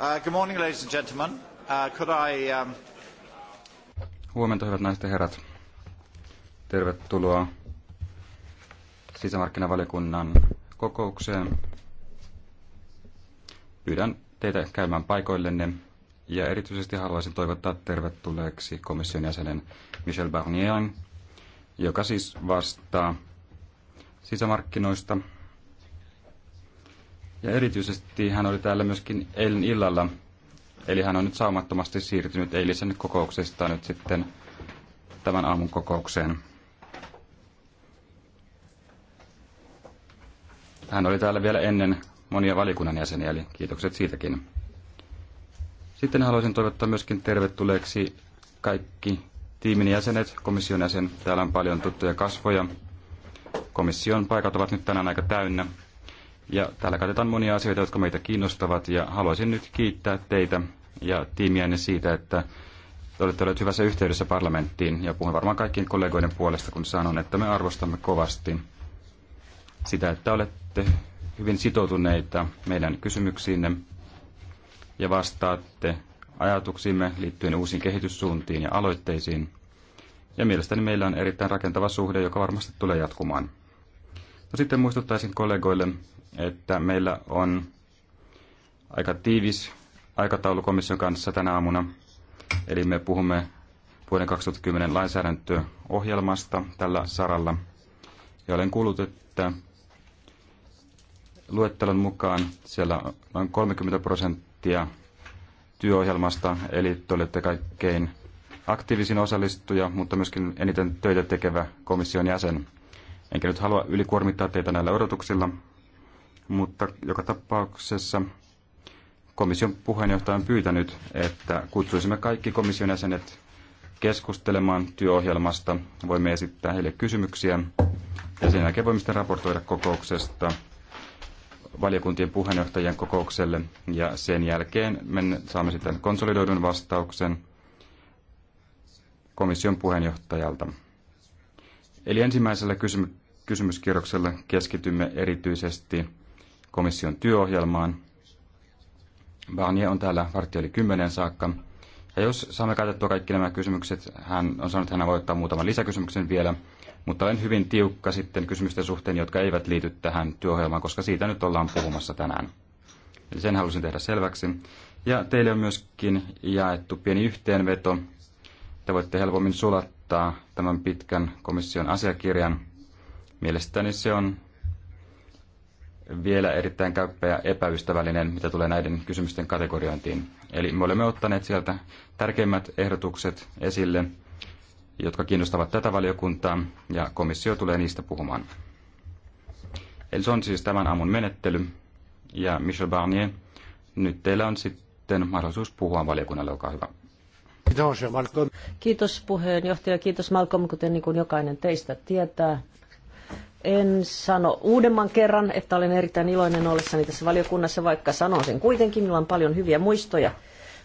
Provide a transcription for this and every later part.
Uh, good morning, ladies and gentlemen. Uh, could I, um, Huomenta, hyvät naiset ja herrat. Tervetuloa sisämarkkinavaliokunnan kokoukseen. Pyydän teitä käymään paikoillenne ja erityisesti haluaisin toivottaa tervetulleeksi komission jäsenen Michel Barnierin, joka siis vastaa sisämarkkinoista ja erityisesti hän oli täällä myöskin eilen illalla, eli hän on nyt saumattomasti siirtynyt eilisen kokouksesta nyt sitten tämän aamun kokoukseen. Hän oli täällä vielä ennen monia valikunnan jäseniä, eli kiitokset siitäkin. Sitten haluaisin toivottaa myöskin tervetulleeksi kaikki tiimin jäsenet, komission jäsen. Täällä on paljon tuttuja kasvoja. Komission paikat ovat nyt tänään aika täynnä. Ja täällä katsotaan monia asioita, jotka meitä kiinnostavat ja haluaisin nyt kiittää teitä ja tiimiänne siitä, että te olette olleet hyvässä yhteydessä parlamenttiin ja puhun varmaan kaikkien kollegoiden puolesta, kun sanon, että me arvostamme kovasti sitä, että olette hyvin sitoutuneita meidän kysymyksiinne ja vastaatte ajatuksimme liittyen uusiin kehityssuuntiin ja aloitteisiin. Ja mielestäni meillä on erittäin rakentava suhde, joka varmasti tulee jatkumaan. No sitten muistuttaisin kollegoille, että meillä on aika tiivis aikataulu komission kanssa tänä aamuna. Eli me puhumme vuoden 2010 lainsäädäntöohjelmasta tällä saralla. Ja olen kuullut, että luettelon mukaan siellä on 30 prosenttia työohjelmasta, eli te olette kaikkein aktiivisin osallistuja, mutta myöskin eniten töitä tekevä komission jäsen. Enkä nyt halua ylikuormittaa teitä näillä odotuksilla, mutta joka tapauksessa komission puheenjohtaja on pyytänyt, että kutsuisimme kaikki komission jäsenet keskustelemaan työohjelmasta. Voimme esittää heille kysymyksiä ja sen jälkeen voimme sitten raportoida kokouksesta valiokuntien puheenjohtajien kokoukselle ja sen jälkeen me saamme sitten konsolidoidun vastauksen komission puheenjohtajalta. Eli ensimmäisellä kysymyskierroksella keskitymme erityisesti komission työohjelmaan. Barnier on täällä vartti yli kymmenen saakka. Ja jos saamme katsottua kaikki nämä kysymykset, hän on sanonut, että hän voi ottaa muutaman lisäkysymyksen vielä, mutta olen hyvin tiukka sitten kysymysten suhteen, jotka eivät liity tähän työohjelmaan, koska siitä nyt ollaan puhumassa tänään. Eli sen halusin tehdä selväksi. Ja teille on myöskin jaettu pieni yhteenveto. Te voitte helpommin sulattaa tämän pitkän komission asiakirjan. Mielestäni se on vielä erittäin käyppä ja epäystävällinen, mitä tulee näiden kysymysten kategoriointiin. Eli me olemme ottaneet sieltä tärkeimmät ehdotukset esille, jotka kiinnostavat tätä valiokuntaa, ja komissio tulee niistä puhumaan. Eli se on siis tämän aamun menettely, ja Michel Barnier, nyt teillä on sitten mahdollisuus puhua valiokunnalle, olkaa hyvä. Kiitos puheenjohtaja, kiitos Malcolm, kuten niin kuin jokainen teistä tietää, en sano uudemman kerran, että olen erittäin iloinen ollessani tässä valiokunnassa, vaikka sanon sen kuitenkin, minulla on paljon hyviä muistoja.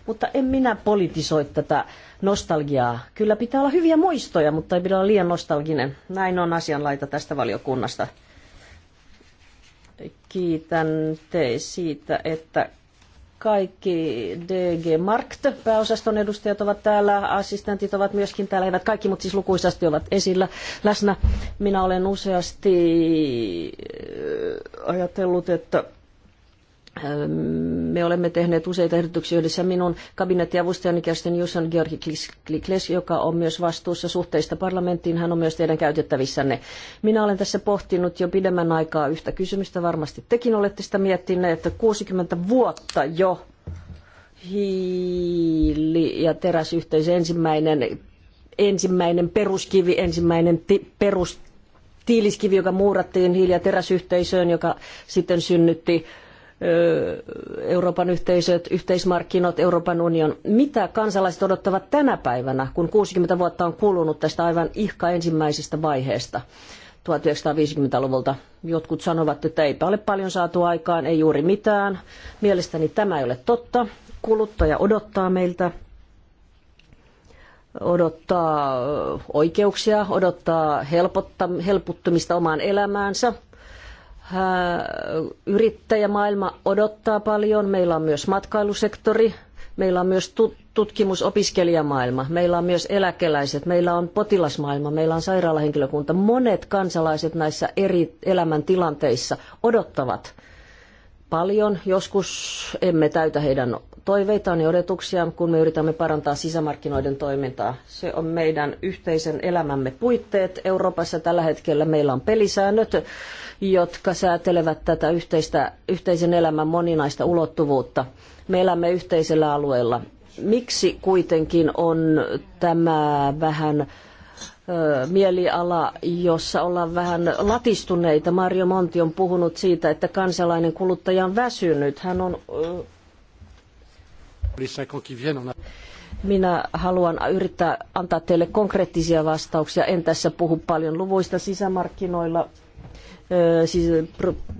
Mutta en minä politisoi tätä nostalgiaa. Kyllä pitää olla hyviä muistoja, mutta ei pidä olla liian nostalginen. Näin on asianlaita tästä valiokunnasta. Kiitän te siitä, että kaikki DG Markt, pääosaston edustajat ovat täällä, assistentit ovat myöskin täällä, eivät kaikki, mutta siis lukuisasti ovat esillä läsnä. Minä olen useasti äh, ajatellut, että me olemme tehneet useita ehdotuksia yhdessä minun kabinettiavustajani Kerstin Jusson Georgi Klikles, joka on myös vastuussa suhteista parlamenttiin. Hän on myös teidän käytettävissänne. Minä olen tässä pohtinut jo pidemmän aikaa yhtä kysymystä. Varmasti tekin olette sitä miettineet, että 60 vuotta jo hiili- ja teräsyhteisö ensimmäinen, ensimmäinen peruskivi, ensimmäinen ti, perus, tiiliskivi, joka muurattiin hiili- ja teräsyhteisöön, joka sitten synnytti Euroopan yhteisöt, yhteismarkkinat, Euroopan union. Mitä kansalaiset odottavat tänä päivänä, kun 60 vuotta on kulunut tästä aivan ihka ensimmäisestä vaiheesta 1950-luvulta? Jotkut sanovat, että eipä ole paljon saatu aikaan, ei juuri mitään. Mielestäni tämä ei ole totta. Kuluttaja odottaa meiltä odottaa oikeuksia, odottaa helpottumista omaan elämäänsä – Äh, yrittäjämaailma odottaa paljon. Meillä on myös matkailusektori, meillä on myös tutkimusopiskelijamaailma, meillä on myös eläkeläiset, meillä on potilasmaailma, meillä on sairaalahenkilökunta. Monet kansalaiset näissä eri elämäntilanteissa odottavat paljon. Joskus emme täytä heidän toiveitaan ja odotuksiaan, kun me yritämme parantaa sisämarkkinoiden toimintaa. Se on meidän yhteisen elämämme puitteet. Euroopassa tällä hetkellä meillä on pelisäännöt, jotka säätelevät tätä yhteistä, yhteisen elämän moninaista ulottuvuutta. Me elämme yhteisellä alueella. Miksi kuitenkin on tämä vähän mieliala, jossa ollaan vähän latistuneita. Mario Monti on puhunut siitä, että kansalainen kuluttaja on väsynyt. Hän on... Minä haluan yrittää antaa teille konkreettisia vastauksia. En tässä puhu paljon luvuista sisämarkkinoilla siis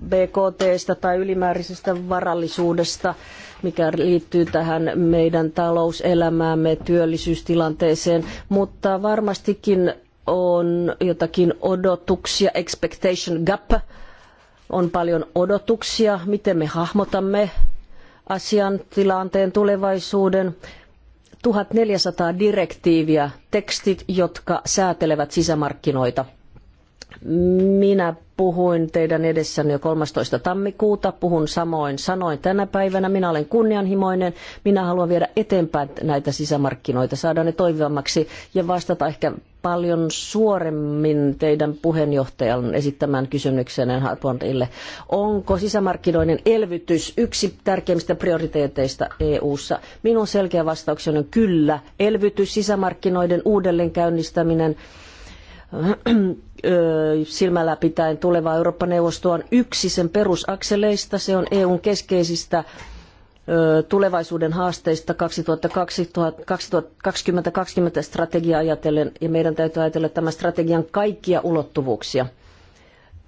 BKTstä tai ylimääräisestä varallisuudesta, mikä liittyy tähän meidän talouselämäämme, työllisyystilanteeseen, mutta varmastikin on jotakin odotuksia, expectation gap, on paljon odotuksia, miten me hahmotamme asian tilanteen tulevaisuuden. 1400 direktiiviä, tekstit, jotka säätelevät sisämarkkinoita – minä puhuin teidän edessänne jo 13. tammikuuta, puhun samoin sanoin tänä päivänä. Minä olen kunnianhimoinen, minä haluan viedä eteenpäin näitä sisämarkkinoita, saada ne toivivammaksi ja vastata ehkä paljon suoremmin teidän puheenjohtajan esittämään kysymykseen Hartwandille. Onko sisämarkkinoiden elvytys yksi tärkeimmistä prioriteeteista EU:ssa? Minun selkeä vastaukseni on kyllä. Elvytys, sisämarkkinoiden uudelleenkäynnistäminen, silmällä pitäen tuleva Eurooppa-neuvosto on yksi sen perusakseleista. Se on EUn keskeisistä tulevaisuuden haasteista 2020 strategiaa ajatellen, ja meidän täytyy ajatella tämän strategian kaikkia ulottuvuuksia –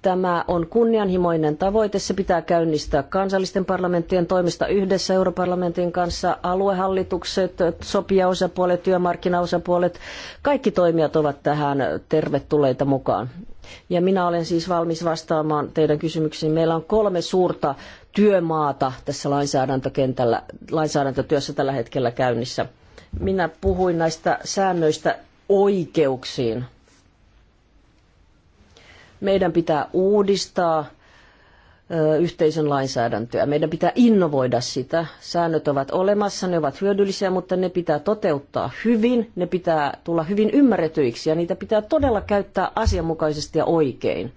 Tämä on kunnianhimoinen tavoite. Se pitää käynnistää kansallisten parlamenttien toimista yhdessä europarlamentin kanssa. Aluehallitukset, sopijaosapuolet, työmarkkinaosapuolet, kaikki toimijat ovat tähän tervetulleita mukaan. Ja minä olen siis valmis vastaamaan teidän kysymyksiin. Meillä on kolme suurta työmaata tässä lainsäädäntökentällä, lainsäädäntötyössä tällä hetkellä käynnissä. Minä puhuin näistä säännöistä oikeuksiin meidän pitää uudistaa yhteisön lainsäädäntöä. Meidän pitää innovoida sitä. Säännöt ovat olemassa, ne ovat hyödyllisiä, mutta ne pitää toteuttaa hyvin, ne pitää tulla hyvin ymmärretyiksi ja niitä pitää todella käyttää asianmukaisesti ja oikein.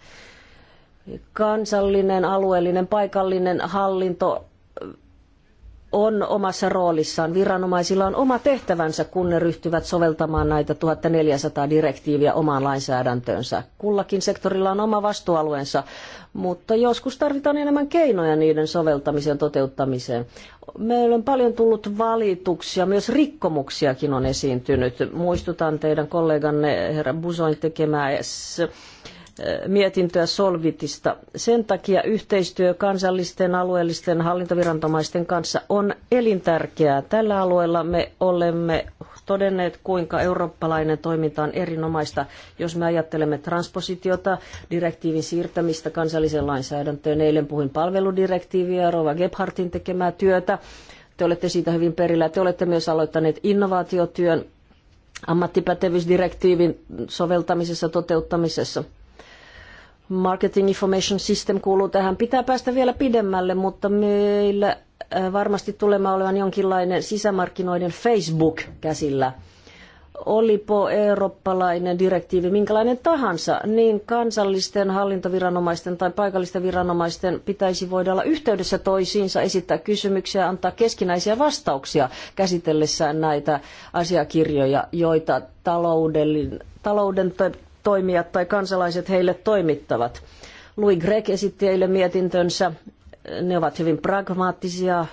Kansallinen, alueellinen, paikallinen hallinto on omassa roolissaan. Viranomaisilla on oma tehtävänsä, kun ne ryhtyvät soveltamaan näitä 1400 direktiiviä omaan lainsäädäntöönsä. Kullakin sektorilla on oma vastuualueensa, mutta joskus tarvitaan enemmän keinoja niiden soveltamiseen toteuttamiseen. Meillä on paljon tullut valituksia, myös rikkomuksiakin on esiintynyt. Muistutan teidän kolleganne herra Busoin tekemää mietintöä Solvitista. Sen takia yhteistyö kansallisten alueellisten hallintoviranomaisten kanssa on elintärkeää. Tällä alueella me olemme todenneet, kuinka eurooppalainen toiminta on erinomaista, jos me ajattelemme transpositiota, direktiivin siirtämistä kansalliseen lainsäädäntöön. Eilen puhuin palveludirektiiviä, Rova Gebhardtin tekemää työtä. Te olette siitä hyvin perillä. Te olette myös aloittaneet innovaatiotyön ammattipätevyysdirektiivin soveltamisessa toteuttamisessa. Marketing Information System kuuluu tähän. Pitää päästä vielä pidemmälle, mutta meillä äh, varmasti tulema olevan jonkinlainen sisämarkkinoiden Facebook käsillä. Olipo eurooppalainen direktiivi minkälainen tahansa, niin kansallisten hallintoviranomaisten tai paikallisten viranomaisten pitäisi voida olla yhteydessä toisiinsa, esittää kysymyksiä, antaa keskinäisiä vastauksia käsitellessään näitä asiakirjoja, joita talouden, talouden toimijat tai kansalaiset heille toimittavat. Louis Gregg esitti eilen mietintönsä. Ne ovat hyvin pragmaattisia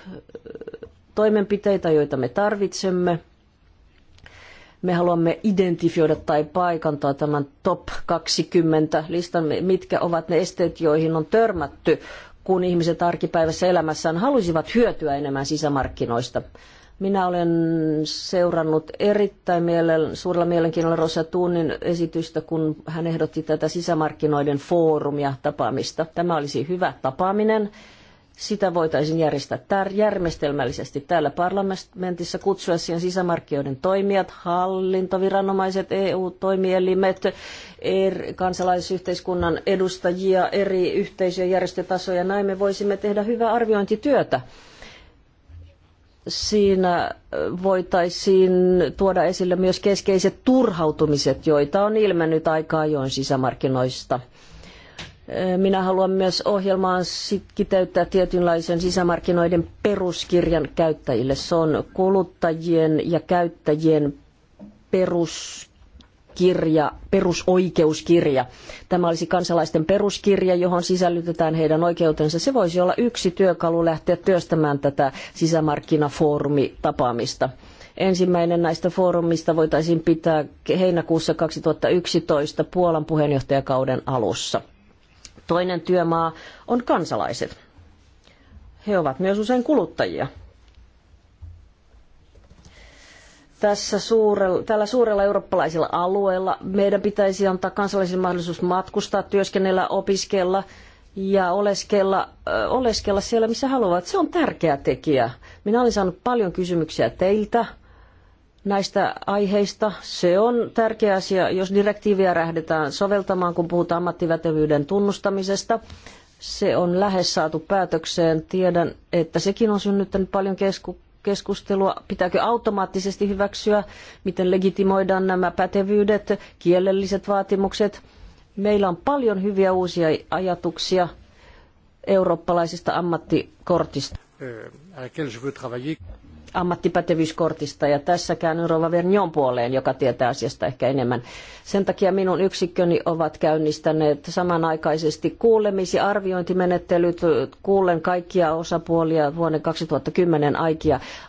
toimenpiteitä, joita me tarvitsemme. Me haluamme identifioida tai paikantaa tämän top 20 listan, mitkä ovat ne esteet, joihin on törmätty, kun ihmiset arkipäivässä elämässään haluaisivat hyötyä enemmän sisämarkkinoista. Minä olen seurannut erittäin mielen, suurella mielenkiinnolla Rosa Tunnin esitystä, kun hän ehdotti tätä sisämarkkinoiden foorumia tapaamista. Tämä olisi hyvä tapaaminen. Sitä voitaisiin järjestää tär- järjestelmällisesti täällä parlamentissa, kutsua siihen sisämarkkinoiden toimijat, hallintoviranomaiset, EU-toimielimet, er- kansalaisyhteiskunnan edustajia, eri yhteisöjen järjestötasoja. Näin me voisimme tehdä hyvää arviointityötä siinä voitaisiin tuoda esille myös keskeiset turhautumiset, joita on ilmennyt aika ajoin sisämarkkinoista. Minä haluan myös ohjelmaan kiteyttää tietynlaisen sisämarkkinoiden peruskirjan käyttäjille. Se on kuluttajien ja käyttäjien perus peruskirja, perusoikeuskirja. Tämä olisi kansalaisten peruskirja, johon sisällytetään heidän oikeutensa. Se voisi olla yksi työkalu lähteä työstämään tätä sisämarkkinafoorumitapaamista. Ensimmäinen näistä foorumista voitaisiin pitää heinäkuussa 2011 Puolan puheenjohtajakauden alussa. Toinen työmaa on kansalaiset. He ovat myös usein kuluttajia. tässä suurella, tällä suurella eurooppalaisella alueella. Meidän pitäisi antaa kansalaisille mahdollisuus matkustaa, työskennellä, opiskella ja oleskella, äh, oleskella siellä, missä haluavat. Se on tärkeä tekijä. Minä olen saanut paljon kysymyksiä teiltä näistä aiheista. Se on tärkeä asia, jos direktiiviä lähdetään soveltamaan, kun puhutaan ammattivätevyyden tunnustamisesta. Se on lähes saatu päätökseen. Tiedän, että sekin on synnyttänyt paljon keskustelua keskustelua, pitääkö automaattisesti hyväksyä, miten legitimoidaan nämä pätevyydet, kielelliset vaatimukset. Meillä on paljon hyviä uusia ajatuksia eurooppalaisesta ammattikortista euh, ammattipätevyyskortista ja tässä käännyn Rova Vernion puoleen, joka tietää asiasta ehkä enemmän. Sen takia minun yksikköni ovat käynnistäneet samanaikaisesti kuulemisi arviointimenettelyt. Kuulen kaikkia osapuolia vuoden 2010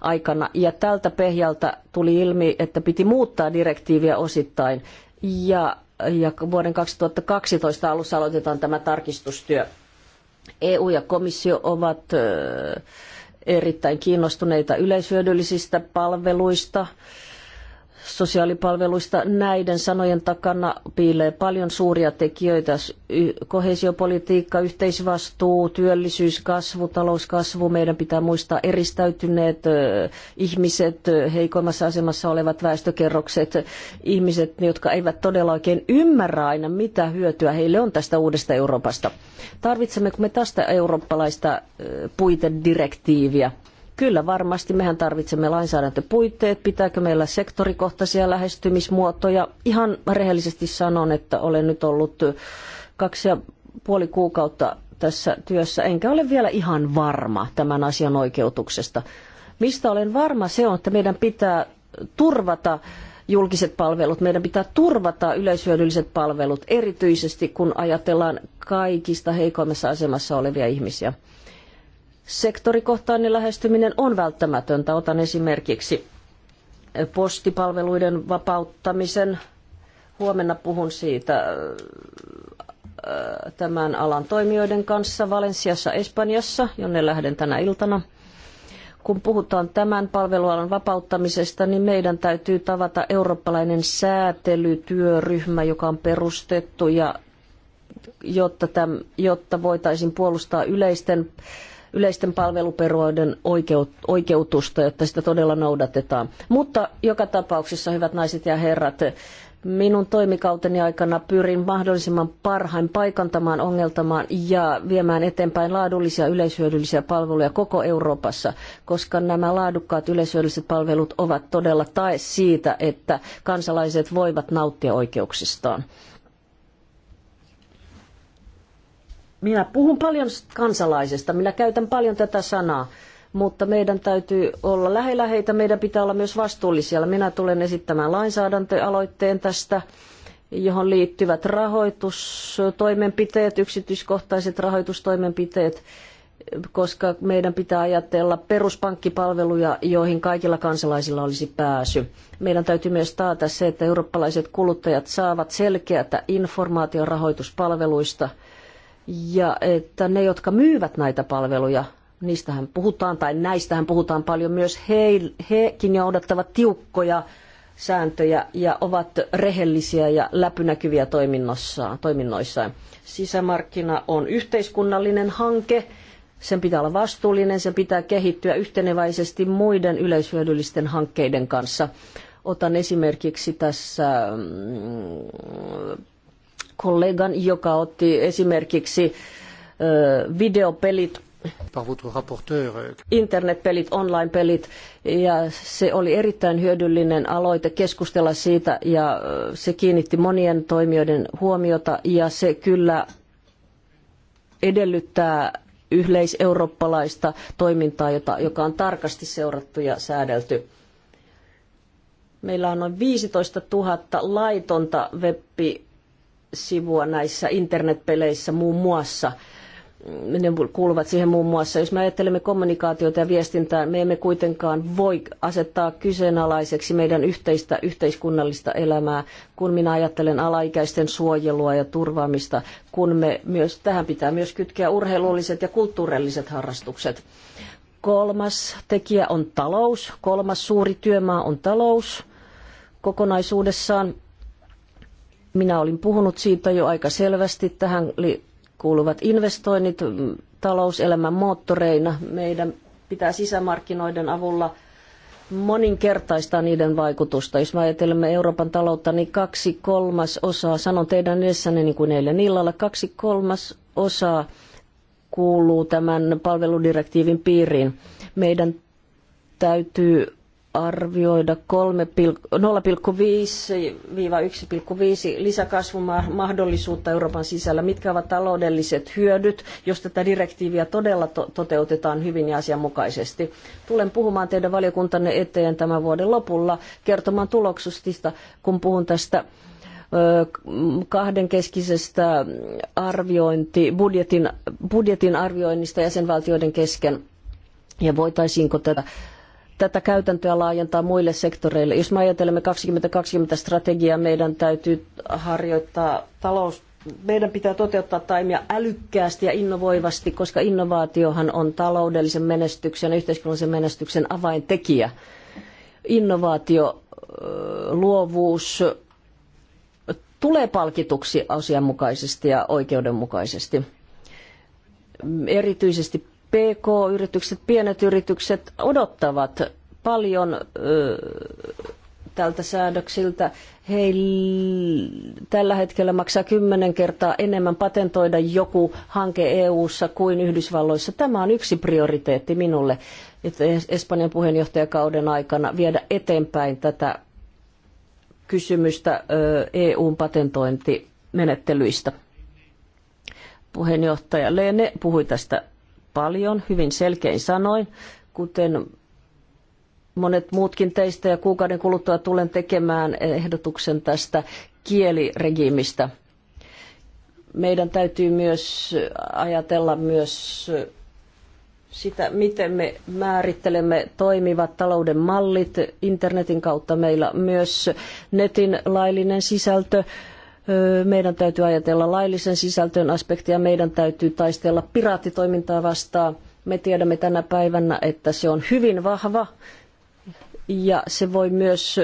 aikana ja tältä pehjalta tuli ilmi, että piti muuttaa direktiiviä osittain ja, ja vuoden 2012 alussa aloitetaan tämä tarkistustyö. EU ja komissio ovat erittäin kiinnostuneita yleishyödyllisistä palveluista sosiaalipalveluista. Näiden sanojen takana piilee paljon suuria tekijöitä. Kohesiopolitiikka, yhteisvastuu, työllisyys, kasvu, talouskasvu. Meidän pitää muistaa eristäytyneet ihmiset, heikoimmassa asemassa olevat väestökerrokset, ihmiset, jotka eivät todella oikein ymmärrä aina, mitä hyötyä heille on tästä uudesta Euroopasta. Tarvitsemmeko me tästä eurooppalaista puitedirektiiviä? Kyllä varmasti, mehän tarvitsemme lainsäädäntöpuitteet, pitääkö meillä sektorikohtaisia lähestymismuotoja. Ihan rehellisesti sanon, että olen nyt ollut kaksi ja puoli kuukautta tässä työssä, enkä ole vielä ihan varma tämän asian oikeutuksesta. Mistä olen varma, se on, että meidän pitää turvata julkiset palvelut, meidän pitää turvata yleishyödylliset palvelut, erityisesti kun ajatellaan kaikista heikoimmassa asemassa olevia ihmisiä. Sektorikohtainen lähestyminen on välttämätöntä. Otan esimerkiksi postipalveluiden vapauttamisen. Huomenna puhun siitä äh, tämän alan toimijoiden kanssa Valensiassa, Espanjassa, jonne lähden tänä iltana. Kun puhutaan tämän palvelualan vapauttamisesta, niin meidän täytyy tavata eurooppalainen säätelytyöryhmä, joka on perustettu, ja jotta, tämän, jotta voitaisiin puolustaa yleisten yleisten palveluperuoiden oikeutusta, jotta sitä todella noudatetaan. Mutta joka tapauksessa, hyvät naiset ja herrat, minun toimikauteni aikana pyrin mahdollisimman parhain paikantamaan, ongeltamaan ja viemään eteenpäin laadullisia yleishyödyllisiä palveluja koko Euroopassa, koska nämä laadukkaat yleishyödylliset palvelut ovat todella tae siitä, että kansalaiset voivat nauttia oikeuksistaan. Minä puhun paljon kansalaisesta, minä käytän paljon tätä sanaa, mutta meidän täytyy olla lähellä heitä, meidän pitää olla myös vastuullisia. Minä tulen esittämään lainsäädäntöaloitteen tästä johon liittyvät rahoitustoimenpiteet, yksityiskohtaiset rahoitustoimenpiteet, koska meidän pitää ajatella peruspankkipalveluja, joihin kaikilla kansalaisilla olisi pääsy. Meidän täytyy myös taata se, että eurooppalaiset kuluttajat saavat selkeätä informaatiorahoituspalveluista rahoituspalveluista ja että ne, jotka myyvät näitä palveluja, niistähän puhutaan, tai näistähän puhutaan paljon myös, he, hekin odottavat tiukkoja sääntöjä ja ovat rehellisiä ja läpynäkyviä toiminnoissaan. toiminnoissaan. Sisämarkkina on yhteiskunnallinen hanke, sen pitää olla vastuullinen, sen pitää kehittyä yhteneväisesti muiden yleishyödyllisten hankkeiden kanssa. Otan esimerkiksi tässä mm, kollegan, joka otti esimerkiksi videopelit euh, internetpelit, online-pelit, ja se oli erittäin hyödyllinen aloite keskustella siitä, ja se kiinnitti monien toimijoiden huomiota, ja se kyllä edellyttää yleiseurooppalaista toimintaa, jota, joka on tarkasti seurattu ja säädelty. Meillä on noin 15 000 laitonta web sivua näissä internetpeleissä muun muassa. Ne kuuluvat siihen muun muassa. Jos me ajattelemme kommunikaatiota ja viestintää, me emme kuitenkaan voi asettaa kyseenalaiseksi meidän yhteistä yhteiskunnallista elämää, kun minä ajattelen alaikäisten suojelua ja turvaamista, kun me myös, tähän pitää myös kytkeä urheilulliset ja kulttuurilliset harrastukset. Kolmas tekijä on talous. Kolmas suuri työmaa on talous kokonaisuudessaan. Minä olin puhunut siitä jo aika selvästi. Tähän kuuluvat investoinnit talouselämän moottoreina. Meidän pitää sisämarkkinoiden avulla moninkertaistaa niiden vaikutusta. Jos me ajatelemme Euroopan taloutta, niin kaksi kolmas osaa, sanon teidän edessänne niin kuin eilen illalla, kaksi kolmas osaa kuuluu tämän palveludirektiivin piiriin. Meidän täytyy arvioida 0,5-1,5 lisäkasvumahdollisuutta Euroopan sisällä. Mitkä ovat taloudelliset hyödyt, jos tätä direktiiviä todella to toteutetaan hyvin ja asianmukaisesti? Tulen puhumaan teidän valiokuntanne eteen tämän vuoden lopulla kertomaan tuloksustista, kun puhun tästä kahdenkeskisestä arviointi, budjetin, budjetin arvioinnista jäsenvaltioiden kesken ja voitaisiinko tätä tätä käytäntöä laajentaa muille sektoreille. Jos me ajatelemme 2020 strategiaa, meidän täytyy harjoittaa talous, meidän pitää toteuttaa taimia älykkäästi ja innovoivasti, koska innovaatiohan on taloudellisen menestyksen ja yhteiskunnallisen menestyksen avaintekijä. Innovaatio, luovuus tulee palkituksi asianmukaisesti ja oikeudenmukaisesti. Erityisesti PK-yritykset, pienet yritykset odottavat paljon tältä säädöksiltä. He tällä hetkellä maksaa kymmenen kertaa enemmän patentoida joku hanke EU-ssa kuin Yhdysvalloissa. Tämä on yksi prioriteetti minulle, että Espanjan puheenjohtajakauden aikana viedä eteenpäin tätä kysymystä EUn patentointimenettelyistä. Puheenjohtaja Leene puhui tästä paljon, hyvin selkein sanoin, kuten monet muutkin teistä ja kuukauden kuluttua tulen tekemään ehdotuksen tästä kieliregiimistä. Meidän täytyy myös ajatella myös sitä, miten me määrittelemme toimivat talouden mallit internetin kautta. Meillä myös netin laillinen sisältö meidän täytyy ajatella laillisen sisältöön aspektia, meidän täytyy taistella piraattitoimintaa vastaan. Me tiedämme tänä päivänä, että se on hyvin vahva ja se voi myös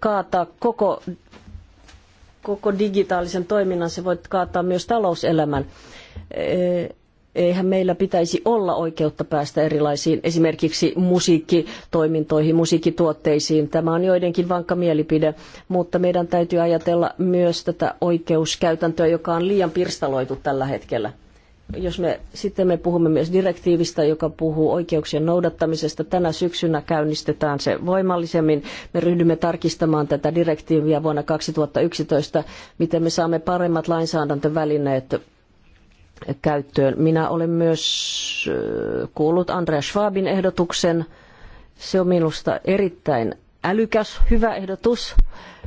kaataa koko, koko digitaalisen toiminnan, se voi kaataa myös talouselämän eihän meillä pitäisi olla oikeutta päästä erilaisiin esimerkiksi musiikkitoimintoihin, musiikkituotteisiin. Tämä on joidenkin vankka mielipide, mutta meidän täytyy ajatella myös tätä oikeuskäytäntöä, joka on liian pirstaloitu tällä hetkellä jos me sitten me puhumme myös direktiivistä, joka puhuu oikeuksien noudattamisesta. Tänä syksynä käynnistetään se voimallisemmin. Me ryhdymme tarkistamaan tätä direktiiviä vuonna 2011, miten me saamme paremmat lainsäädäntövälineet käyttöön. Minä olen myös kuullut Andreas Schwabin ehdotuksen. Se on minusta erittäin älykäs, hyvä ehdotus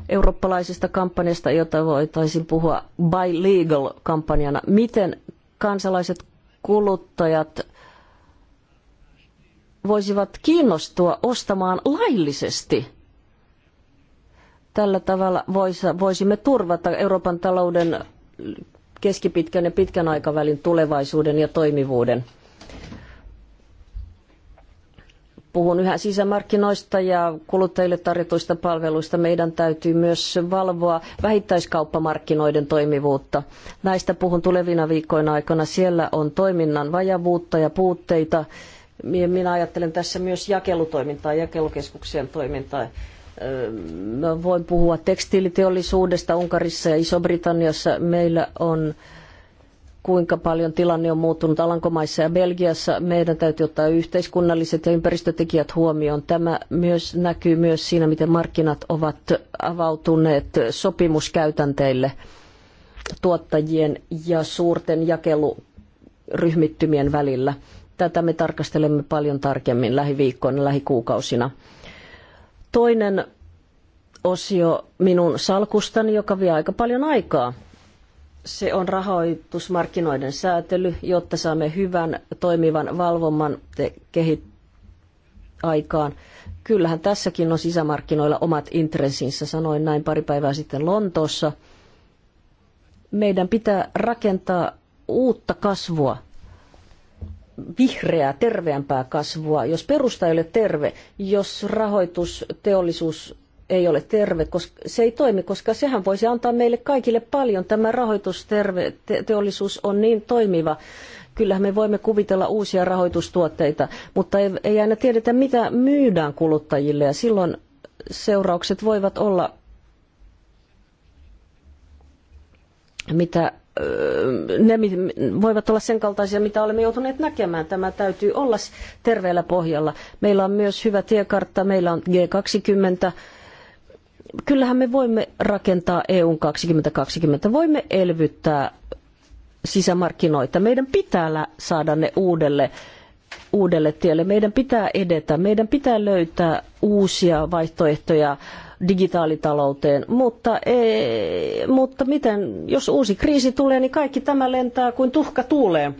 eurooppalaisesta kampanjasta, jota voitaisiin puhua by legal-kampanjana. Miten kansalaiset kuluttajat voisivat kiinnostua ostamaan laillisesti? Tällä tavalla voisimme turvata Euroopan talouden keskipitkän ja pitkän aikavälin tulevaisuuden ja toimivuuden. Puhun yhä sisämarkkinoista ja kuluttajille tarjotuista palveluista. Meidän täytyy myös valvoa vähittäiskauppamarkkinoiden toimivuutta. Näistä puhun tulevina viikkoina aikana. Siellä on toiminnan vajavuutta ja puutteita. Minä ajattelen tässä myös jakelutoimintaa, jakelukeskuksien toimintaa. Mä voin puhua tekstiiliteollisuudesta Unkarissa ja Iso-Britanniassa. Meillä on kuinka paljon tilanne on muuttunut Alankomaissa ja Belgiassa. Meidän täytyy ottaa yhteiskunnalliset ja ympäristötekijät huomioon. Tämä myös näkyy myös siinä, miten markkinat ovat avautuneet sopimuskäytänteille tuottajien ja suurten jakeluryhmittymien välillä. Tätä me tarkastelemme paljon tarkemmin lähiviikkoina, lähikuukausina. Toinen osio minun salkustani, joka vie aika paljon aikaa, se on rahoitusmarkkinoiden säätely, jotta saamme hyvän toimivan valvomman kehit aikaan. Kyllähän tässäkin on sisämarkkinoilla omat intressinsä, sanoin näin pari päivää sitten Lontoossa. Meidän pitää rakentaa uutta kasvua vihreää, terveämpää kasvua, jos perusta ei ole terve, jos rahoitusteollisuus ei ole terve, koska se ei toimi, koska sehän voisi antaa meille kaikille paljon. Tämä rahoitusteollisuus on niin toimiva. Kyllähän me voimme kuvitella uusia rahoitustuotteita, mutta ei, ei aina tiedetä, mitä myydään kuluttajille ja silloin seuraukset voivat olla mitä ne voivat olla sen kaltaisia, mitä olemme joutuneet näkemään. Tämä täytyy olla terveellä pohjalla. Meillä on myös hyvä tiekartta, meillä on G20. Kyllähän me voimme rakentaa EUn 2020, voimme elvyttää sisämarkkinoita. Meidän pitää saada ne uudelle, uudelle tielle. Meidän pitää edetä, meidän pitää löytää uusia vaihtoehtoja digitaalitalouteen, mutta, ei, mutta miten, jos uusi kriisi tulee, niin kaikki tämä lentää kuin tuhka tuuleen.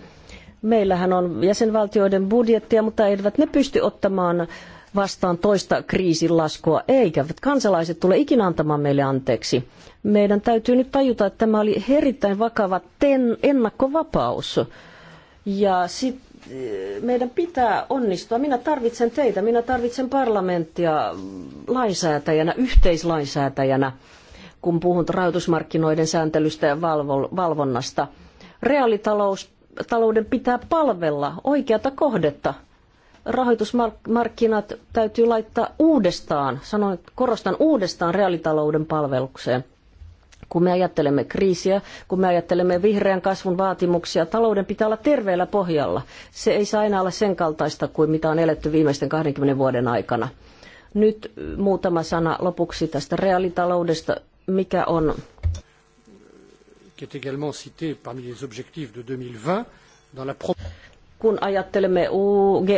Meillähän on jäsenvaltioiden budjettia, mutta eivät ne pysty ottamaan vastaan toista kriisin laskua, eikä kansalaiset tule ikinä antamaan meille anteeksi. Meidän täytyy nyt tajuta, että tämä oli erittäin vakava ten, ennakkovapaus. Ja sitten meidän pitää onnistua. Minä tarvitsen teitä, minä tarvitsen parlamenttia lainsäätäjänä, yhteislainsäätäjänä, kun puhun rahoitusmarkkinoiden sääntelystä ja valvonnasta. Reaalitalouden pitää palvella oikeata kohdetta. Rahoitusmarkkinat täytyy laittaa uudestaan, Sanoin korostan uudestaan reaalitalouden palvelukseen kun me ajattelemme kriisiä, kun me ajattelemme vihreän kasvun vaatimuksia, talouden pitää olla terveellä pohjalla. Se ei saa enää olla sen kaltaista kuin mitä on eletty viimeisten 20 vuoden aikana. Nyt muutama sana lopuksi tästä reaalitaloudesta, mikä on kun ajattelemme UG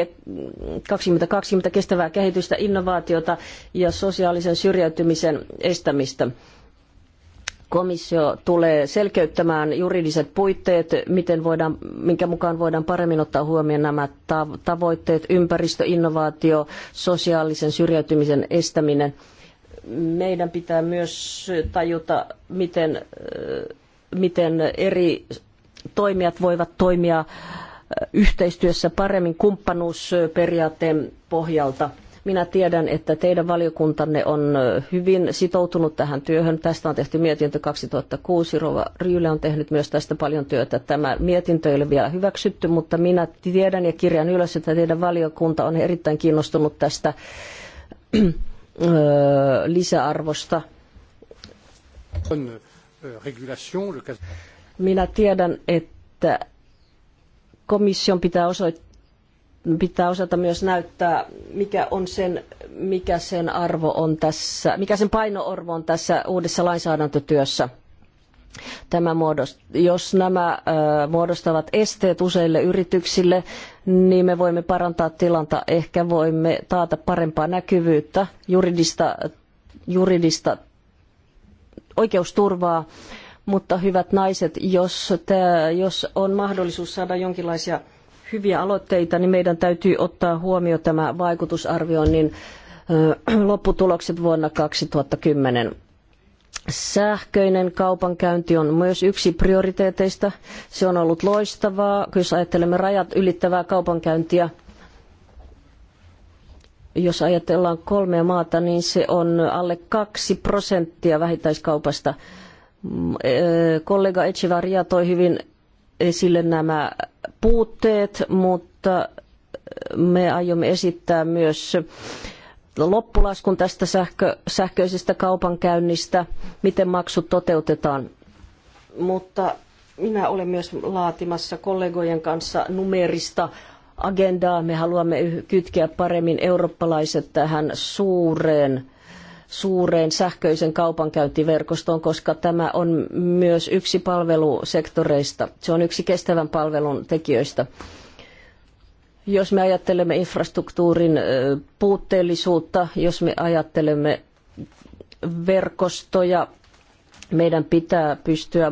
2020 kestävää kehitystä, innovaatiota ja sosiaalisen syrjäytymisen estämistä komissio tulee selkeyttämään juridiset puitteet, miten voidaan, minkä mukaan voidaan paremmin ottaa huomioon nämä tavoitteet, ympäristö, innovaatio, sosiaalisen syrjäytymisen estäminen. Meidän pitää myös tajuta, miten, miten eri toimijat voivat toimia yhteistyössä paremmin kumppanuusperiaatteen pohjalta – minä tiedän, että teidän valiokuntanne on hyvin sitoutunut tähän työhön. Tästä on tehty mietintö 2006. Rova Ryyle on tehnyt myös tästä paljon työtä. Tämä mietintö ei ole vielä hyväksytty, mutta minä tiedän ja kirjan ylös, että teidän valiokunta on erittäin kiinnostunut tästä lisäarvosta. Euh, minä tiedän, että komission pitää osoittaa pitää osata myös näyttää, mikä on sen, mikä sen arvo on tässä, mikä sen painoarvo on tässä uudessa lainsäädäntötyössä. Tämä muodost, jos nämä ö, muodostavat esteet useille yrityksille, niin me voimme parantaa tilanta, ehkä voimme taata parempaa näkyvyyttä, juridista, juridista oikeusturvaa, mutta hyvät naiset, jos, tää, jos on mahdollisuus saada jonkinlaisia hyviä aloitteita, niin meidän täytyy ottaa huomioon tämä vaikutusarvioinnin lopputulokset vuonna 2010. Sähköinen kaupankäynti on myös yksi prioriteeteista. Se on ollut loistavaa, jos ajattelemme rajat ylittävää kaupankäyntiä. Jos ajatellaan kolmea maata, niin se on alle kaksi prosenttia vähittäiskaupasta. Kollega Echevarria toi hyvin esille nämä puutteet, mutta me aiomme esittää myös loppulaskun tästä sähkö, sähköisestä kaupankäynnistä, miten maksut toteutetaan. Mutta minä olen myös laatimassa kollegojen kanssa numerista agendaa. Me haluamme kytkeä paremmin eurooppalaiset tähän suureen suureen sähköisen kaupankäyntiverkostoon, koska tämä on myös yksi palvelusektoreista. Se on yksi kestävän palvelun tekijöistä. Jos me ajattelemme infrastruktuurin puutteellisuutta, jos me ajattelemme verkostoja, meidän pitää pystyä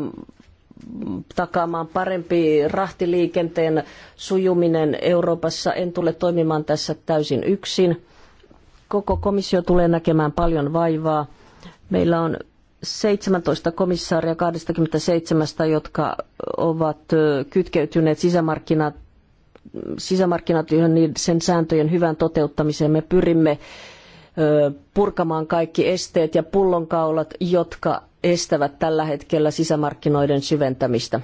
takaamaan parempi rahtiliikenteen sujuminen Euroopassa. En tule toimimaan tässä täysin yksin koko komissio tulee näkemään paljon vaivaa. Meillä on 17 komissaaria 27, jotka ovat kytkeytyneet sisämarkkinat sisämarkkinatyöhön niin sen sääntöjen hyvään toteuttamiseen. Me pyrimme purkamaan kaikki esteet ja pullonkaulat, jotka estävät tällä hetkellä sisämarkkinoiden syventämistä.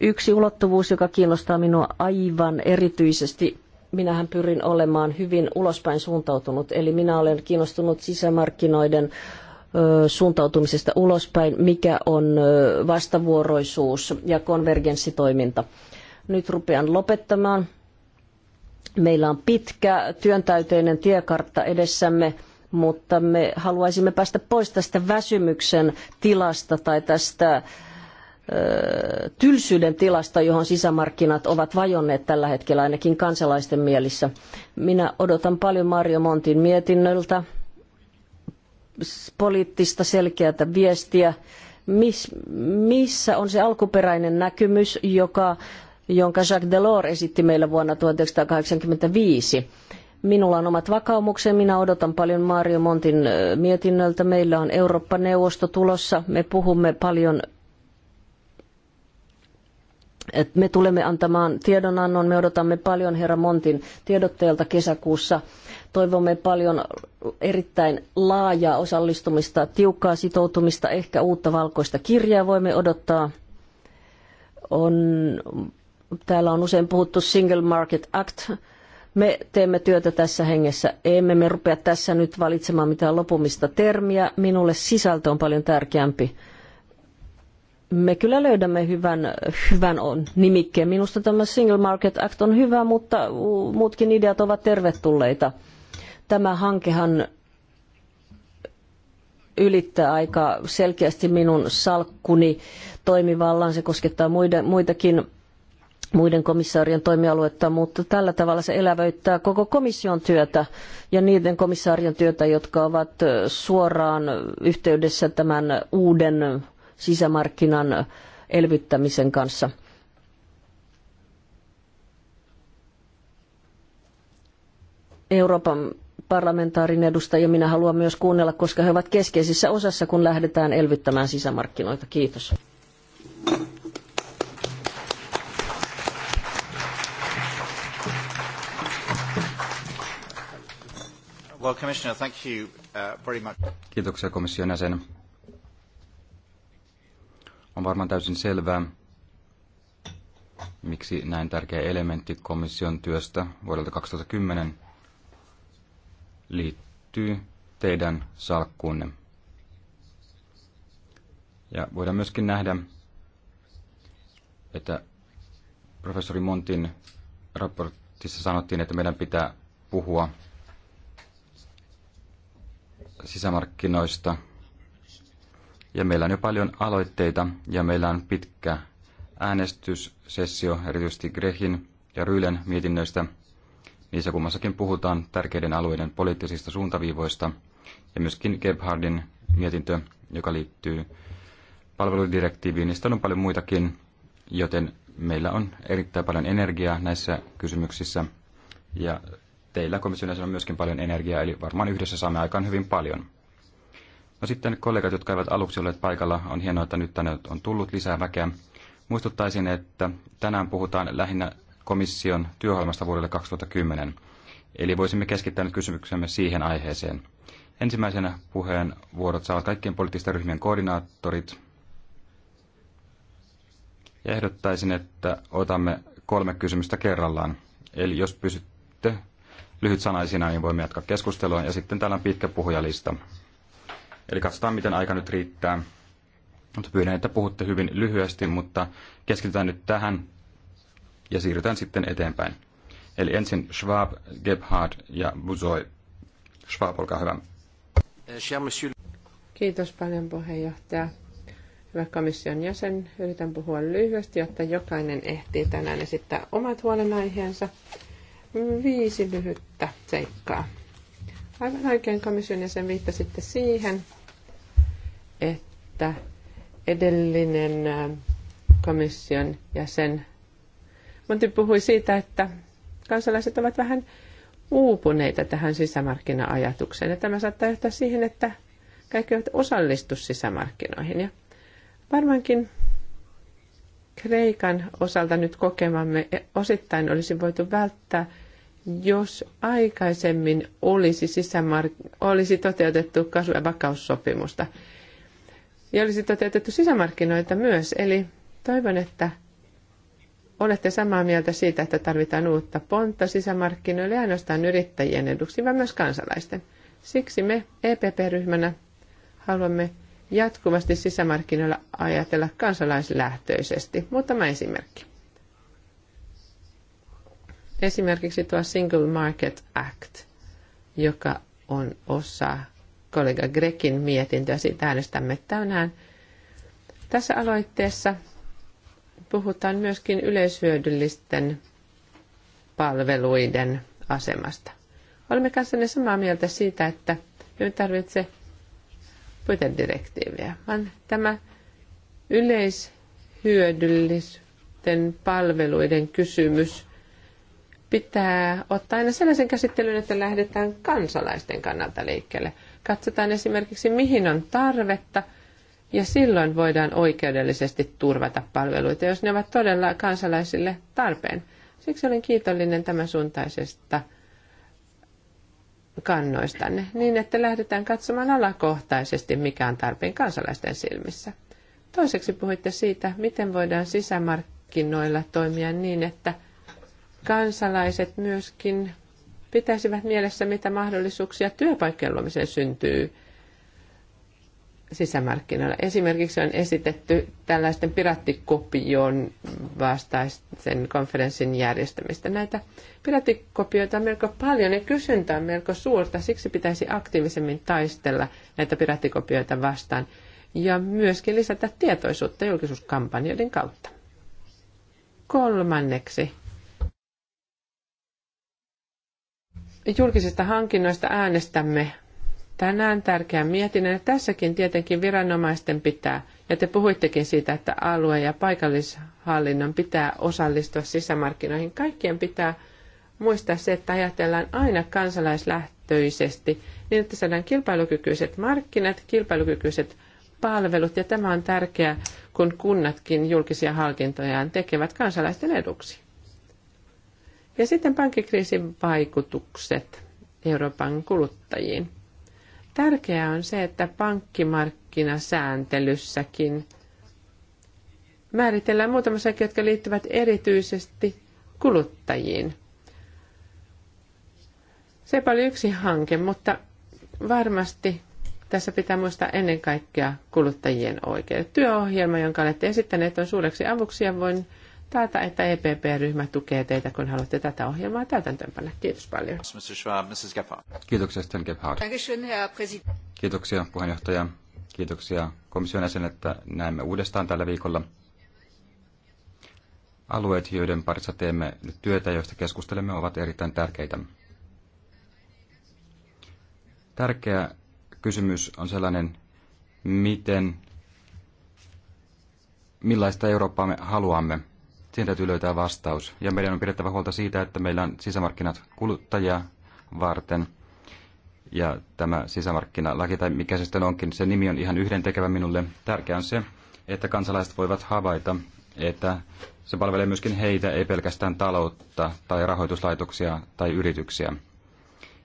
Yksi ulottuvuus, joka kiinnostaa minua aivan erityisesti minähän pyrin olemaan hyvin ulospäin suuntautunut, eli minä olen kiinnostunut sisämarkkinoiden suuntautumisesta ulospäin, mikä on vastavuoroisuus ja konvergenssitoiminta. Nyt rupean lopettamaan. Meillä on pitkä työntäyteinen tiekartta edessämme, mutta me haluaisimme päästä pois tästä väsymyksen tilasta tai tästä tylsyyden tilasta, johon sisämarkkinat ovat vajonneet tällä hetkellä ainakin kansalaisten mielissä. Minä odotan paljon Mario Montin mietinnöltä poliittista selkeätä viestiä, missä on se alkuperäinen näkymys, joka, jonka Jacques Delors esitti meille vuonna 1985. Minulla on omat vakaumukseni, minä odotan paljon Mario Montin mietinnöltä. Meillä on Eurooppa-neuvosto tulossa, me puhumme paljon me tulemme antamaan tiedonannon, me odotamme paljon herra Montin tiedotteelta kesäkuussa. Toivomme paljon erittäin laajaa osallistumista, tiukkaa sitoutumista, ehkä uutta valkoista kirjaa voimme odottaa. On, täällä on usein puhuttu Single Market Act. Me teemme työtä tässä hengessä. Emme me rupea tässä nyt valitsemaan mitään lopumista termiä. Minulle sisältö on paljon tärkeämpi me kyllä löydämme hyvän, hyvän on nimikkeen. Minusta tämä Single Market Act on hyvä, mutta muutkin ideat ovat tervetulleita. Tämä hankehan ylittää aika selkeästi minun salkkuni toimivallaan. Se koskettaa muiden, muitakin muiden komissaarien toimialuetta, mutta tällä tavalla se elävöittää koko komission työtä ja niiden komissaarien työtä, jotka ovat suoraan yhteydessä tämän uuden sisämarkkinan elvyttämisen kanssa. Euroopan parlamentaarin edustajia minä haluan myös kuunnella, koska he ovat keskeisissä osassa, kun lähdetään elvyttämään sisämarkkinoita. Kiitos. Well, Commissioner, thank you, uh, very much. Kiitoksia komission jäsen. On varmaan täysin selvää, miksi näin tärkeä elementti komission työstä vuodelta 2010 liittyy teidän salkkuunne. Ja voidaan myöskin nähdä, että professori Montin raportissa sanottiin, että meidän pitää puhua sisämarkkinoista – ja meillä on jo paljon aloitteita ja meillä on pitkä äänestyssessio erityisesti Grehin ja Rylen mietinnöistä. Niissä kummassakin puhutaan tärkeiden alueiden poliittisista suuntaviivoista ja myöskin Gebhardin mietintö, joka liittyy palveludirektiiviin. Niistä on paljon muitakin, joten meillä on erittäin paljon energiaa näissä kysymyksissä ja teillä komissioissa on myöskin paljon energiaa, eli varmaan yhdessä saamme aikaan hyvin paljon. No sitten kollegat, jotka eivät aluksi olleet paikalla, on hienoa, että nyt tänne on tullut lisää väkeä. Muistuttaisin, että tänään puhutaan lähinnä komission työohjelmasta vuodelle 2010, eli voisimme keskittää nyt kysymyksemme siihen aiheeseen. Ensimmäisenä puheenvuorot saavat kaikkien poliittisten ryhmien koordinaattorit. Ja ehdottaisin, että otamme kolme kysymystä kerrallaan. Eli jos pysytte lyhyt sanaisina, niin voimme jatkaa keskustelua. Ja sitten täällä on pitkä puhujalista. Eli katsotaan, miten aika nyt riittää. Mutta pyydän, että puhutte hyvin lyhyesti, mutta keskitytään nyt tähän ja siirrytään sitten eteenpäin. Eli ensin Schwab, Gebhard ja Buzoi. Schwab, olkaa hyvä. Kiitos paljon puheenjohtaja. Hyvä komission jäsen, yritän puhua lyhyesti, jotta jokainen ehtii tänään esittää omat huolenaiheensa. Viisi lyhyttä seikkaa. Aivan oikein komission jäsen viittasitte siihen, että edellinen komission jäsen Monti puhui siitä, että kansalaiset ovat vähän uupuneita tähän sisämarkkina-ajatukseen. Ja tämä saattaa johtaa siihen, että kaikki eivät osallistu sisämarkkinoihin. Ja varmaankin Kreikan osalta nyt kokemamme osittain olisi voitu välttää, jos aikaisemmin olisi, sisämark- olisi toteutettu kasvu- ja vakaussopimusta ja olisi toteutettu sisämarkkinoita myös. Eli toivon, että olette samaa mieltä siitä, että tarvitaan uutta pontta sisämarkkinoille ei ainoastaan yrittäjien eduksi, vaan myös kansalaisten. Siksi me EPP-ryhmänä haluamme jatkuvasti sisämarkkinoilla ajatella kansalaislähtöisesti. Muutama esimerkki. Esimerkiksi tuo Single Market Act, joka on osa kollega Grekin mietintöä. Siitä äänestämme tänään. Tässä aloitteessa puhutaan myöskin yleishyödyllisten palveluiden asemasta. Olemme kanssanne samaa mieltä siitä, että ei tarvitse puitedirektiiviä, vaan tämä yleishyödyllisten palveluiden kysymys pitää ottaa aina sellaisen käsittelyn, että lähdetään kansalaisten kannalta liikkeelle – Katsotaan esimerkiksi, mihin on tarvetta, ja silloin voidaan oikeudellisesti turvata palveluita, jos ne ovat todella kansalaisille tarpeen. Siksi olen kiitollinen tämän suuntaisesta kannoistanne, niin että lähdetään katsomaan alakohtaisesti, mikä on tarpeen kansalaisten silmissä. Toiseksi puhuitte siitä, miten voidaan sisämarkkinoilla toimia niin, että kansalaiset myöskin pitäisivät mielessä, mitä mahdollisuuksia työpaikkojen luomiseen syntyy sisämarkkinoilla. Esimerkiksi on esitetty tällaisten pirattikopion vastaisen konferenssin järjestämistä. Näitä pirattikopioita on melko paljon ja kysyntä on melko suurta, siksi pitäisi aktiivisemmin taistella näitä pirattikopioita vastaan ja myöskin lisätä tietoisuutta julkisuuskampanjoiden kautta. Kolmanneksi julkisista hankinnoista äänestämme tänään tärkeän mietinnön. Tässäkin tietenkin viranomaisten pitää, ja te puhuittekin siitä, että alue- ja paikallishallinnon pitää osallistua sisämarkkinoihin. Kaikkien pitää muistaa se, että ajatellaan aina kansalaislähtöisesti, niin että saadaan kilpailukykyiset markkinat, kilpailukykyiset palvelut, ja tämä on tärkeää, kun kunnatkin julkisia hankintojaan tekevät kansalaisten eduksi. Ja sitten pankkikriisin vaikutukset Euroopan kuluttajiin. Tärkeää on se, että pankkimarkkinasääntelyssäkin määritellään muutama seikka, jotka liittyvät erityisesti kuluttajiin. Se oli yksi hanke, mutta varmasti tässä pitää muistaa ennen kaikkea kuluttajien oikeudet. Työohjelma, jonka olette esittäneet, on suureksi avuksi ja voin taata, että EPP-ryhmä tukee teitä, kun haluatte tätä ohjelmaa täytäntöönpanna. Kiitos paljon. Kiitoksia, Sten Gebhardt. Kiitoksia, puheenjohtaja. Kiitoksia komission jäsen, että näemme uudestaan tällä viikolla. Alueet, joiden parissa teemme nyt työtä, joista keskustelemme, ovat erittäin tärkeitä. Tärkeä kysymys on sellainen, miten, millaista Eurooppaa me haluamme. Siihen täytyy löytää vastaus. Ja meidän on pidettävä huolta siitä, että meillä on sisämarkkinat kuluttajia varten. Ja tämä sisämarkkinalaki, tai mikä se sitten onkin, se nimi on ihan yhden tekevä minulle. Tärkeää on se, että kansalaiset voivat havaita, että se palvelee myöskin heitä, ei pelkästään taloutta tai rahoituslaitoksia tai yrityksiä.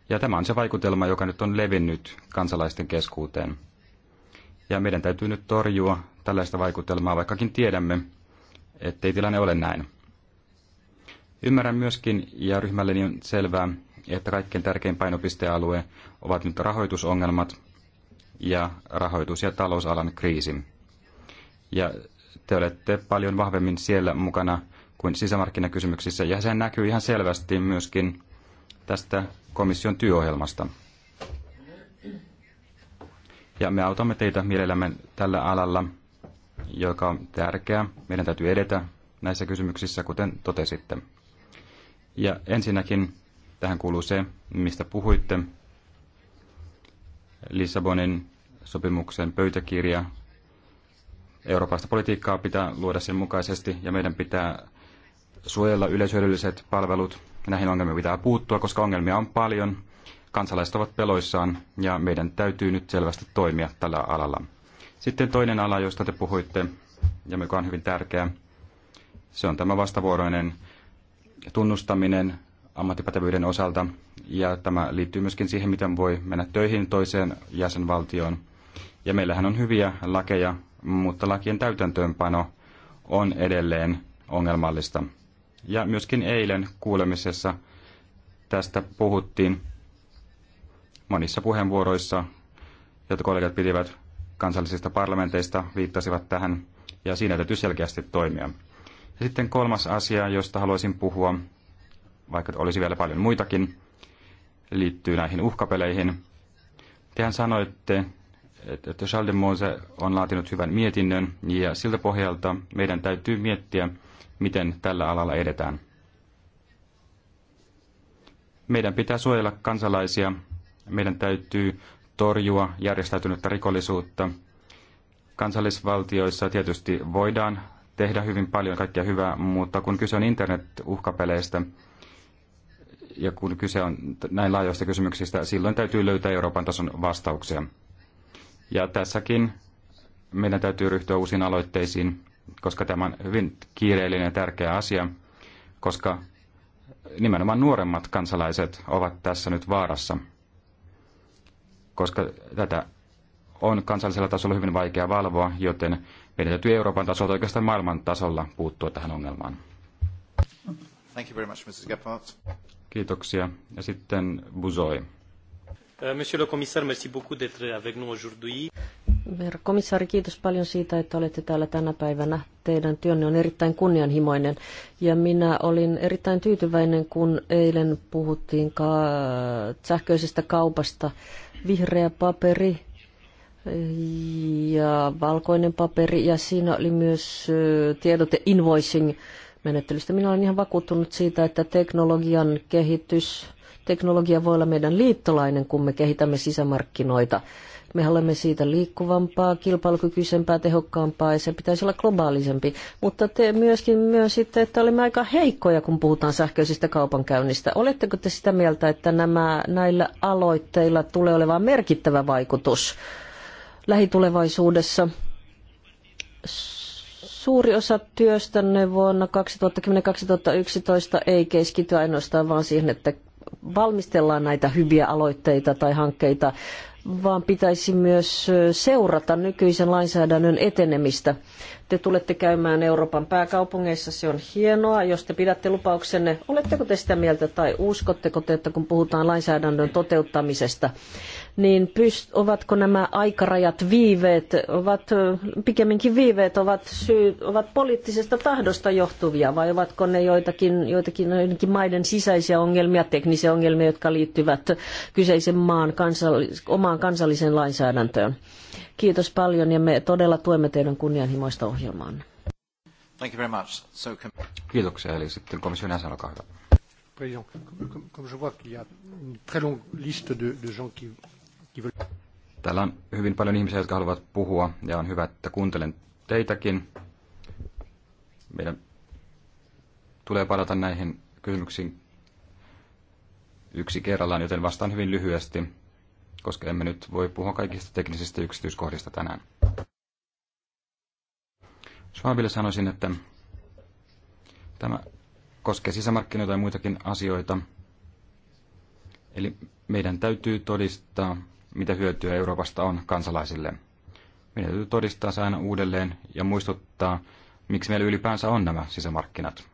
Ja tämä on se vaikutelma, joka nyt on levinnyt kansalaisten keskuuteen. Ja meidän täytyy nyt torjua tällaista vaikutelmaa, vaikkakin tiedämme, ettei tilanne ole näin. Ymmärrän myöskin, ja ryhmälleni on selvää, että kaikkein tärkein painopistealue ovat nyt rahoitusongelmat ja rahoitus- ja talousalan kriisi. Ja te olette paljon vahvemmin siellä mukana kuin sisämarkkinakysymyksissä, ja se näkyy ihan selvästi myöskin tästä komission työohjelmasta. Ja me autamme teitä mielellämme tällä alalla joka on tärkeä. Meidän täytyy edetä näissä kysymyksissä, kuten totesitte. Ja ensinnäkin tähän kuuluu se, mistä puhuitte. Lissabonin sopimuksen pöytäkirja. Euroopasta politiikkaa pitää luoda sen mukaisesti ja meidän pitää suojella yleishyödylliset palvelut. Näihin ongelmiin pitää puuttua, koska ongelmia on paljon. Kansalaiset ovat peloissaan ja meidän täytyy nyt selvästi toimia tällä alalla. Sitten toinen ala, josta te puhuitte, ja mikä on hyvin tärkeä, se on tämä vastavuoroinen tunnustaminen ammattipätevyyden osalta, ja tämä liittyy myöskin siihen, miten voi mennä töihin toiseen jäsenvaltioon. Ja meillähän on hyviä lakeja, mutta lakien täytäntöönpano on edelleen ongelmallista. Ja myöskin eilen kuulemisessa tästä puhuttiin monissa puheenvuoroissa, jotka kollegat pitivät kansallisista parlamenteista viittasivat tähän, ja siinä täytyy selkeästi toimia. Ja sitten kolmas asia, josta haluaisin puhua, vaikka olisi vielä paljon muitakin, liittyy näihin uhkapeleihin. Tehän sanoitte, että Charles de Mose on laatinut hyvän mietinnön, ja siltä pohjalta meidän täytyy miettiä, miten tällä alalla edetään. Meidän pitää suojella kansalaisia, meidän täytyy torjua järjestäytynyttä rikollisuutta. Kansallisvaltioissa tietysti voidaan tehdä hyvin paljon kaikkea hyvää, mutta kun kyse on internet-uhkapeleistä ja kun kyse on näin laajoista kysymyksistä, silloin täytyy löytää Euroopan tason vastauksia. Ja tässäkin meidän täytyy ryhtyä uusiin aloitteisiin, koska tämä on hyvin kiireellinen ja tärkeä asia, koska nimenomaan nuoremmat kansalaiset ovat tässä nyt vaarassa koska tätä on kansallisella tasolla hyvin vaikea valvoa, joten meidän täytyy Euroopan tasolta oikeastaan maailman tasolla puuttua tähän ongelmaan. Thank you very much, Mrs. Gephardt. Kiitoksia. Ja sitten Buzoi. Euh, monsieur le commissaire, merci beaucoup d'être avec nous aujourd'hui. Herra komissaari, kiitos paljon siitä, että olette täällä tänä päivänä. Teidän työnne on erittäin kunnianhimoinen ja minä olin erittäin tyytyväinen, kun eilen puhuttiin ka- sähköisestä kaupasta vihreä paperi ja valkoinen paperi ja siinä oli myös tiedote invoicing menettelystä. Minä olen ihan vakuuttunut siitä, että teknologian kehitys, teknologia voi olla meidän liittolainen, kun me kehitämme sisämarkkinoita me olemme siitä liikkuvampaa, kilpailukykyisempää, tehokkaampaa ja se pitäisi olla globaalisempi. Mutta te myöskin myönsitte, että olemme aika heikkoja, kun puhutaan sähköisistä kaupankäynnistä. Oletteko te sitä mieltä, että nämä, näillä aloitteilla tulee olemaan merkittävä vaikutus lähitulevaisuudessa? suuri osa työstänne vuonna 2010-2011 ei keskity ainoastaan vaan siihen, että valmistellaan näitä hyviä aloitteita tai hankkeita vaan pitäisi myös seurata nykyisen lainsäädännön etenemistä. Te tulette käymään Euroopan pääkaupungeissa, se on hienoa. Jos te pidätte lupauksenne, oletteko te sitä mieltä tai uskotteko te, että kun puhutaan lainsäädännön toteuttamisesta, niin pyst- ovatko nämä aikarajat viiveet, ovat pikemminkin viiveet, ovat, syy, ovat poliittisesta tahdosta johtuvia vai ovatko ne joitakin, joitakin, joitakin maiden sisäisiä ongelmia, teknisiä ongelmia, jotka liittyvät kyseisen maan kansallis- omaan kansalliseen lainsäädäntöön? Kiitos paljon ja me todella tuemme teidän kunnianhimoista ohjelmaanne. Thank you very much. So, Kiitoksia. Eli sitten komission jäsen, olkaa hyvä. Président, comme, comme, comme je vois qu'il y a une très longue liste de, de gens qui Täällä on hyvin paljon ihmisiä, jotka haluavat puhua, ja on hyvä, että kuuntelen teitäkin. Meidän tulee palata näihin kysymyksiin yksi kerrallaan, joten vastaan hyvin lyhyesti, koska emme nyt voi puhua kaikista teknisistä yksityiskohdista tänään. Schwabille sanoisin, että tämä koskee sisämarkkinoita ja muitakin asioita. Eli meidän täytyy todistaa mitä hyötyä Euroopasta on kansalaisille. Meidän täytyy todistaa se aina uudelleen ja muistuttaa, miksi meillä ylipäänsä on nämä sisämarkkinat.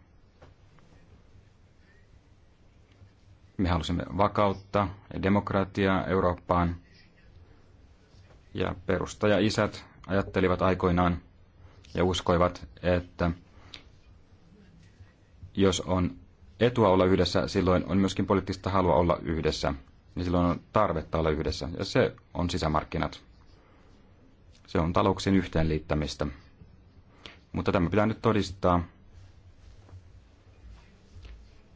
Me halusimme vakautta ja demokratiaa Eurooppaan. Ja perustaja-isät ajattelivat aikoinaan ja uskoivat, että jos on etua olla yhdessä, silloin on myöskin poliittista halua olla yhdessä – niin silloin on tarvetta olla yhdessä. Ja se on sisämarkkinat. Se on talouksien yhteenliittämistä. Mutta tämä pitää nyt todistaa,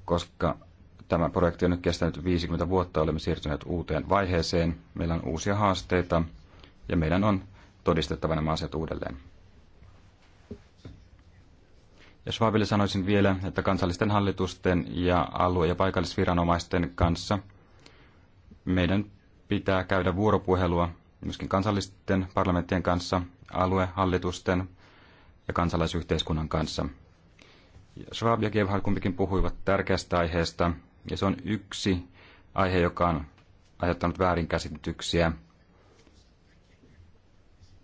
koska tämä projekti on nyt kestänyt 50 vuotta, olemme siirtyneet uuteen vaiheeseen, meillä on uusia haasteita ja meidän on todistettava nämä asiat uudelleen. Ja Schwabille sanoisin vielä, että kansallisten hallitusten ja alue- ja paikallisviranomaisten kanssa – meidän pitää käydä vuoropuhelua myöskin kansallisten parlamenttien kanssa, aluehallitusten ja kansalaisyhteiskunnan kanssa. Schwab ja Gebhard kumpikin puhuivat tärkeästä aiheesta, ja se on yksi aihe, joka on aiheuttanut väärinkäsityksiä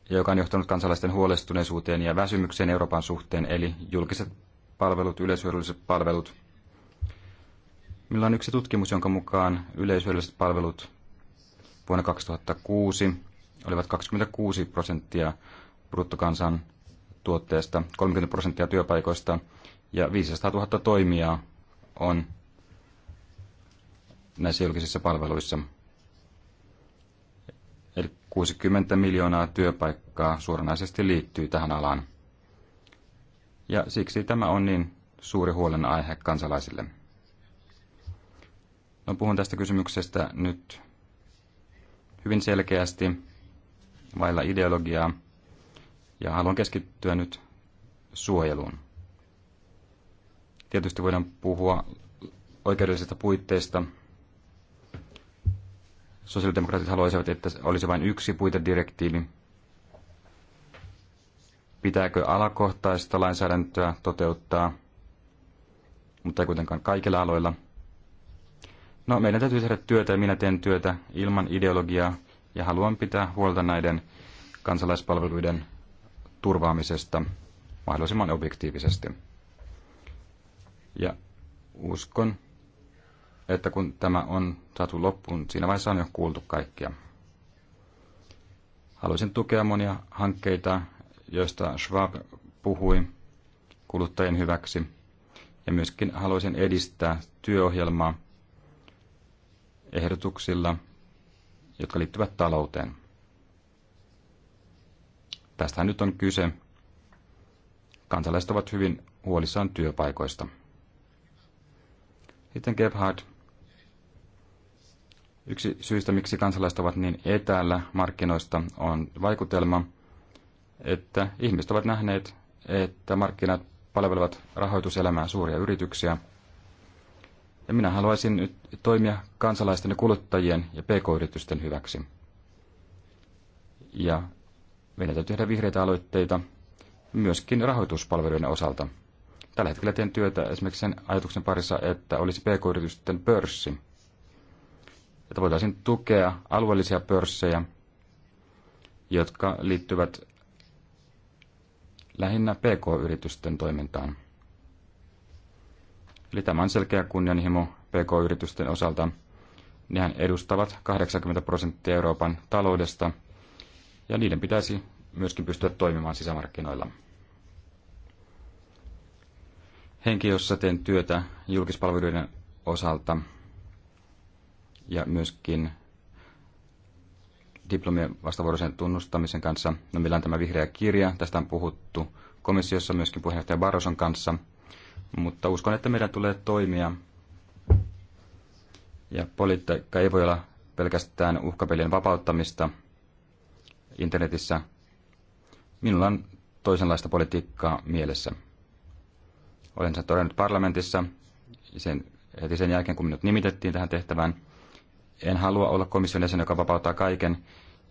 ja joka on johtanut kansalaisten huolestuneisuuteen ja väsymykseen Euroopan suhteen, eli julkiset palvelut, yleishyödylliset palvelut – Meillä on yksi tutkimus, jonka mukaan yleishyödylliset palvelut vuonna 2006 olivat 26 prosenttia bruttokansan tuotteesta, 30 prosenttia työpaikoista ja 500 000 toimijaa on näissä julkisissa palveluissa. Eli 60 miljoonaa työpaikkaa suoranaisesti liittyy tähän alaan. Ja siksi tämä on niin suuri huolenaihe kansalaisille. No, puhun tästä kysymyksestä nyt hyvin selkeästi, vailla ideologiaa, ja haluan keskittyä nyt suojeluun. Tietysti voidaan puhua oikeudellisista puitteista. Sosiaalidemokraatit haluaisivat, että olisi vain yksi puitedirektiivi. Pitääkö alakohtaista lainsäädäntöä toteuttaa, mutta ei kuitenkaan kaikilla aloilla – No, meidän täytyy tehdä työtä ja minä teen työtä ilman ideologiaa ja haluan pitää huolta näiden kansalaispalveluiden turvaamisesta mahdollisimman objektiivisesti. Ja uskon, että kun tämä on saatu loppuun, siinä vaiheessa on jo kuultu kaikkia. Haluaisin tukea monia hankkeita, joista Schwab puhui kuluttajien hyväksi, ja myöskin haluaisin edistää työohjelmaa, ehdotuksilla, jotka liittyvät talouteen. Tästähän nyt on kyse. Kansalaiset ovat hyvin huolissaan työpaikoista. Sitten Gebhard. Yksi syistä, miksi kansalaiset ovat niin etäällä markkinoista, on vaikutelma, että ihmiset ovat nähneet, että markkinat palvelevat rahoituselämää suuria yrityksiä – ja minä haluaisin nyt toimia kansalaisten ja kuluttajien ja pk-yritysten hyväksi. Ja meidän täytyy tehdä vihreitä aloitteita myöskin rahoituspalveluiden osalta. Tällä hetkellä teen työtä esimerkiksi sen ajatuksen parissa, että olisi pk-yritysten pörssi. Että voitaisiin tukea alueellisia pörssejä, jotka liittyvät lähinnä pk-yritysten toimintaan. Eli tämä on selkeä kunnianhimo PK-yritysten osalta. Nehän edustavat 80 prosenttia Euroopan taloudesta ja niiden pitäisi myöskin pystyä toimimaan sisämarkkinoilla. Henki, jossa teen työtä julkispalveluiden osalta ja myöskin diplomien vastavuoroisen tunnustamisen kanssa. No, meillä on tämä vihreä kirja, tästä on puhuttu komissiossa myöskin puheenjohtaja Barroson kanssa – mutta uskon, että meidän tulee toimia. Ja politiikka ei voi olla pelkästään uhkapelien vapauttamista internetissä. Minulla on toisenlaista politiikkaa mielessä. Olen sen todennut parlamentissa sen, heti sen jälkeen, kun minut nimitettiin tähän tehtävään. En halua olla komission jäsen, joka vapauttaa kaiken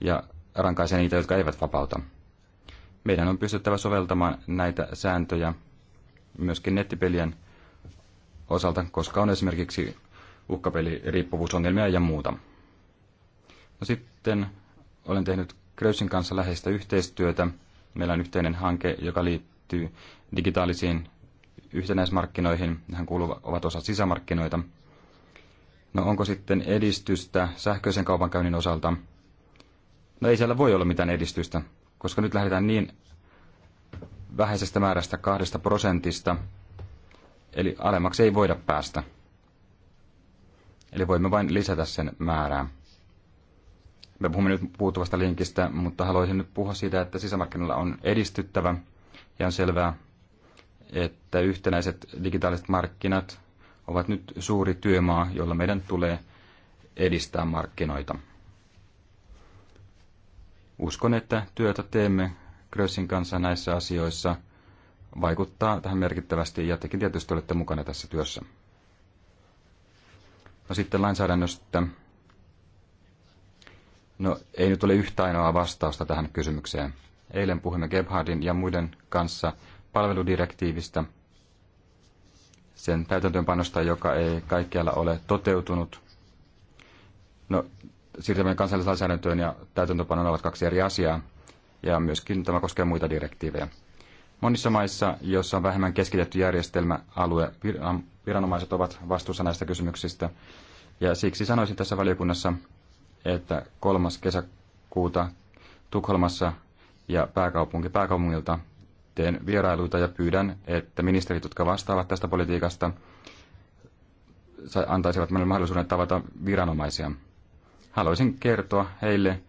ja rankaisee niitä, jotka eivät vapauta. Meidän on pystyttävä soveltamaan näitä sääntöjä myöskin nettipelien osalta, koska on esimerkiksi riippuvuusongelmia ja muuta. No sitten olen tehnyt Kröysin kanssa läheistä yhteistyötä. Meillä on yhteinen hanke, joka liittyy digitaalisiin yhtenäismarkkinoihin. Nehän kuuluvat, ovat osa sisämarkkinoita. No onko sitten edistystä sähköisen kaupankäynnin osalta? No ei siellä voi olla mitään edistystä, koska nyt lähdetään niin vähäisestä määrästä kahdesta prosentista, eli alemmaksi ei voida päästä. Eli voimme vain lisätä sen määrää. Me puhumme nyt puutuvasta linkistä, mutta haluaisin nyt puhua siitä, että sisämarkkinoilla on edistyttävä ja on selvää, että yhtenäiset digitaaliset markkinat ovat nyt suuri työmaa, jolla meidän tulee edistää markkinoita. Uskon, että työtä teemme Grössin kanssa näissä asioissa vaikuttaa tähän merkittävästi ja tekin tietysti olette mukana tässä työssä. No sitten lainsäädännöstä. No ei nyt ole yhtä ainoa vastausta tähän kysymykseen. Eilen puhuimme Gebhardin ja muiden kanssa palveludirektiivistä, sen täytäntöönpanosta, joka ei kaikkialla ole toteutunut. No, siirtäminen kansallislainsäädäntöön ja täytäntöönpanoon ovat kaksi eri asiaa ja myöskin tämä koskee muita direktiivejä. Monissa maissa, joissa on vähemmän keskitetty järjestelmä, alue, viranomaiset ovat vastuussa näistä kysymyksistä. Ja siksi sanoisin tässä valiokunnassa, että kolmas kesäkuuta Tukholmassa ja pääkaupunki pääkaupungilta teen vierailuita ja pyydän, että ministerit, jotka vastaavat tästä politiikasta, antaisivat meille mahdollisuuden tavata viranomaisia. Haluaisin kertoa heille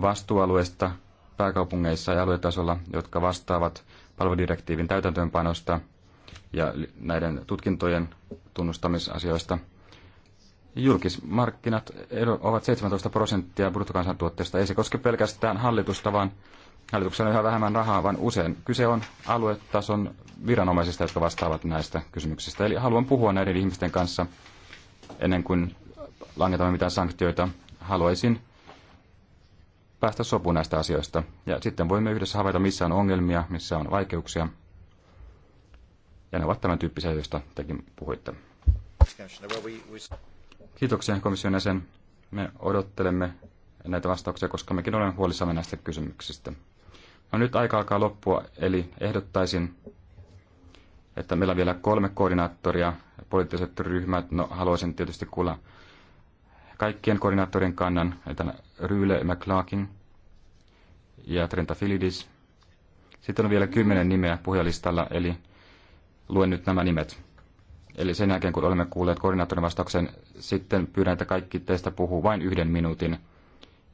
vastuualueesta, pääkaupungeissa ja aluetasolla, jotka vastaavat palveludirektiivin täytäntöönpanosta ja näiden tutkintojen tunnustamisasioista. Julkismarkkinat ovat 17 prosenttia bruttokansantuotteesta. Ei se koske pelkästään hallitusta, vaan hallituksella on yhä vähemmän rahaa, vaan usein kyse on aluetason viranomaisista, jotka vastaavat näistä kysymyksistä. Eli haluan puhua näiden ihmisten kanssa ennen kuin langetamme mitään sanktioita. Haluaisin päästä sopuun näistä asioista. Ja sitten voimme yhdessä havaita, missä on ongelmia, missä on vaikeuksia. Ja ne ovat tämän tyyppisiä, joista tekin puhuitte. Kiitoksia komission jäsen. Me odottelemme näitä vastauksia, koska mekin olemme huolissamme näistä kysymyksistä. No nyt aika alkaa loppua, eli ehdottaisin, että meillä on vielä kolme koordinaattoria, poliittiset ryhmät. No haluaisin tietysti kuulla kaikkien koordinaattorien kannan, että Ryle McClarkin ja Trenta Filidis. Sitten on vielä kymmenen nimeä puhujalistalla, eli luen nyt nämä nimet. Eli sen jälkeen, kun olemme kuulleet koordinaattorin vastauksen, sitten pyydän, että kaikki teistä puhuu vain yhden minuutin.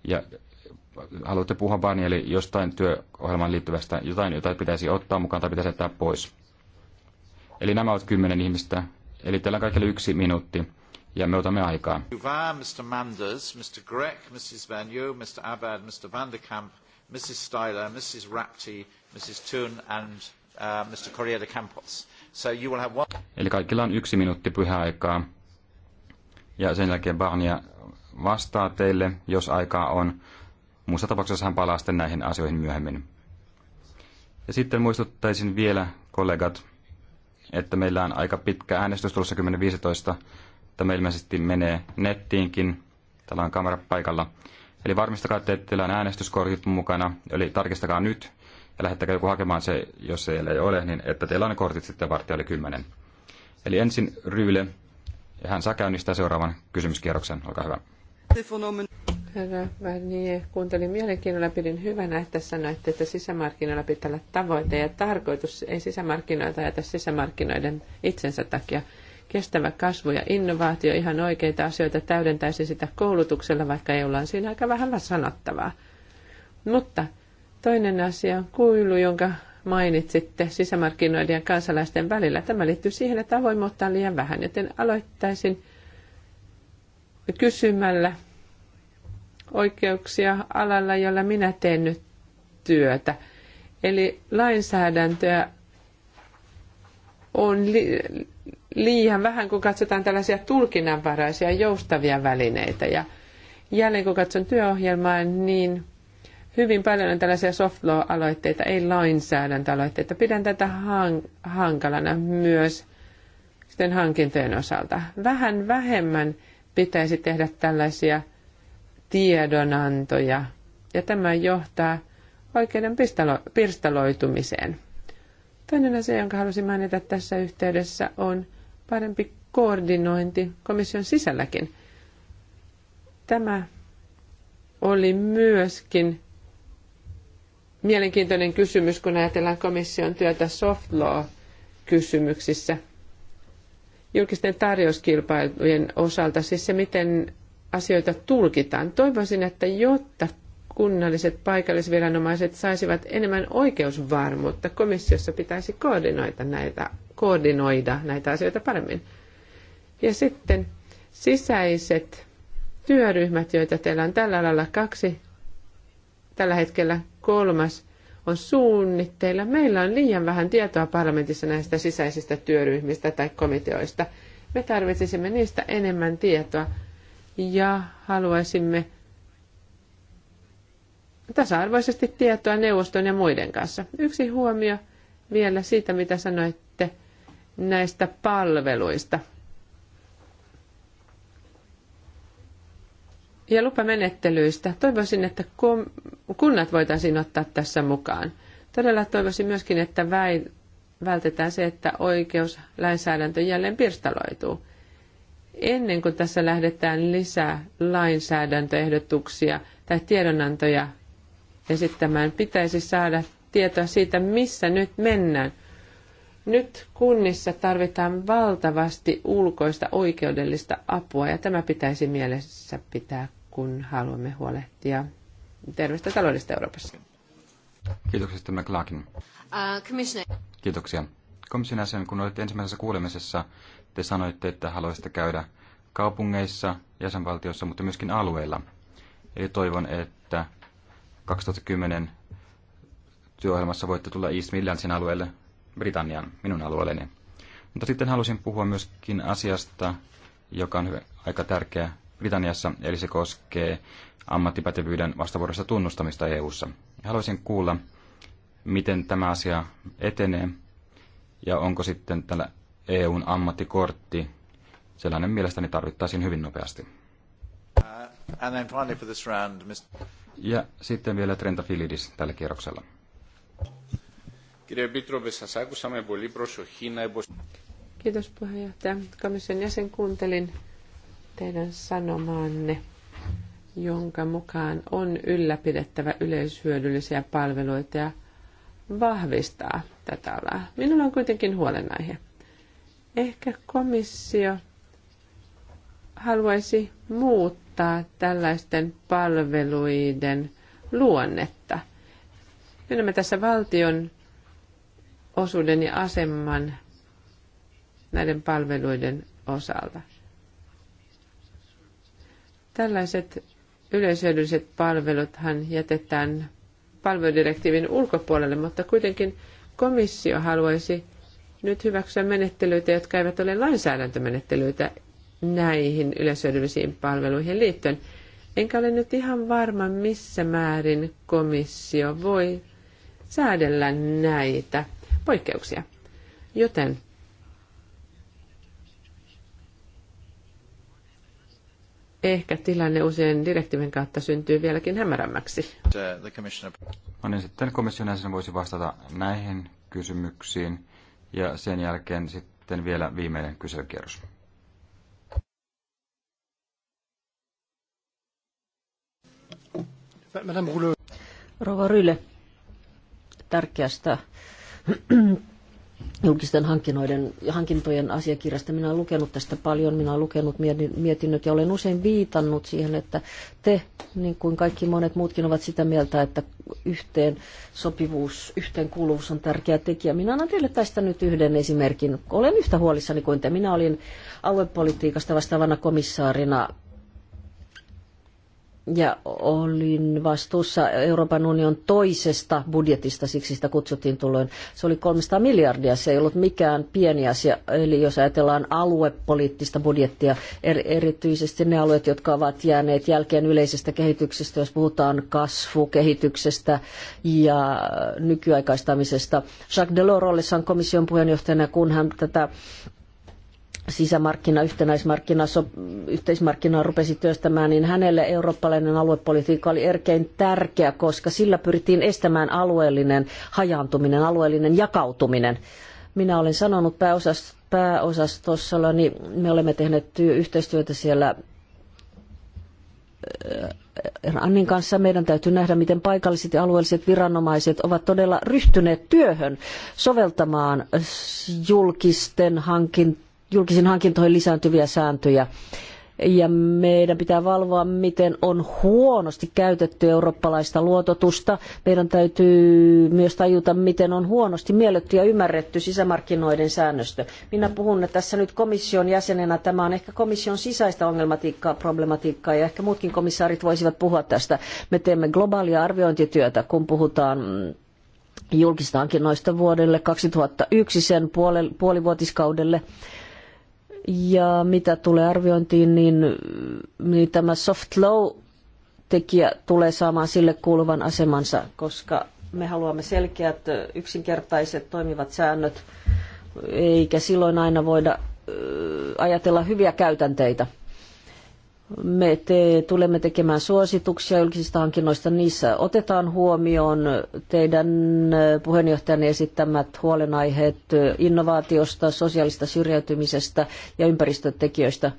Ja haluatte puhua vain, eli jostain työohjelmaan liittyvästä, jotain, jota pitäisi ottaa mukaan tai pitäisi jättää pois. Eli nämä ovat kymmenen ihmistä. Eli teillä on kaikille yksi minuutti ja me otamme aikaa. Mr. Manders, Mr. Grek, Mrs. Vanu, Mr. Abad, Mr. Van der Kamp, Mrs. Styler, Mrs. Rapti, Mrs. Thun and uh, Mr. Correa de Campos. So you will have one... Eli kaikilla on yksi minuutti aikaa Ja sen jälkeen Barnia vastaa teille, jos aikaa on. Muussa tapauksessa hän palaa sitten näihin asioihin myöhemmin. Ja sitten muistuttaisin vielä, kollegat, että meillä on aika pitkä äänestys tulossa 10.15 Tämä ilmeisesti menee nettiinkin. Täällä on kamera paikalla. Eli varmistakaa, että teillä on äänestyskortit mukana, eli tarkistakaa nyt ja lähettäkää joku hakemaan se, jos ei ole, niin että teillä on ne kortit sitten vartti oli kymmenen. Eli ensin Ryyle, ja hän saa käynnistää seuraavan kysymyskierroksen. Olkaa hyvä. Herra niin, Värnier, kuuntelin mielenkiinnolla, pidin hyvänä, että sanoitte, että sisämarkkinoilla pitää olla tavoite ja tarkoitus, ei sisämarkkinoita ajata sisämarkkinoiden itsensä takia, kestävä kasvu ja innovaatio ihan oikeita asioita täydentäisi sitä koulutuksella, vaikka ei ollaan siinä aika vähän sanottavaa. Mutta toinen asia on kuilu, jonka mainitsitte sisämarkkinoiden ja kansalaisten välillä. Tämä liittyy siihen, että avoimuutta on liian vähän, joten aloittaisin kysymällä oikeuksia alalla, jolla minä teen nyt työtä. Eli lainsäädäntöä on li- liian vähän, kun katsotaan tällaisia tulkinnanvaraisia joustavia välineitä. Ja jälleen kun katson työohjelmaa, niin hyvin paljon on tällaisia soft law-aloitteita, ei lainsäädäntöaloitteita. Pidän tätä hank- hankalana myös sitten hankintojen osalta. Vähän vähemmän pitäisi tehdä tällaisia tiedonantoja, ja tämä johtaa oikeuden pistalo- pirstaloitumiseen. Toinen asia, jonka halusin mainita tässä yhteydessä, on parempi koordinointi komission sisälläkin. Tämä oli myöskin mielenkiintoinen kysymys, kun ajatellaan komission työtä soft law-kysymyksissä. Julkisten tarjouskilpailujen osalta, siis se miten asioita tulkitaan. Toivoisin, että jotta kunnalliset paikallisviranomaiset saisivat enemmän oikeusvarmuutta, komissiossa pitäisi koordinoida näitä koordinoida näitä asioita paremmin. Ja sitten sisäiset työryhmät, joita teillä on tällä alalla kaksi, tällä hetkellä kolmas on suunnitteilla. Meillä on liian vähän tietoa parlamentissa näistä sisäisistä työryhmistä tai komiteoista. Me tarvitsisimme niistä enemmän tietoa ja haluaisimme tasa-arvoisesti tietoa neuvoston ja muiden kanssa. Yksi huomio vielä siitä, mitä sanoit näistä palveluista. Ja lupamenettelyistä. Toivoisin, että kunnat voitaisiin ottaa tässä mukaan. Todella toivoisin myöskin, että vältetään se, että oikeuslainsäädäntö jälleen pirstaloituu. Ennen kuin tässä lähdetään lisää lainsäädäntöehdotuksia tai tiedonantoja esittämään, pitäisi saada tietoa siitä, missä nyt mennään nyt kunnissa tarvitaan valtavasti ulkoista oikeudellista apua ja tämä pitäisi mielessä pitää, kun haluamme huolehtia terveestä taloudesta Euroopassa. Kiitoksia, Mr. McLaughlin. Uh, Kiitoksia. Komission jäsen, kun olette ensimmäisessä kuulemisessa, te sanoitte, että haluaisitte käydä kaupungeissa, jäsenvaltiossa, mutta myöskin alueilla. Eli toivon, että 2010 työohjelmassa voitte tulla East Midlandsin alueelle Britannian, minun alueelleni. Mutta sitten halusin puhua myöskin asiasta, joka on aika tärkeä Britanniassa, eli se koskee ammattipätevyyden vastavuorossa tunnustamista EU-ssa. Haluaisin kuulla, miten tämä asia etenee ja onko sitten tällä EUn ammattikortti sellainen mielestäni tarvittaisiin hyvin nopeasti. Uh, ja sitten vielä Trenta Filidis tällä kierroksella. Κύριε Επίτροπε, σας άκουσα με πολύ προσοχή να Komission jäsen kuuntelin teidän sanomaanne, jonka mukaan on ylläpidettävä yleishyödyllisiä palveluita ja vahvistaa tätä alaa. Minulla on kuitenkin huolenaihe. Ehkä komissio haluaisi muuttaa tällaisten palveluiden luonnetta. Kyllä me tässä valtion osuuden ja aseman näiden palveluiden osalta. Tällaiset yleishyödylliset palveluthan jätetään palveludirektiivin ulkopuolelle, mutta kuitenkin komissio haluaisi nyt hyväksyä menettelyitä, jotka eivät ole lainsäädäntömenettelyitä näihin yleishyödyllisiin palveluihin liittyen. Enkä ole nyt ihan varma, missä määrin komissio voi säädellä näitä poikkeuksia. Joten ehkä tilanne usein direktiivin kautta syntyy vieläkin hämärämmäksi. No niin, sitten komission jäsen voisi vastata näihin kysymyksiin ja sen jälkeen sitten vielä viimeinen kyselykierros. Rouva Ryle, tärkeästä julkisten hankinnoiden, hankintojen asiakirjasta. Minä olen lukenut tästä paljon, minä olen lukenut mietinnöt ja olen usein viitannut siihen, että te, niin kuin kaikki monet muutkin, ovat sitä mieltä, että yhteen sopivuus, yhteen kuuluvuus on tärkeä tekijä. Minä annan teille tästä nyt yhden esimerkin. Olen yhtä huolissani kuin te. Minä olin aluepolitiikasta vastaavana komissaarina ja olin vastuussa Euroopan union toisesta budjetista, siksi sitä kutsuttiin tuolloin. Se oli 300 miljardia, se ei ollut mikään pieni asia. Eli jos ajatellaan aluepoliittista budjettia, er, erityisesti ne alueet, jotka ovat jääneet jälkeen yleisestä kehityksestä, jos puhutaan kasvukehityksestä ja nykyaikaistamisesta. Jacques Delors ollessaan komission puheenjohtajana, kun hän tätä sisämarkkina, yhtenäismarkkina, so, yhteismarkkinaa rupesi työstämään, niin hänelle eurooppalainen aluepolitiikka oli erkein tärkeä, koska sillä pyrittiin estämään alueellinen hajaantuminen, alueellinen jakautuminen. Minä olen sanonut pääosast, pääosastossa, niin me olemme tehneet työ, yhteistyötä siellä äh, äh, Annin kanssa meidän täytyy nähdä, miten paikalliset ja alueelliset viranomaiset ovat todella ryhtyneet työhön soveltamaan julkisten hankintojen julkisiin hankintoihin lisääntyviä sääntöjä. Ja meidän pitää valvoa, miten on huonosti käytetty eurooppalaista luototusta. Meidän täytyy myös tajuta, miten on huonosti mielletty ja ymmärretty sisämarkkinoiden säännöstö. Minä puhun että tässä nyt komission jäsenenä. Tämä on ehkä komission sisäistä ongelmatiikkaa, problematiikkaa ja ehkä muutkin komissaarit voisivat puhua tästä. Me teemme globaalia arviointityötä, kun puhutaan julkisista hankinnoista vuodelle 2001 sen puolivuotiskaudelle. Puoli ja mitä tulee arviointiin, niin, niin tämä soft low tekijä tulee saamaan sille kuuluvan asemansa, koska me haluamme selkeät, yksinkertaiset, toimivat säännöt, eikä silloin aina voida ajatella hyviä käytänteitä. Me te, tulemme tekemään suosituksia julkisista hankinnoista. Niissä otetaan huomioon teidän puheenjohtajanne esittämät huolenaiheet innovaatiosta, sosiaalista syrjäytymisestä ja ympäristötekijöistä.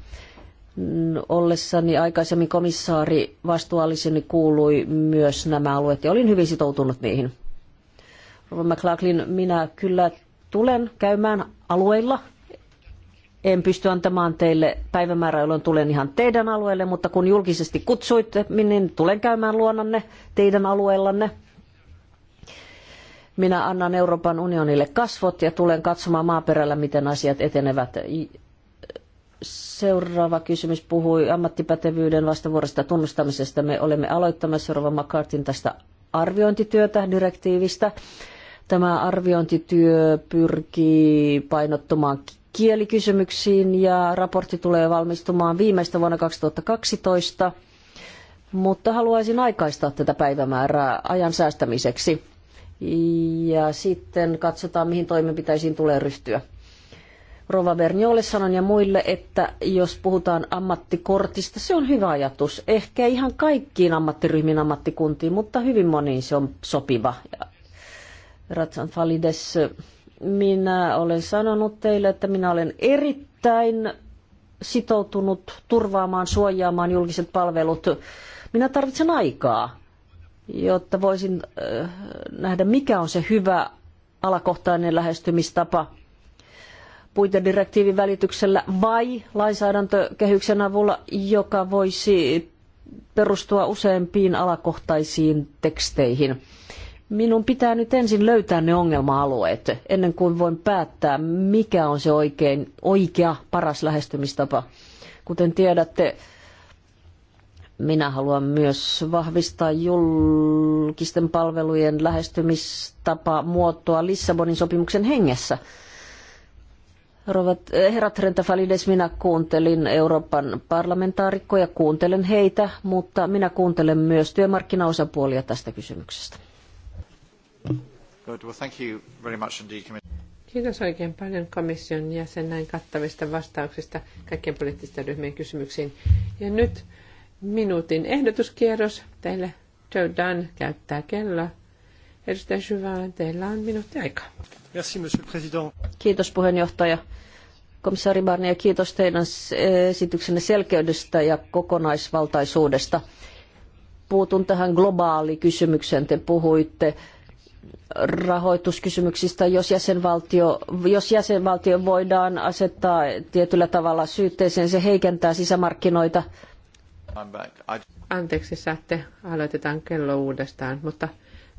Ollessani aikaisemmin komissaari vastuulliseni kuului myös nämä alueet ja olin hyvin sitoutunut niihin. Rova McLaughlin, minä kyllä tulen käymään alueilla – en pysty antamaan teille päivämäärää, jolloin tulen ihan teidän alueelle, mutta kun julkisesti kutsuitte, niin tulen käymään luonanne teidän alueellanne. Minä annan Euroopan unionille kasvot ja tulen katsomaan maaperällä, miten asiat etenevät. Seuraava kysymys puhui ammattipätevyyden vastavuorosta tunnustamisesta. Me olemme aloittamassa Rova McCartin tästä arviointityötä direktiivistä. Tämä arviointityö pyrkii painottumaan kielikysymyksiin ja raportti tulee valmistumaan viimeistä vuonna 2012, mutta haluaisin aikaistaa tätä päivämäärää ajan säästämiseksi ja sitten katsotaan, mihin toimenpiteisiin tulee ryhtyä. Rova Berniolle sanon ja muille, että jos puhutaan ammattikortista, se on hyvä ajatus. Ehkä ihan kaikkiin ammattiryhmiin ammattikuntiin, mutta hyvin moniin se on sopiva. Ratsan Falides minä olen sanonut teille, että minä olen erittäin sitoutunut turvaamaan, suojaamaan julkiset palvelut. Minä tarvitsen aikaa, jotta voisin äh, nähdä, mikä on se hyvä alakohtainen lähestymistapa puitedirektiivin välityksellä vai lainsäädäntökehyksen avulla, joka voisi perustua useampiin alakohtaisiin teksteihin. Minun pitää nyt ensin löytää ne ongelma-alueet, ennen kuin voin päättää, mikä on se oikein, oikea, paras lähestymistapa. Kuten tiedätte, minä haluan myös vahvistaa julkisten palvelujen lähestymistapa muotoa Lissabonin sopimuksen hengessä. Rovat, eh, herra minä kuuntelin Euroopan parlamentaarikkoja, kuuntelen heitä, mutta minä kuuntelen myös työmarkkinaosapuolia tästä kysymyksestä. Good. Well, thank you very much indeed, Kiitos oikein paljon komission jäsen näin kattavista vastauksista kaikkien poliittisten ryhmien kysymyksiin. Ja nyt minuutin ehdotuskierros teille. Joe Dunn käyttää kelloa. Edustaja Syvään, teillä on minuutti aikaa. Merci, monsieur président. Kiitos puheenjohtaja. Komissaari Barnier, kiitos teidän esityksenne selkeydestä ja kokonaisvaltaisuudesta. Puutun tähän globaali kysymykseen. Te puhuitte rahoituskysymyksistä, jos jäsenvaltio, jos jäsenvaltio voidaan asettaa tietyllä tavalla syytteeseen, se heikentää sisämarkkinoita. Anteeksi, saatte, aloitetaan kello uudestaan, mutta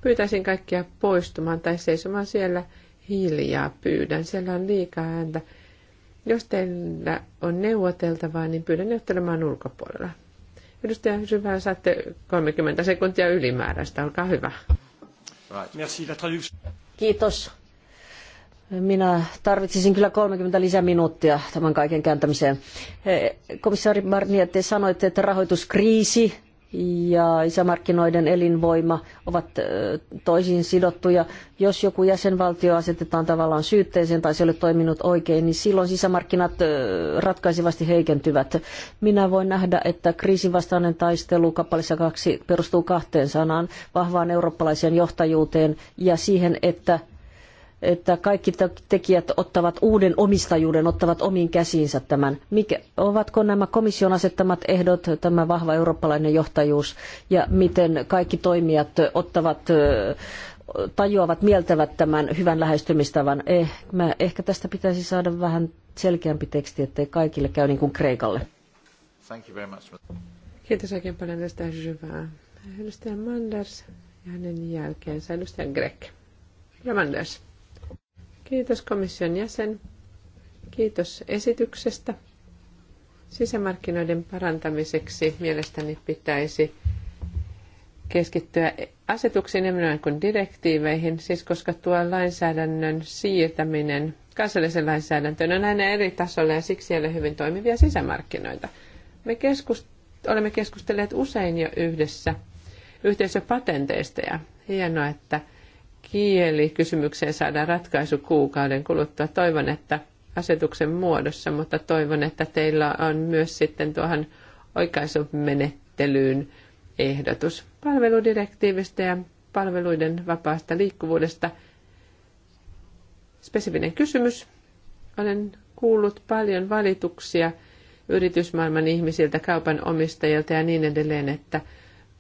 pyytäisin kaikkia poistumaan tai seisomaan siellä hiljaa pyydän. Siellä on liikaa ääntä. Jos teillä on neuvoteltavaa, niin pyydän neuvottelemaan ulkopuolella. Edustaja Syvää, saatte 30 sekuntia ylimääräistä. Olkaa hyvä. Merci, la traduction. Kiitos. Minä tarvitsisin kyllä 30 lisäminuuttia tämän kaiken kääntämiseen. Eh, komissaari Barnier, te sanoitte, että rahoituskriisi ja isämarkkinoiden elinvoima ovat toisiin sidottuja. Jos joku jäsenvaltio asetetaan tavallaan syytteeseen tai se ei ole toiminut oikein, niin silloin sisämarkkinat ratkaisivasti heikentyvät. Minä voin nähdä, että kriisin vastainen taistelu kappalissa kaksi perustuu kahteen sanaan, vahvaan eurooppalaiseen johtajuuteen ja siihen, että että kaikki tekijät ottavat uuden omistajuuden, ottavat omiin käsiinsä tämän. Mikä, ovatko nämä komission asettamat ehdot, tämä vahva eurooppalainen johtajuus ja miten kaikki toimijat ottavat tajuavat, mieltävät tämän hyvän lähestymistavan. Eh, mä, ehkä tästä pitäisi saada vähän selkeämpi teksti, ettei kaikille käy niin kuin Kreikalle. Thank you very much. Kiitos oikein paljon tästä hyvää. Edustaja Manders ja hänen jälkeensä edustaja Greg. Ja Manders. Kiitos komission jäsen. Kiitos esityksestä. Sisämarkkinoiden parantamiseksi mielestäni pitäisi keskittyä asetuksiin enemmän kuin direktiiveihin, siis koska tuo lainsäädännön siirtäminen kansallisen lainsäädäntöön on aina eri tasolla ja siksi ei ole hyvin toimivia sisämarkkinoita. Me keskust- olemme keskustelleet usein jo yhdessä yhteisöpatenteista ja hienoa, että – Kieli kysymykseen saadaan ratkaisu kuukauden kuluttua. Toivon, että asetuksen muodossa, mutta toivon, että teillä on myös sitten tuohon oikaisumenettelyyn ehdotus palveludirektiivistä ja palveluiden vapaasta liikkuvuudesta. Spesifinen kysymys. Olen kuullut paljon valituksia yritysmaailman ihmisiltä, kaupan omistajilta ja niin edelleen, että –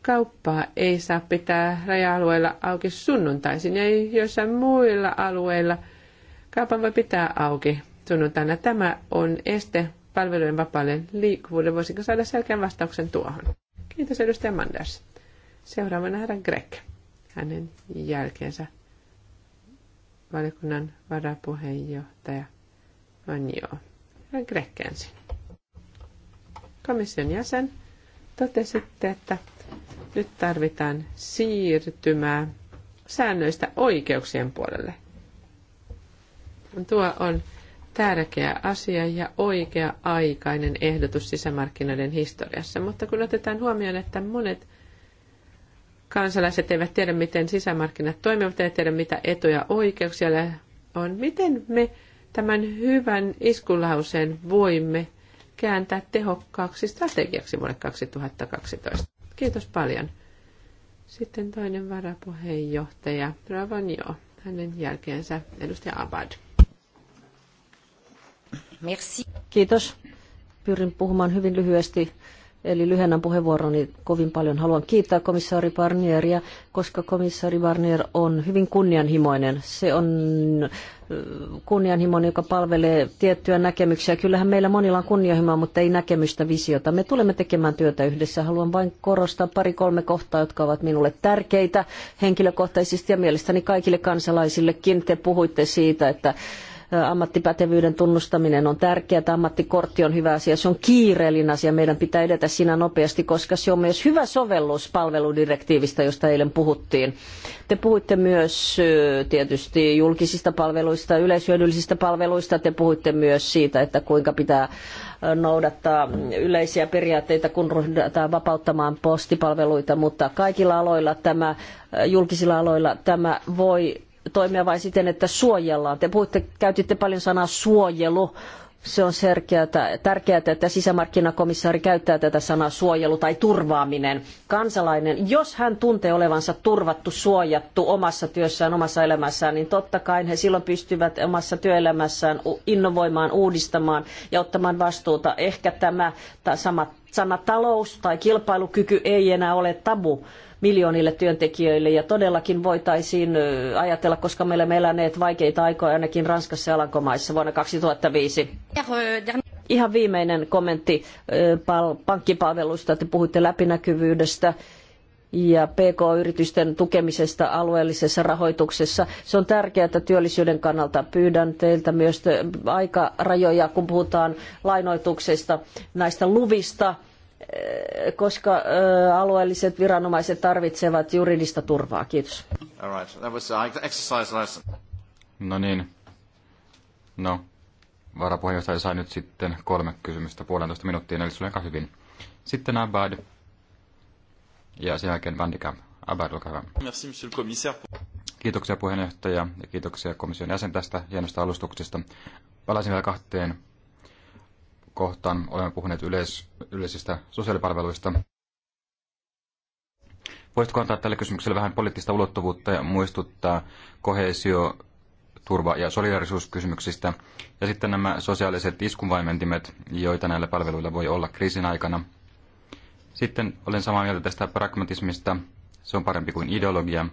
Kauppaa ei saa pitää raja-alueilla auki sunnuntaisin ja joissain muilla alueilla kaupan voi pitää auki sunnuntaina. Tämä on este palvelujen vapaalle liikkuvuudelle. Voisinko saada selkeän vastauksen tuohon? Kiitos edustaja Manders. Seuraavana herra Greg. Hänen jälkeensä valiokunnan varapuheenjohtaja jo. Herra Greg ensin. Komission jäsen, totesitte, että nyt tarvitaan siirtymää säännöistä oikeuksien puolelle. Tuo on tärkeä asia ja oikea-aikainen ehdotus sisämarkkinoiden historiassa, mutta kun otetaan huomioon, että monet kansalaiset eivät tiedä, miten sisämarkkinat toimivat, eivät tiedä, mitä etuja oikeuksia on, miten me tämän hyvän iskulauseen voimme kääntää tehokkaaksi strategiaksi vuodelle 2012? Kiitos paljon. Sitten toinen varapuheenjohtaja Ravanjo, hänen jälkeensä edustaja Abad. Merci. Kiitos. Pyrin puhumaan hyvin lyhyesti Eli lyhennän puheenvuoroni kovin paljon. Haluan kiittää komissaari Barnieria, koska komissaari Barnier on hyvin kunnianhimoinen. Se on kunnianhimoinen, joka palvelee tiettyjä näkemyksiä. Kyllähän meillä monilla on kunnianhimoa, mutta ei näkemystä, visiota. Me tulemme tekemään työtä yhdessä. Haluan vain korostaa pari-kolme kohtaa, jotka ovat minulle tärkeitä henkilökohtaisesti ja mielestäni kaikille kansalaisillekin. Te puhuitte siitä, että ammattipätevyyden tunnustaminen on tärkeää. Ammattikortti on hyvä asia. Se on kiireellinen asia. Meidän pitää edetä siinä nopeasti, koska se on myös hyvä sovellus palveludirektiivistä, josta eilen puhuttiin. Te puhuitte myös tietysti julkisista palveluista, yleishyödyllisistä palveluista. Te puhuitte myös siitä, että kuinka pitää noudattaa yleisiä periaatteita, kun ryhdytään vapauttamaan postipalveluita, mutta kaikilla aloilla tämä, julkisilla aloilla tämä voi toimia vain siten, että suojellaan. Te puhutte, käytitte paljon sanaa suojelu. Se on tärkeää, että sisämarkkinakomissaari käyttää tätä sanaa suojelu tai turvaaminen. Kansalainen, jos hän tuntee olevansa turvattu, suojattu omassa työssään, omassa elämässään, niin totta kai he silloin pystyvät omassa työelämässään innovoimaan, uudistamaan ja ottamaan vastuuta. Ehkä tämä sama sana talous tai kilpailukyky ei enää ole tabu miljoonille työntekijöille ja todellakin voitaisiin ajatella, koska me olemme eläneet vaikeita aikoja ainakin Ranskassa ja Alankomaissa vuonna 2005. Ihan viimeinen kommentti pankkipalveluista. Te puhuitte läpinäkyvyydestä ja PK-yritysten tukemisesta alueellisessa rahoituksessa. Se on tärkeää että työllisyyden kannalta. Pyydän teiltä myös aikarajoja, kun puhutaan lainoituksesta, näistä luvista koska alueelliset viranomaiset tarvitsevat juridista turvaa. Kiitos. Uh, no niin. No, varapuheenjohtaja sai nyt sitten kolme kysymystä puolentoista minuuttia eli sulle aika hyvin. Sitten Abad ja sen jälkeen Vandikam. Abad, olkaa hyvä. Merci, monsieur le commissaire. Kiitoksia puheenjohtaja ja kiitoksia komission jäsen tästä hienosta alustuksesta. Palaisin vielä kahteen kohtaan. Olemme puhuneet yleis- yleisistä sosiaalipalveluista. Voisitko antaa tälle kysymykselle vähän poliittista ulottuvuutta ja muistuttaa kohesio, turva- ja solidarisuuskysymyksistä, ja sitten nämä sosiaaliset iskunvaimentimet, joita näillä palveluilla voi olla kriisin aikana. Sitten olen samaa mieltä tästä pragmatismista, se on parempi kuin ideologia.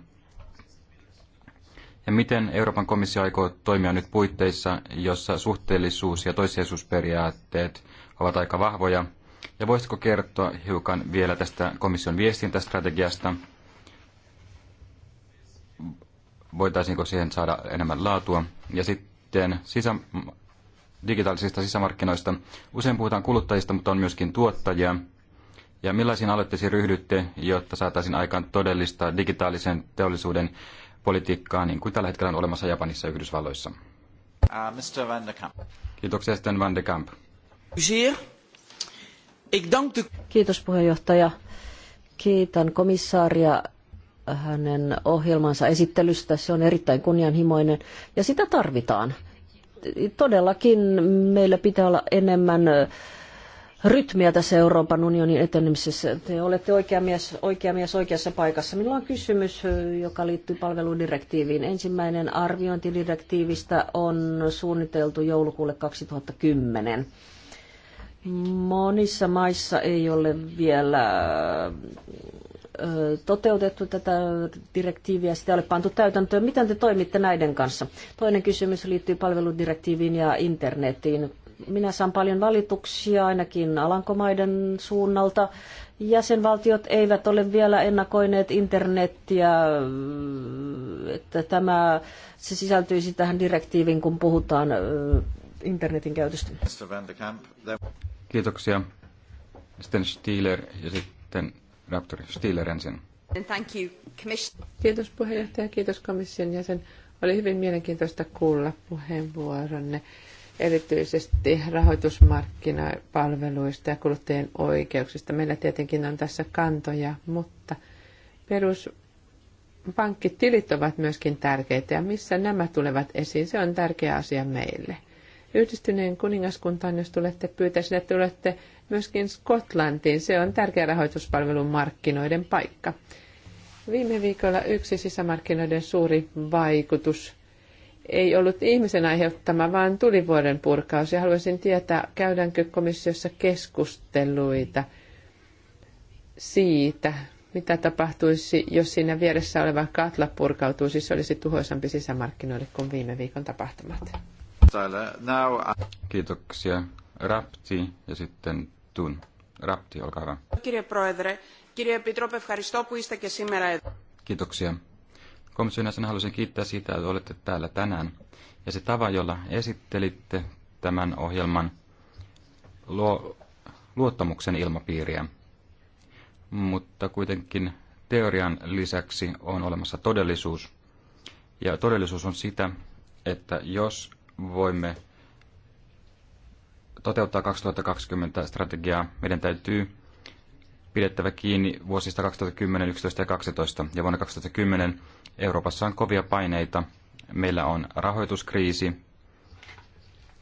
Ja miten Euroopan komissio aikoo toimia nyt puitteissa, jossa suhteellisuus- ja toissijaisuusperiaatteet ovat aika vahvoja? Ja voisitko kertoa hiukan vielä tästä komission viestintästrategiasta? Voitaisiinko siihen saada enemmän laatua? Ja sitten sisä, digitaalisista sisämarkkinoista. Usein puhutaan kuluttajista, mutta on myöskin tuottajia. Ja millaisiin aloitteisiin ryhdytte, jotta saataisiin aikaan todellista digitaalisen teollisuuden politiikkaa, niin kuin tällä hetkellä on olemassa Japanissa ja Yhdysvalloissa. Uh, Mr. Van de Kamp. Kiitoksia sitten Van de Kamp. Kiitos puheenjohtaja. Kiitän komissaaria hänen ohjelmansa esittelystä. Se on erittäin kunnianhimoinen ja sitä tarvitaan. Todellakin meillä pitää olla enemmän rytmiä tässä Euroopan unionin etenemisessä. Te olette oikea mies, oikea mies oikeassa paikassa. Minulla on kysymys, joka liittyy palveludirektiiviin. Ensimmäinen arviointidirektiivistä on suunniteltu joulukuulle 2010. Monissa maissa ei ole vielä toteutettu tätä direktiiviä, sitä ei ole pantu täytäntöön. Miten te toimitte näiden kanssa? Toinen kysymys liittyy palveludirektiiviin ja internetiin minä saan paljon valituksia ainakin Alankomaiden suunnalta. Jäsenvaltiot eivät ole vielä ennakoineet internettiä, että tämä, se sisältyisi tähän direktiiviin, kun puhutaan internetin käytöstä. Kiitoksia. Sitten Stieler ja sitten Raptor. Stieler ensin. Kiitos puheenjohtaja, kiitos komission jäsen. Oli hyvin mielenkiintoista kuulla puheenvuoronne erityisesti rahoitusmarkkinapalveluista ja kuluttajien oikeuksista. Meillä tietenkin on tässä kantoja, mutta peruspankkitilit ovat myöskin tärkeitä ja missä nämä tulevat esiin, se on tärkeä asia meille. Yhdistyneen kuningaskuntaan, jos tulette, pyytäisin, että tulette myöskin Skotlantiin. Se on tärkeä rahoituspalvelun markkinoiden paikka. Viime viikolla yksi sisämarkkinoiden suuri vaikutus ei ollut ihmisen aiheuttama, vaan tulivuoren purkaus. Ja haluaisin tietää, käydäänkö komissiossa keskusteluita siitä, mitä tapahtuisi, jos siinä vieressä oleva katla purkautuisi, se olisi tuhoisampi sisämarkkinoille kuin viime viikon tapahtumat. Kiitoksia. Rapti ja sitten Tun. Rapti, olkaa hyvä. Kirje Proedre, kirje Pitrope, Kiitoksia. Komission sen haluaisin kiittää siitä, että olette täällä tänään. Ja se tava, jolla esittelitte tämän ohjelman, luo luottamuksen ilmapiiriä. Mutta kuitenkin teorian lisäksi on olemassa todellisuus. Ja todellisuus on sitä, että jos voimme toteuttaa 2020 strategiaa, meidän täytyy pidettävä kiinni vuosista 2010, 11 ja 12. Ja vuonna 2010 Euroopassa on kovia paineita. Meillä on rahoituskriisi.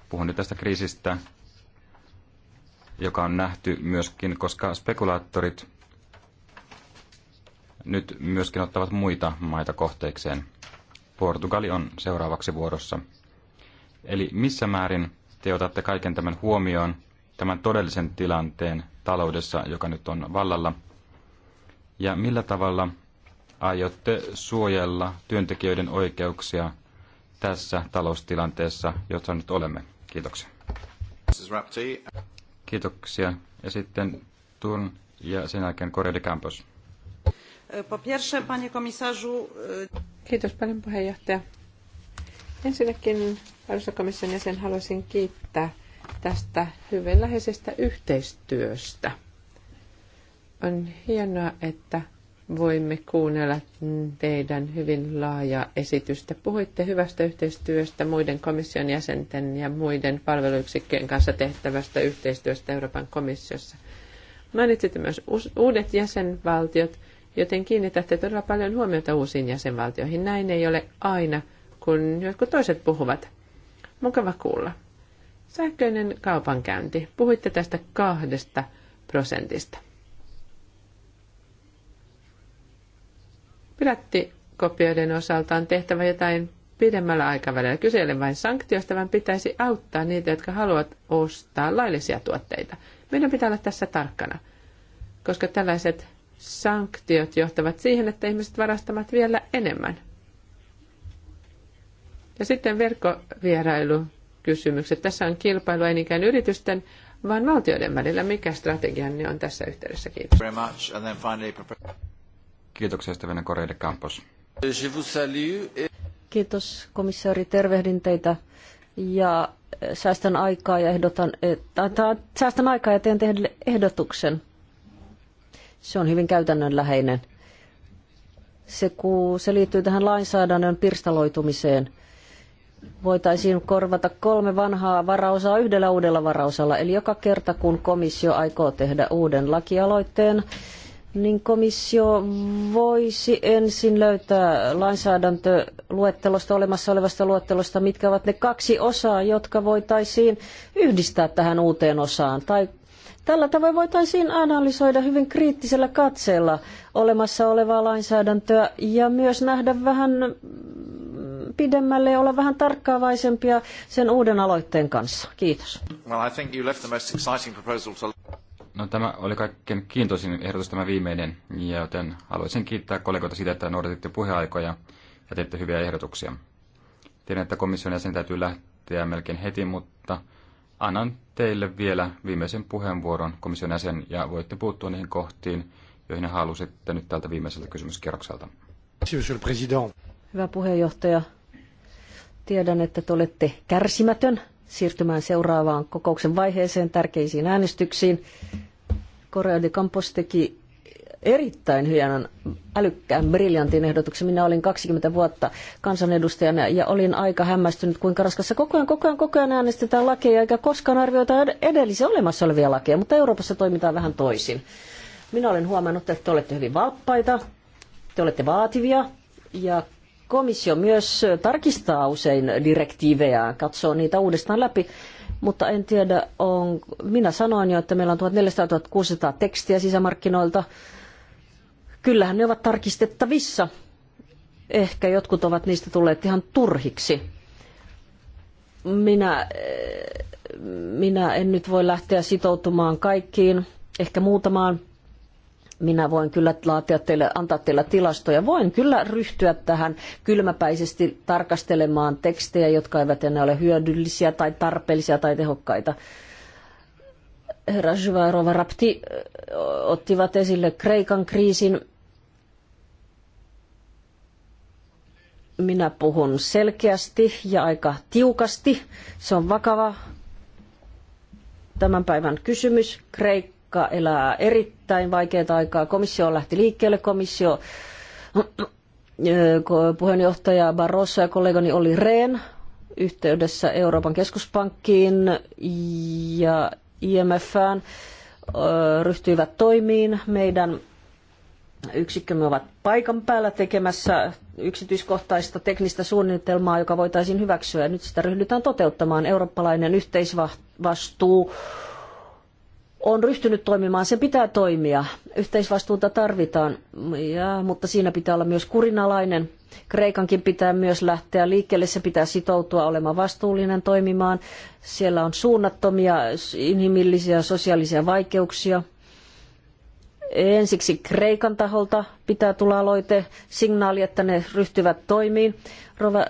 Puhun nyt tästä kriisistä, joka on nähty myöskin, koska spekulaattorit nyt myöskin ottavat muita maita kohteikseen. Portugali on seuraavaksi vuorossa. Eli missä määrin te otatte kaiken tämän huomioon tämän todellisen tilanteen taloudessa, joka nyt on vallalla? Ja millä tavalla aiotte suojella työntekijöiden oikeuksia tässä taloustilanteessa, jossa nyt olemme? Kiitoksia. Kiitoksia. Ja sitten Turn ja sen jälkeen Korea de Campos. Kiitos paljon puheenjohtaja. Ensinnäkin arvoisa komission jäsen haluaisin kiittää tästä hyvin läheisestä yhteistyöstä. On hienoa, että voimme kuunnella teidän hyvin laajaa esitystä. Puhuitte hyvästä yhteistyöstä muiden komission jäsenten ja muiden palveluyksikköjen kanssa tehtävästä yhteistyöstä Euroopan komissiossa. Mainitsitte myös uudet jäsenvaltiot, joten kiinnitätte todella paljon huomiota uusiin jäsenvaltioihin. Näin ei ole aina, kun jotkut toiset puhuvat. Mukava kuulla. Sähköinen kaupankäynti. Puhuitte tästä kahdesta prosentista. Pirattikopioiden osalta on tehtävä jotain pidemmällä aikavälillä. Kyse ei vain sanktioista, vaan pitäisi auttaa niitä, jotka haluavat ostaa laillisia tuotteita. Meidän pitää olla tässä tarkkana, koska tällaiset sanktiot johtavat siihen, että ihmiset varastavat vielä enemmän. Ja sitten verkkovierailu kysymykset. Tässä on kilpailu ei niinkään yritysten, vaan valtioiden välillä. Mikä strategianne on tässä yhteydessä? Kiitos. Very much. And then finally... Kiitoksia, Steven Koreide Campos. Kiitos, komissaari. Tervehdin teitä ja eh, säästän aikaa ja ehdotan, että, säästän aikaa ja teen tehdä ehdotuksen. Se on hyvin käytännönläheinen. Se, ku, se liittyy tähän lainsäädännön pirstaloitumiseen – voitaisiin korvata kolme vanhaa varausaa yhdellä uudella varausalla. Eli joka kerta, kun komissio aikoo tehdä uuden lakialoitteen, niin komissio voisi ensin löytää lainsäädäntöluettelosta, olemassa olevasta luettelosta, mitkä ovat ne kaksi osaa, jotka voitaisiin yhdistää tähän uuteen osaan. Tai tällä tavoin voitaisiin analysoida hyvin kriittisellä katseella olemassa olevaa lainsäädäntöä ja myös nähdä vähän pidemmälle ja olla vähän tarkkaavaisempia sen uuden aloitteen kanssa. Kiitos. Well, No tämä oli kaikkein kiintoisin ehdotus tämä viimeinen, joten haluaisin kiittää kollegoita siitä, että noudatitte puheaikoja ja teitte hyviä ehdotuksia. Tiedän, että komission jäsen täytyy lähteä melkein heti, mutta annan teille vielä viimeisen puheenvuoron komission jäsen ja voitte puuttua niihin kohtiin, joihin halusitte nyt tältä viimeiseltä kysymyskierrokselta. Hyvä puheenjohtaja, Tiedän, että te olette kärsimätön siirtymään seuraavaan kokouksen vaiheeseen, tärkeisiin äänestyksiin. Korea de Campos teki erittäin hienon, älykkään, briljantin ehdotuksen. Minä olin 20 vuotta kansanedustajana ja olin aika hämmästynyt, kuinka Raskassa koko ajan, koko ajan, koko ajan äänestetään lakeja, eikä koskaan arvioita edellisiä olemassa olevia lakeja, mutta Euroopassa toimitaan vähän toisin. Minä olen huomannut, että te olette hyvin valppaita, te olette vaativia ja Komissio myös tarkistaa usein direktiivejä, katsoo niitä uudestaan läpi, mutta en tiedä, on, minä sanoin jo, että meillä on 1400-1600 tekstiä sisämarkkinoilta. Kyllähän ne ovat tarkistettavissa. Ehkä jotkut ovat niistä tulleet ihan turhiksi. Minä, eh, minä en nyt voi lähteä sitoutumaan kaikkiin, ehkä muutamaan minä voin kyllä laatia teille, antaa teille tilastoja. Voin kyllä ryhtyä tähän kylmäpäisesti tarkastelemaan tekstejä, jotka eivät enää ole hyödyllisiä tai tarpeellisia tai tehokkaita. Herra Jyvairova Rapti ottivat esille Kreikan kriisin. Minä puhun selkeästi ja aika tiukasti. Se on vakava tämän päivän kysymys. Kreikka elää erittäin erittäin vaikeaa aikaa. Komissio lähti liikkeelle, komissio puheenjohtaja Barroso ja kollegani oli Rehn yhteydessä Euroopan keskuspankkiin ja IMFään ryhtyivät toimiin. Meidän yksikkömme ovat paikan päällä tekemässä yksityiskohtaista teknistä suunnitelmaa, joka voitaisiin hyväksyä. Nyt sitä ryhdytään toteuttamaan. Eurooppalainen yhteisvastuu on ryhtynyt toimimaan, sen pitää toimia. Yhteisvastuuta tarvitaan, ja, mutta siinä pitää olla myös kurinalainen. Kreikankin pitää myös lähteä liikkeelle, se pitää sitoutua olemaan vastuullinen toimimaan. Siellä on suunnattomia inhimillisiä sosiaalisia vaikeuksia. Ensiksi Kreikan taholta pitää tulla aloite, signaali, että ne ryhtyvät toimiin. Rova,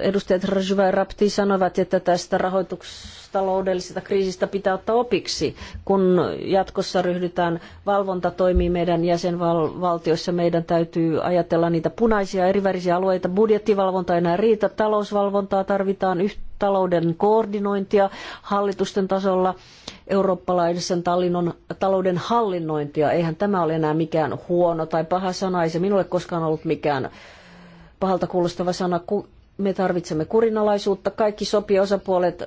edustajat Rajuva ja Rapti sanovat, että tästä rahoitustaloudellisesta kriisistä pitää ottaa opiksi, kun jatkossa ryhdytään valvontatoimiin meidän jäsenvaltioissa. Meidän täytyy ajatella niitä punaisia erivärisiä alueita. Budjettivalvonta ei enää riitä, talousvalvontaa tarvitaan, talouden koordinointia hallitusten tasolla, eurooppalaisen tallinnon, talouden hallinnointia. Eihän tämä ole enää mikään huono tai paha sana, ei se minulle koskaan ollut mikään pahalta kuulostava sana. Me tarvitsemme kurinalaisuutta. Kaikki sopii osapuolet eh,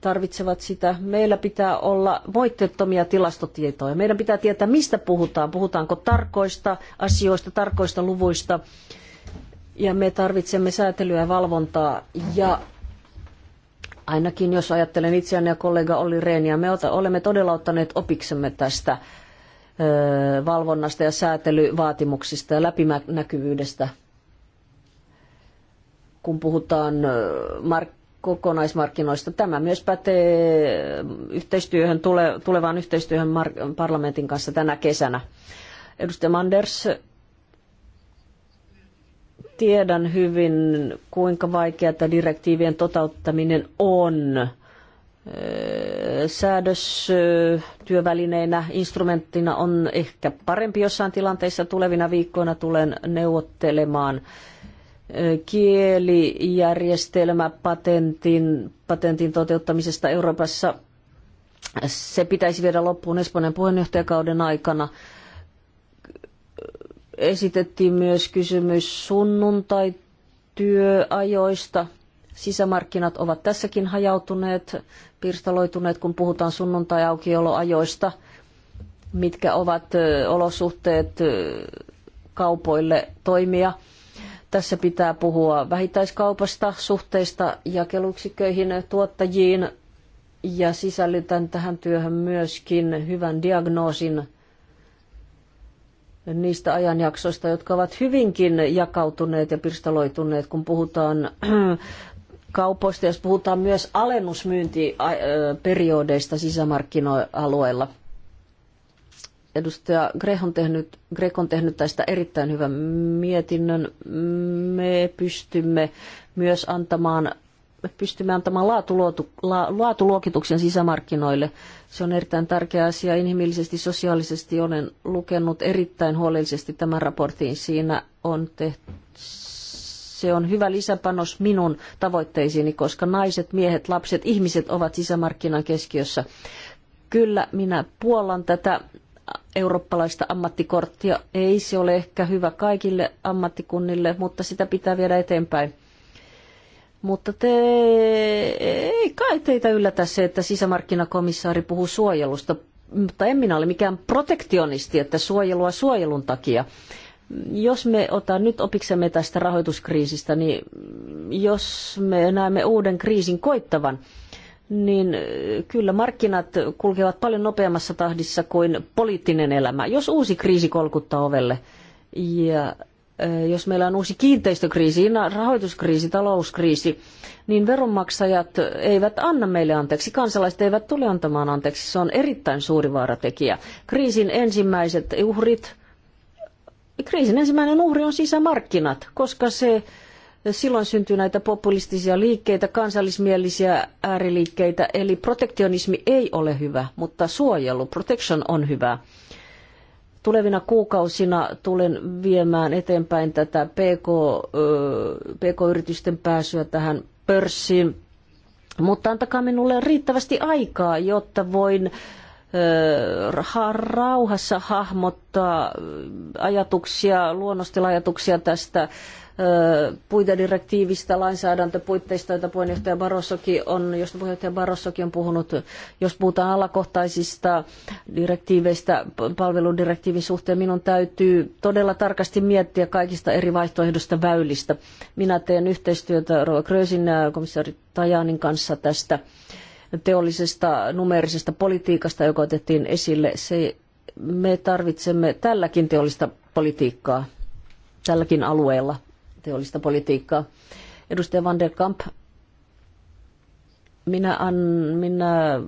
tarvitsevat sitä. Meillä pitää olla moitteettomia tilastotietoja. Meidän pitää tietää, mistä puhutaan. Puhutaanko tarkoista asioista, tarkoista luvuista. Ja me tarvitsemme säätelyä ja valvontaa. Ja ainakin jos ajattelen itseäni ja kollega Olli Reeniä, me olemme todella ottaneet opiksemme tästä eh, valvonnasta ja säätelyvaatimuksista ja läpinäkyvyydestä kun puhutaan mark- kokonaismarkkinoista. Tämä myös pätee yhteistyöhön, tule, tulevaan yhteistyöhön parlamentin kanssa tänä kesänä. Edustaja Manders, tiedän hyvin, kuinka vaikeaa direktiivien toteuttaminen on säädöstyövälineinä, instrumenttina on ehkä parempi jossain tilanteissa. Tulevina viikkoina tulen neuvottelemaan kielijärjestelmä patentin, patentin toteuttamisesta Euroopassa. Se pitäisi viedä loppuun Espanjan puheenjohtajakauden aikana. Esitettiin myös kysymys sunnuntaityöajoista. Sisämarkkinat ovat tässäkin hajautuneet, pirstaloituneet, kun puhutaan sunnuntaiaukioloajoista, mitkä ovat olosuhteet kaupoille toimia – tässä pitää puhua vähittäiskaupasta, suhteista jakeluyksiköihin, tuottajiin ja sisällytän tähän työhön myöskin hyvän diagnoosin niistä ajanjaksoista, jotka ovat hyvinkin jakautuneet ja pirstaloituneet, kun puhutaan kaupoista, jos puhutaan myös alennusmyyntiperioodeista sisämarkkinoalueella. Edustaja Greg on, tehnyt, Greg on tehnyt tästä erittäin hyvän mietinnön. Me pystymme myös antamaan me pystymme antamaan laatuluokituksen sisämarkkinoille. Se on erittäin tärkeä asia inhimillisesti, sosiaalisesti. Olen lukenut erittäin huolellisesti tämän raportin. Siinä on tehty, se on hyvä lisäpanos minun tavoitteisiini, koska naiset, miehet, lapset, ihmiset ovat sisämarkkinan keskiössä. Kyllä, minä puolan tätä eurooppalaista ammattikorttia. Ei se ole ehkä hyvä kaikille ammattikunnille, mutta sitä pitää viedä eteenpäin. Mutta te, ei kai teitä yllätä se, että sisämarkkinakomissaari puhuu suojelusta, mutta en minä ole mikään protektionisti, että suojelua suojelun takia. Jos me otan nyt opiksemme tästä rahoituskriisistä, niin jos me näemme uuden kriisin koittavan, niin kyllä markkinat kulkevat paljon nopeammassa tahdissa kuin poliittinen elämä. Jos uusi kriisi kolkuttaa ovelle ja jos meillä on uusi kiinteistökriisi, rahoituskriisi, talouskriisi, niin veronmaksajat eivät anna meille anteeksi, kansalaiset eivät tule antamaan anteeksi. Se on erittäin suuri vaaratekijä. Kriisin ensimmäiset uhrit, kriisin ensimmäinen uhri on sisämarkkinat, koska se silloin syntyy näitä populistisia liikkeitä, kansallismielisiä ääriliikkeitä, eli protektionismi ei ole hyvä, mutta suojelu, protection on hyvä. Tulevina kuukausina tulen viemään eteenpäin tätä PK, PK-yritysten pääsyä tähän pörssiin, mutta antakaa minulle riittävästi aikaa, jotta voin rauhassa hahmottaa ajatuksia, luonnostella ajatuksia tästä puitedirektiivistä, lainsäädäntöpuitteista, joita puheenjohtaja Barossokin on, josta puheenjohtaja Barossokin on puhunut, jos puhutaan alakohtaisista direktiiveistä palveludirektiivin suhteen, minun täytyy todella tarkasti miettiä kaikista eri vaihtoehdosta väylistä. Minä teen yhteistyötä Rova Krösin komissaari Tajanin kanssa tästä teollisesta numeerisesta politiikasta, joka otettiin esille. Se, me tarvitsemme tälläkin teollista politiikkaa tälläkin alueella teollista politiikkaa. Edustaja Van der Kamp, minä, an, minä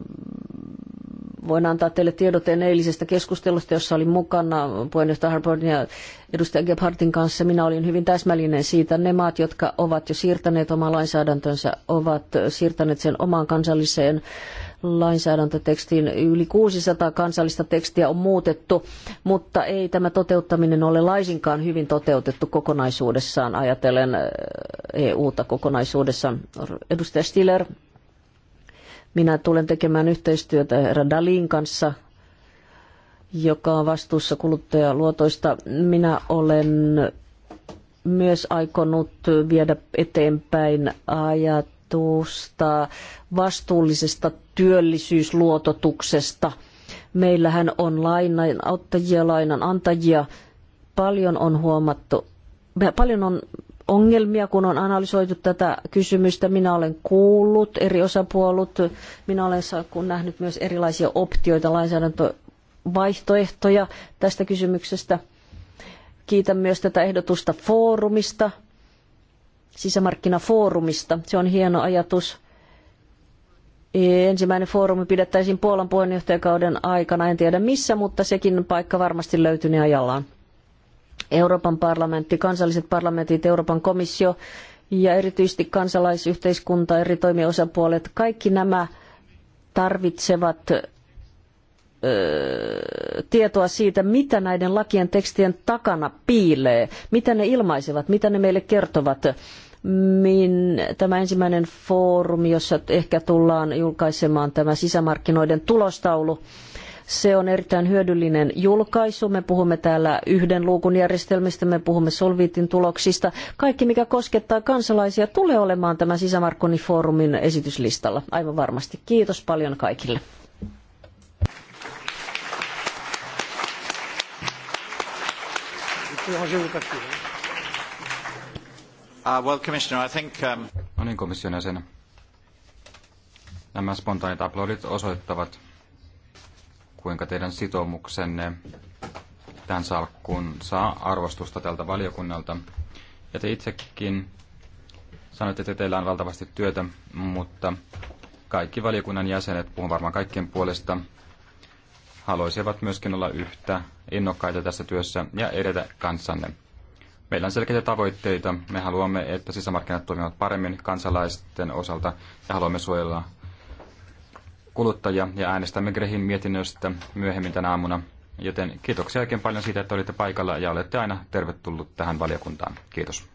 voin antaa teille tiedoteen eilisestä keskustelusta, jossa olin mukana puheenjohtaja Harbordin ja edustaja Gebhardin kanssa. Minä olin hyvin täsmällinen siitä. Ne maat, jotka ovat jo siirtäneet omaa lainsäädäntönsä, ovat siirtäneet sen omaan kansalliseen lainsäädäntötekstiin. Yli 600 kansallista tekstiä on muutettu, mutta ei tämä toteuttaminen ole laisinkaan hyvin toteutettu kokonaisuudessaan, ajatellen EU-ta eh, e kokonaisuudessaan. Edustaja Stiller, minä tulen tekemään yhteistyötä herra Dalin kanssa joka on vastuussa kuluttajaluotoista. Minä olen myös aikonut viedä eteenpäin ajat vastuusta, vastuullisesta työllisyysluototuksesta. Meillähän on lainanottajia, lainanantajia. Paljon on huomattu, paljon on ongelmia, kun on analysoitu tätä kysymystä. Minä olen kuullut eri osapuolut, minä olen kun nähnyt myös erilaisia optioita, lainsäädäntövaihtoehtoja tästä kysymyksestä. Kiitän myös tätä ehdotusta foorumista, sisämarkkinafoorumista. Se on hieno ajatus. E, ensimmäinen foorumi pidettäisiin Puolan puheenjohtajakauden aikana, en tiedä missä, mutta sekin paikka varmasti löytyy ajallaan. Euroopan parlamentti, kansalliset parlamentit, Euroopan komissio ja erityisesti kansalaisyhteiskunta, eri toimiosapuolet, kaikki nämä tarvitsevat tietoa siitä, mitä näiden lakien tekstien takana piilee, mitä ne ilmaisevat, mitä ne meille kertovat min, tämä ensimmäinen foorumi, jossa ehkä tullaan julkaisemaan tämä sisämarkkinoiden tulostaulu. Se on erittäin hyödyllinen julkaisu. Me puhumme täällä yhden luukun järjestelmistä, me puhumme Solvitin tuloksista. Kaikki, mikä koskettaa kansalaisia, tulee olemaan tämän sisämarkkinifoorumin esityslistalla. Aivan varmasti. Kiitos paljon kaikille. Vous Uh, well, Commissioner, I think... Um... No niin, komission jäsen. Nämä spontaanit aplodit osoittavat, kuinka teidän sitoumuksenne tämän salkkuun saa arvostusta tältä valiokunnalta. Ja te itsekin sanoitte, että teillä on valtavasti työtä, mutta kaikki valiokunnan jäsenet, puhun varmaan kaikkien puolesta, haluaisivat myöskin olla yhtä innokkaita tässä työssä ja edetä kanssanne. Meillä on selkeitä tavoitteita. Me haluamme, että sisämarkkinat toimivat paremmin kansalaisten osalta ja haluamme suojella kuluttajia ja äänestämme Grehin mietinnöstä myöhemmin tänä aamuna. Joten kiitoksia oikein paljon siitä, että olitte paikalla ja olette aina tervetullut tähän valiokuntaan. Kiitos.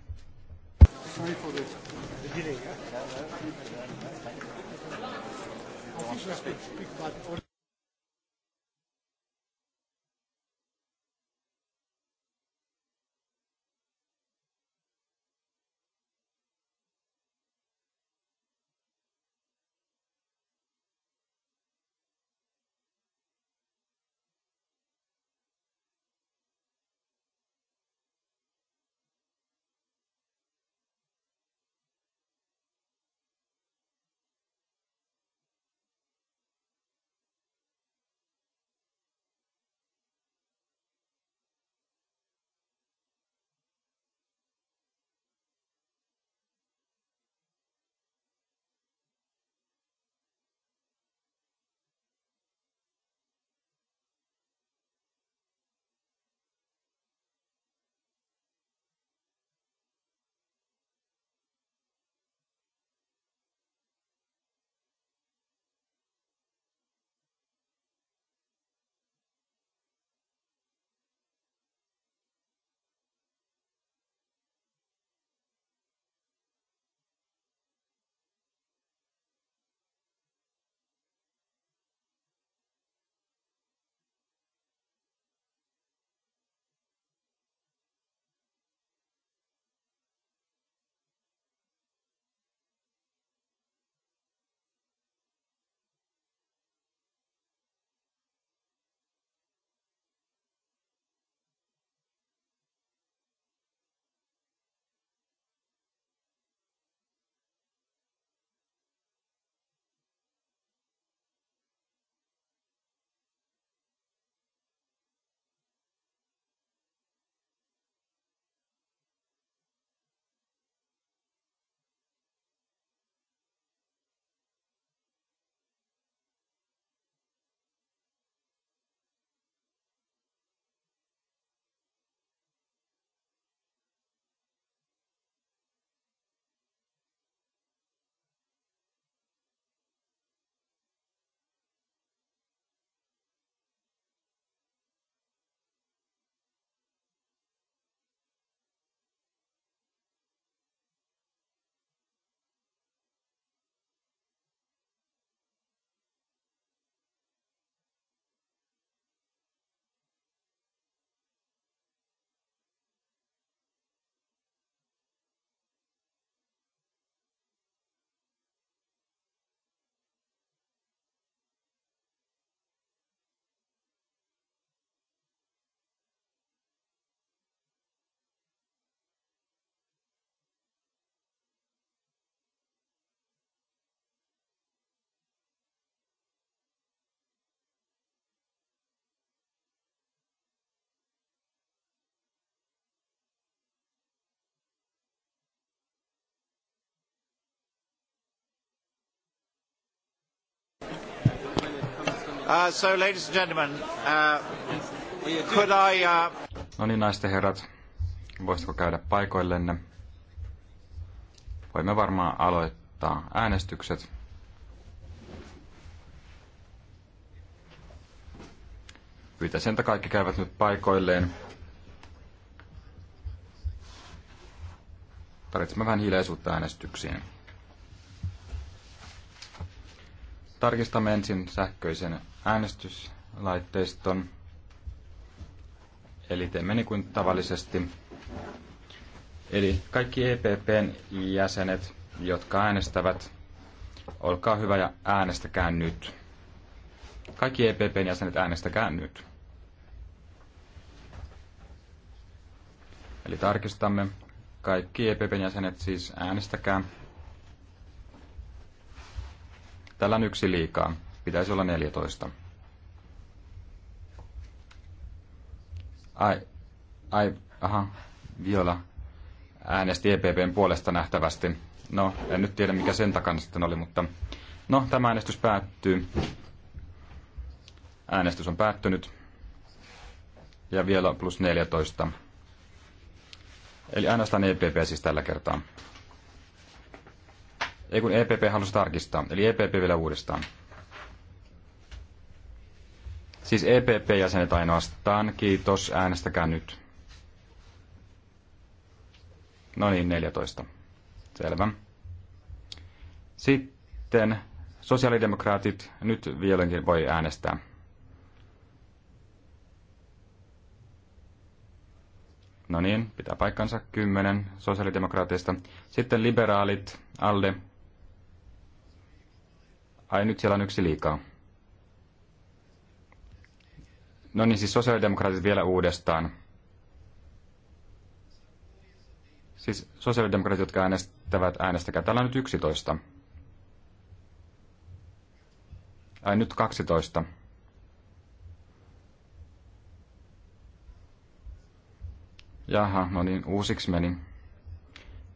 Uh, so, ladies and gentlemen, uh, could I... Uh... No niin, ja herrat, voisitko käydä paikoillenne? Voimme varmaan aloittaa äänestykset. Pyytäisin, että kaikki käyvät nyt paikoilleen. Tarvitsemme vähän hiljaisuutta äänestyksiin. Tarkistamme ensin sähköisen äänestyslaitteiston. Eli teemme niin kuin tavallisesti. Eli kaikki EPPn jäsenet, jotka äänestävät, olkaa hyvä ja äänestäkää nyt. Kaikki EPPn jäsenet äänestäkää nyt. Eli tarkistamme. Kaikki EPPn jäsenet siis äänestäkää. Tällä on yksi liikaa pitäisi olla 14. Ai, ai, aha, Viola äänesti EPPn puolesta nähtävästi. No, en nyt tiedä mikä sen takana sitten oli, mutta no, tämä äänestys päättyy. Äänestys on päättynyt. Ja vielä plus 14. Eli äänestän EPP siis tällä kertaa. Ei kun EPP halusi tarkistaa, eli EPP vielä uudestaan. Siis EPP-jäsenet ainoastaan. Kiitos. Äänestäkää nyt. No niin, 14. Selvä. Sitten sosiaalidemokraatit nyt vieläkin voi äänestää. No niin, pitää paikkansa 10 sosiaalidemokraateista. Sitten liberaalit, alle. Ai nyt siellä on yksi liikaa. No niin, siis sosiaalidemokraatit vielä uudestaan. Siis sosiaalidemokraatit, jotka äänestävät, äänestäkää. Täällä on nyt 11. Ai nyt 12. Jaha, no niin, uusiksi meni.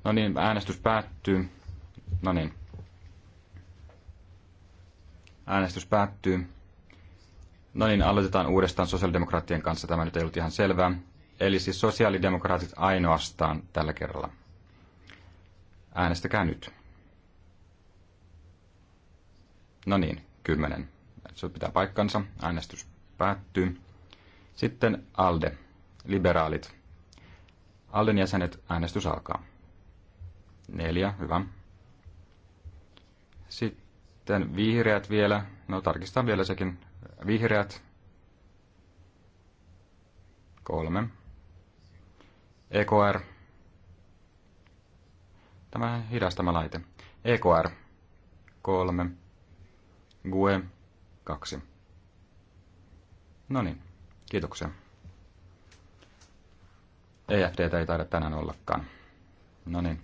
No niin, äänestys päättyy. No niin. Äänestys päättyy. No niin, aloitetaan uudestaan sosiaalidemokraattien kanssa. Tämä nyt ei ollut ihan selvää. Eli siis sosiaalidemokraatit ainoastaan tällä kerralla. Äänestäkää nyt. No niin, kymmenen. Se pitää paikkansa. Äänestys päättyy. Sitten ALDE, liberaalit. ALDEn jäsenet, äänestys alkaa. Neljä, hyvä. Sitten vihreät vielä. No tarkistan vielä sekin. Vihreät. Kolme. EKR. Tämä hidastama laite. EKR. Kolme. GUE. Kaksi. No niin, kiitoksia. EFDtä ei taida tänään ollakaan. No niin.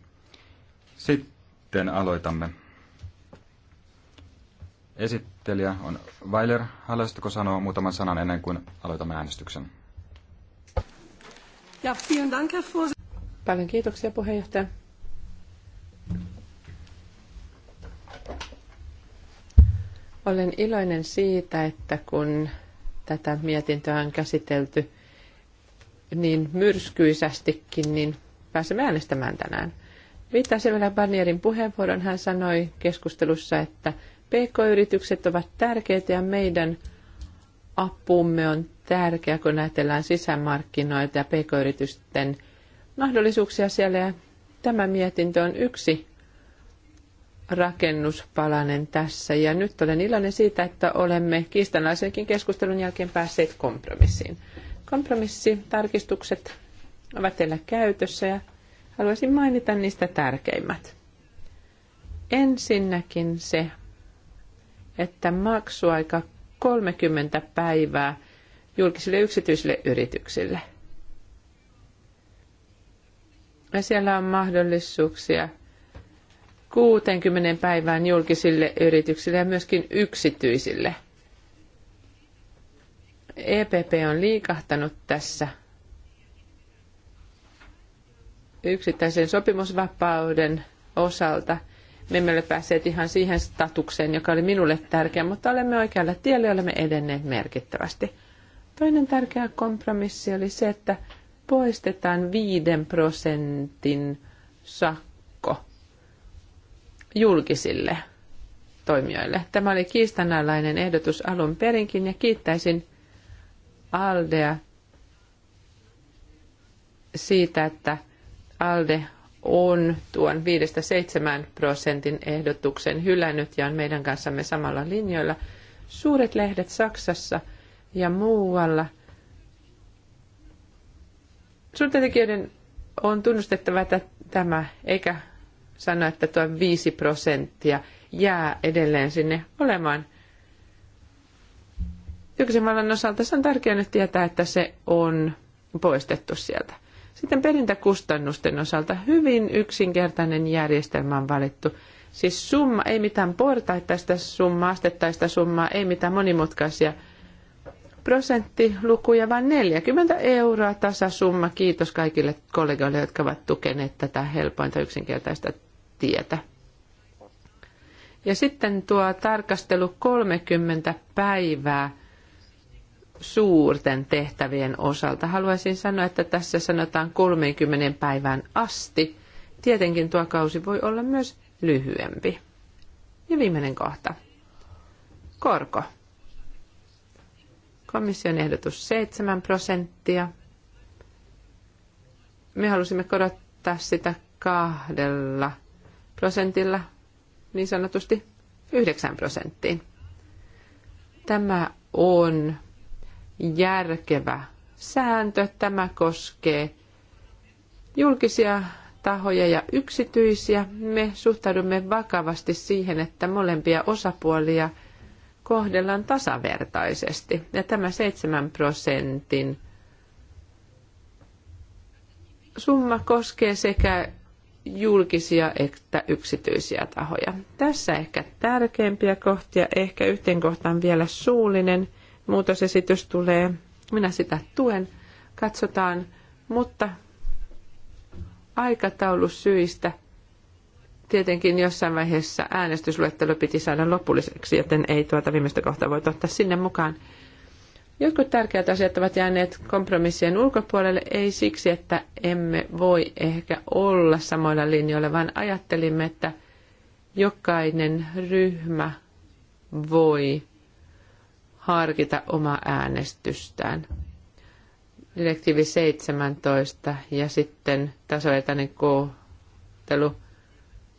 Sitten aloitamme esittelijä on Weiler. Haluaisitko sanoa muutaman sanan ennen kuin aloitamme äänestyksen? Ja, vielen Dank, Herr Paljon kiitoksia puheenjohtaja. Olen iloinen siitä, että kun tätä mietintöä on käsitelty niin myrskyisästikin, niin pääsemme äänestämään tänään. Viittasin vielä Barnierin puheenvuoron. Hän sanoi keskustelussa, että PK-yritykset ovat tärkeitä ja meidän apumme on tärkeä, kun ajatellaan sisämarkkinoita ja pk-yritysten mahdollisuuksia siellä. Ja tämä mietintö on yksi rakennuspalanen tässä. Ja nyt olen iloinen siitä, että olemme kiistanlaisenkin keskustelun jälkeen päässeet kompromissiin. Kompromissitarkistukset ovat teillä käytössä ja haluaisin mainita niistä tärkeimmät. Ensinnäkin se että maksuaika 30 päivää julkisille yksityisille yrityksille. Ja siellä on mahdollisuuksia 60 päivään julkisille yrityksille ja myöskin yksityisille. EPP on liikahtanut tässä yksittäisen sopimusvapauden osalta – me emme ole päässeet ihan siihen statukseen, joka oli minulle tärkeä, mutta olemme oikealla tiellä ja olemme edenneet merkittävästi. Toinen tärkeä kompromissi oli se, että poistetaan viiden prosentin sakko julkisille toimijoille. Tämä oli kiistanalainen ehdotus alun perinkin ja kiittäisin Aldea siitä, että Alde on tuon 5-7 prosentin ehdotuksen hylännyt ja on meidän kanssamme samalla linjoilla. Suuret lehdet Saksassa ja muualla. Suunnitelmatekijöiden on tunnustettava, että tämä, eikä sano että tuo 5 prosenttia jää edelleen sinne olemaan. Julkisen osalta se on tärkeää nyt tietää, että se on poistettu sieltä. Sitten perintäkustannusten osalta hyvin yksinkertainen järjestelmä on valittu. Siis summa, ei mitään portaittaista summaa, astettaista summaa, ei mitään monimutkaisia prosenttilukuja, vaan 40 euroa tasasumma. Kiitos kaikille kollegoille, jotka ovat tukeneet tätä helpointa yksinkertaista tietä. Ja sitten tuo tarkastelu 30 päivää – suurten tehtävien osalta. Haluaisin sanoa, että tässä sanotaan 30 päivään asti. Tietenkin tuo kausi voi olla myös lyhyempi. Ja viimeinen kohta. Korko. Komission ehdotus 7 prosenttia. Me halusimme korottaa sitä kahdella prosentilla, niin sanotusti 9 prosenttiin. Tämä on järkevä sääntö. Tämä koskee julkisia tahoja ja yksityisiä. Me suhtaudumme vakavasti siihen, että molempia osapuolia kohdellaan tasavertaisesti. Ja tämä 7 prosentin summa koskee sekä julkisia että yksityisiä tahoja. Tässä ehkä tärkeimpiä kohtia, ehkä yhteen kohtaan vielä suullinen – muutosesitys tulee. Minä sitä tuen. Katsotaan, mutta aikataulusyistä tietenkin jossain vaiheessa äänestysluettelo piti saada lopulliseksi, joten ei tuota viimeistä kohtaa voi ottaa sinne mukaan. Jotkut tärkeät asiat ovat jääneet kompromissien ulkopuolelle, ei siksi, että emme voi ehkä olla samoilla linjoilla, vaan ajattelimme, että jokainen ryhmä voi harkita omaa äänestystään. Direktiivi 17 ja sitten tasoetainen kohtelu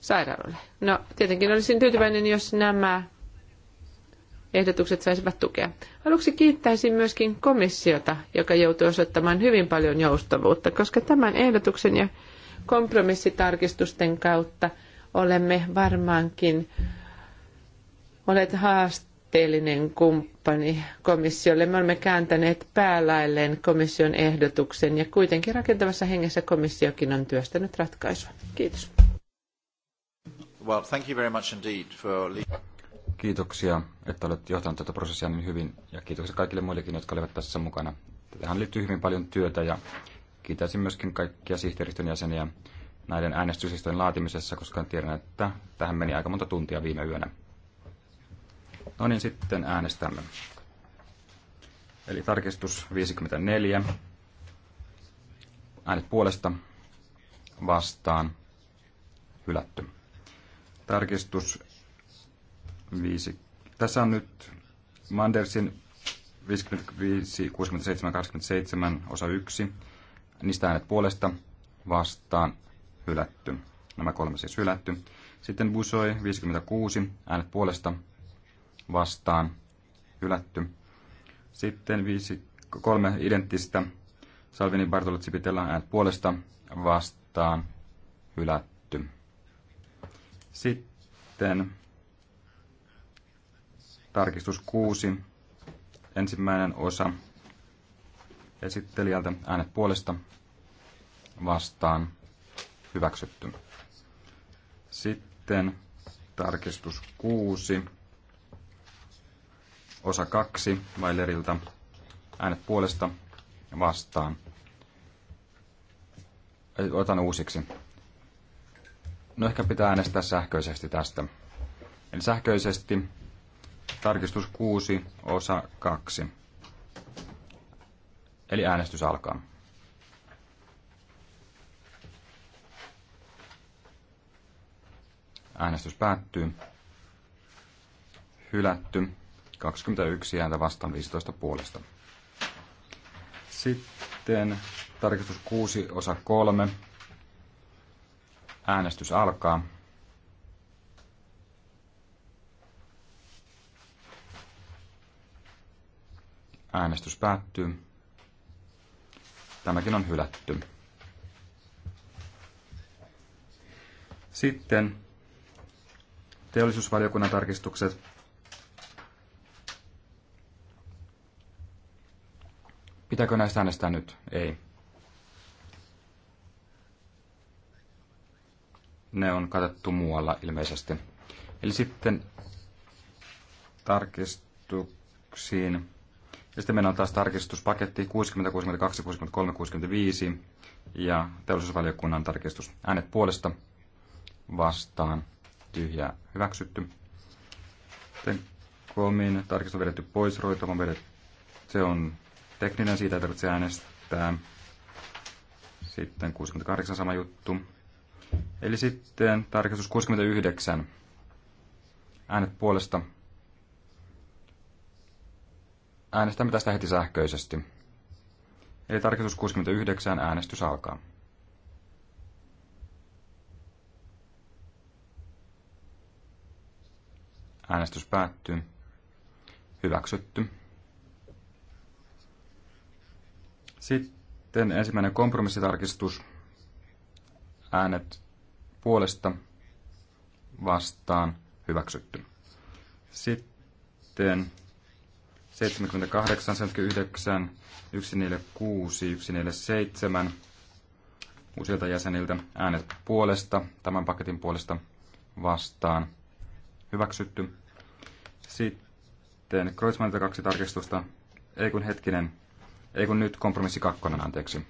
sairaalalle. No, tietenkin olisin tyytyväinen, jos nämä ehdotukset saisivat tukea. Aluksi kiittäisin myöskin komissiota, joka joutui osoittamaan hyvin paljon joustavuutta, koska tämän ehdotuksen ja kompromissitarkistusten kautta olemme varmaankin olet haast ihanteellinen kumppani komissiolle. Me olemme kääntäneet päälailleen komission ehdotuksen ja kuitenkin rakentavassa hengessä komissiokin on työstänyt ratkaisua. Kiitos. Well, thank you very much indeed for... Kiitoksia, että olet johtanut tätä prosessia niin hyvin ja kiitoksia kaikille muillekin, jotka olivat tässä mukana. Tähän liittyy hyvin paljon työtä ja kiitäisin myöskin kaikkia sihteeristön jäseniä näiden äänestyslistojen laatimisessa, koska tiedän, että tähän meni aika monta tuntia viime yönä. No niin, sitten äänestämme. Eli tarkistus 54. Äänet puolesta vastaan hylätty. Tarkistus 5. Tässä on nyt Mandersin 55, 67, 27 osa 1. Niistä äänet puolesta vastaan hylätty. Nämä kolme siis hylätty. Sitten Busoi 56, äänet puolesta vastaan hylätty. Sitten viisi, kolme identtistä. Salvini Bartolozzi Pitellan äänet puolesta vastaan hylätty. Sitten tarkistus kuusi ensimmäinen osa esittelijältä äänet puolesta vastaan hyväksytty. Sitten tarkistus kuusi Osa kaksi Vailerilta. Äänet puolesta vastaan. Otan uusiksi. No ehkä pitää äänestää sähköisesti tästä. Eli sähköisesti tarkistus 6 osa 2. Eli äänestys alkaa. Äänestys päättyy. Hylätty. 21 ääntä vastaan 15 puolesta. Sitten tarkistus 6 osa 3. Äänestys alkaa. Äänestys päättyy. Tämäkin on hylätty. Sitten teollisuusvaliokunnan tarkistukset Pitääkö näistä äänestää nyt? Ei. Ne on katettu muualla ilmeisesti. Eli sitten tarkistuksiin. Ja sitten meillä on taas tarkistuspaketti 60, 62, 63, 65 ja teollisuusvaliokunnan tarkistus. Äänet puolesta vastaan tyhjää hyväksytty. Sitten komin tarkistus on vedetty pois, roitava vedet, se on tekninen, siitä ei tarvitse äänestää. Sitten 68 sama juttu. Eli sitten tarkistus 69. Äänet puolesta. Äänestämme tästä heti sähköisesti. Eli tarkistus 69, äänestys alkaa. Äänestys päättyy. Hyväksytty. Sitten ensimmäinen kompromissitarkistus. Äänet puolesta vastaan hyväksytty. Sitten 78, 79, 146, 147 uusilta jäseniltä äänet puolesta, tämän paketin puolesta vastaan hyväksytty. Sitten Kreutzmannilta kaksi tarkistusta, ei kun hetkinen, ei kun nyt kompromissi kakkonen, anteeksi.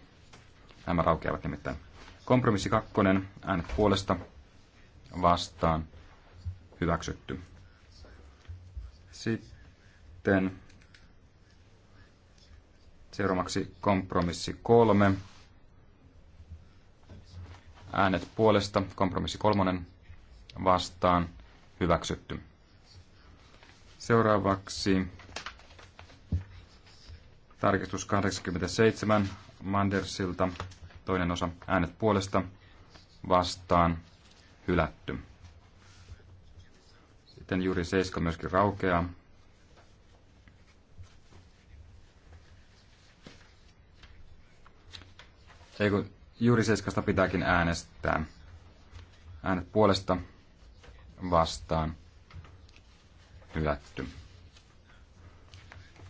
Nämä raukeavat nimittäin. Kompromissi kakkonen, äänet puolesta, vastaan, hyväksytty. Sitten seuraavaksi kompromissi kolme. Äänet puolesta, kompromissi kolmonen, vastaan, hyväksytty. Seuraavaksi Tarkistus 87 Mandersilta, toinen osa äänet puolesta, vastaan, hylätty. Sitten juuri 7 myöskin raukeaa. Ei kun juuri seiskasta pitääkin äänestää. Äänet puolesta vastaan hylätty.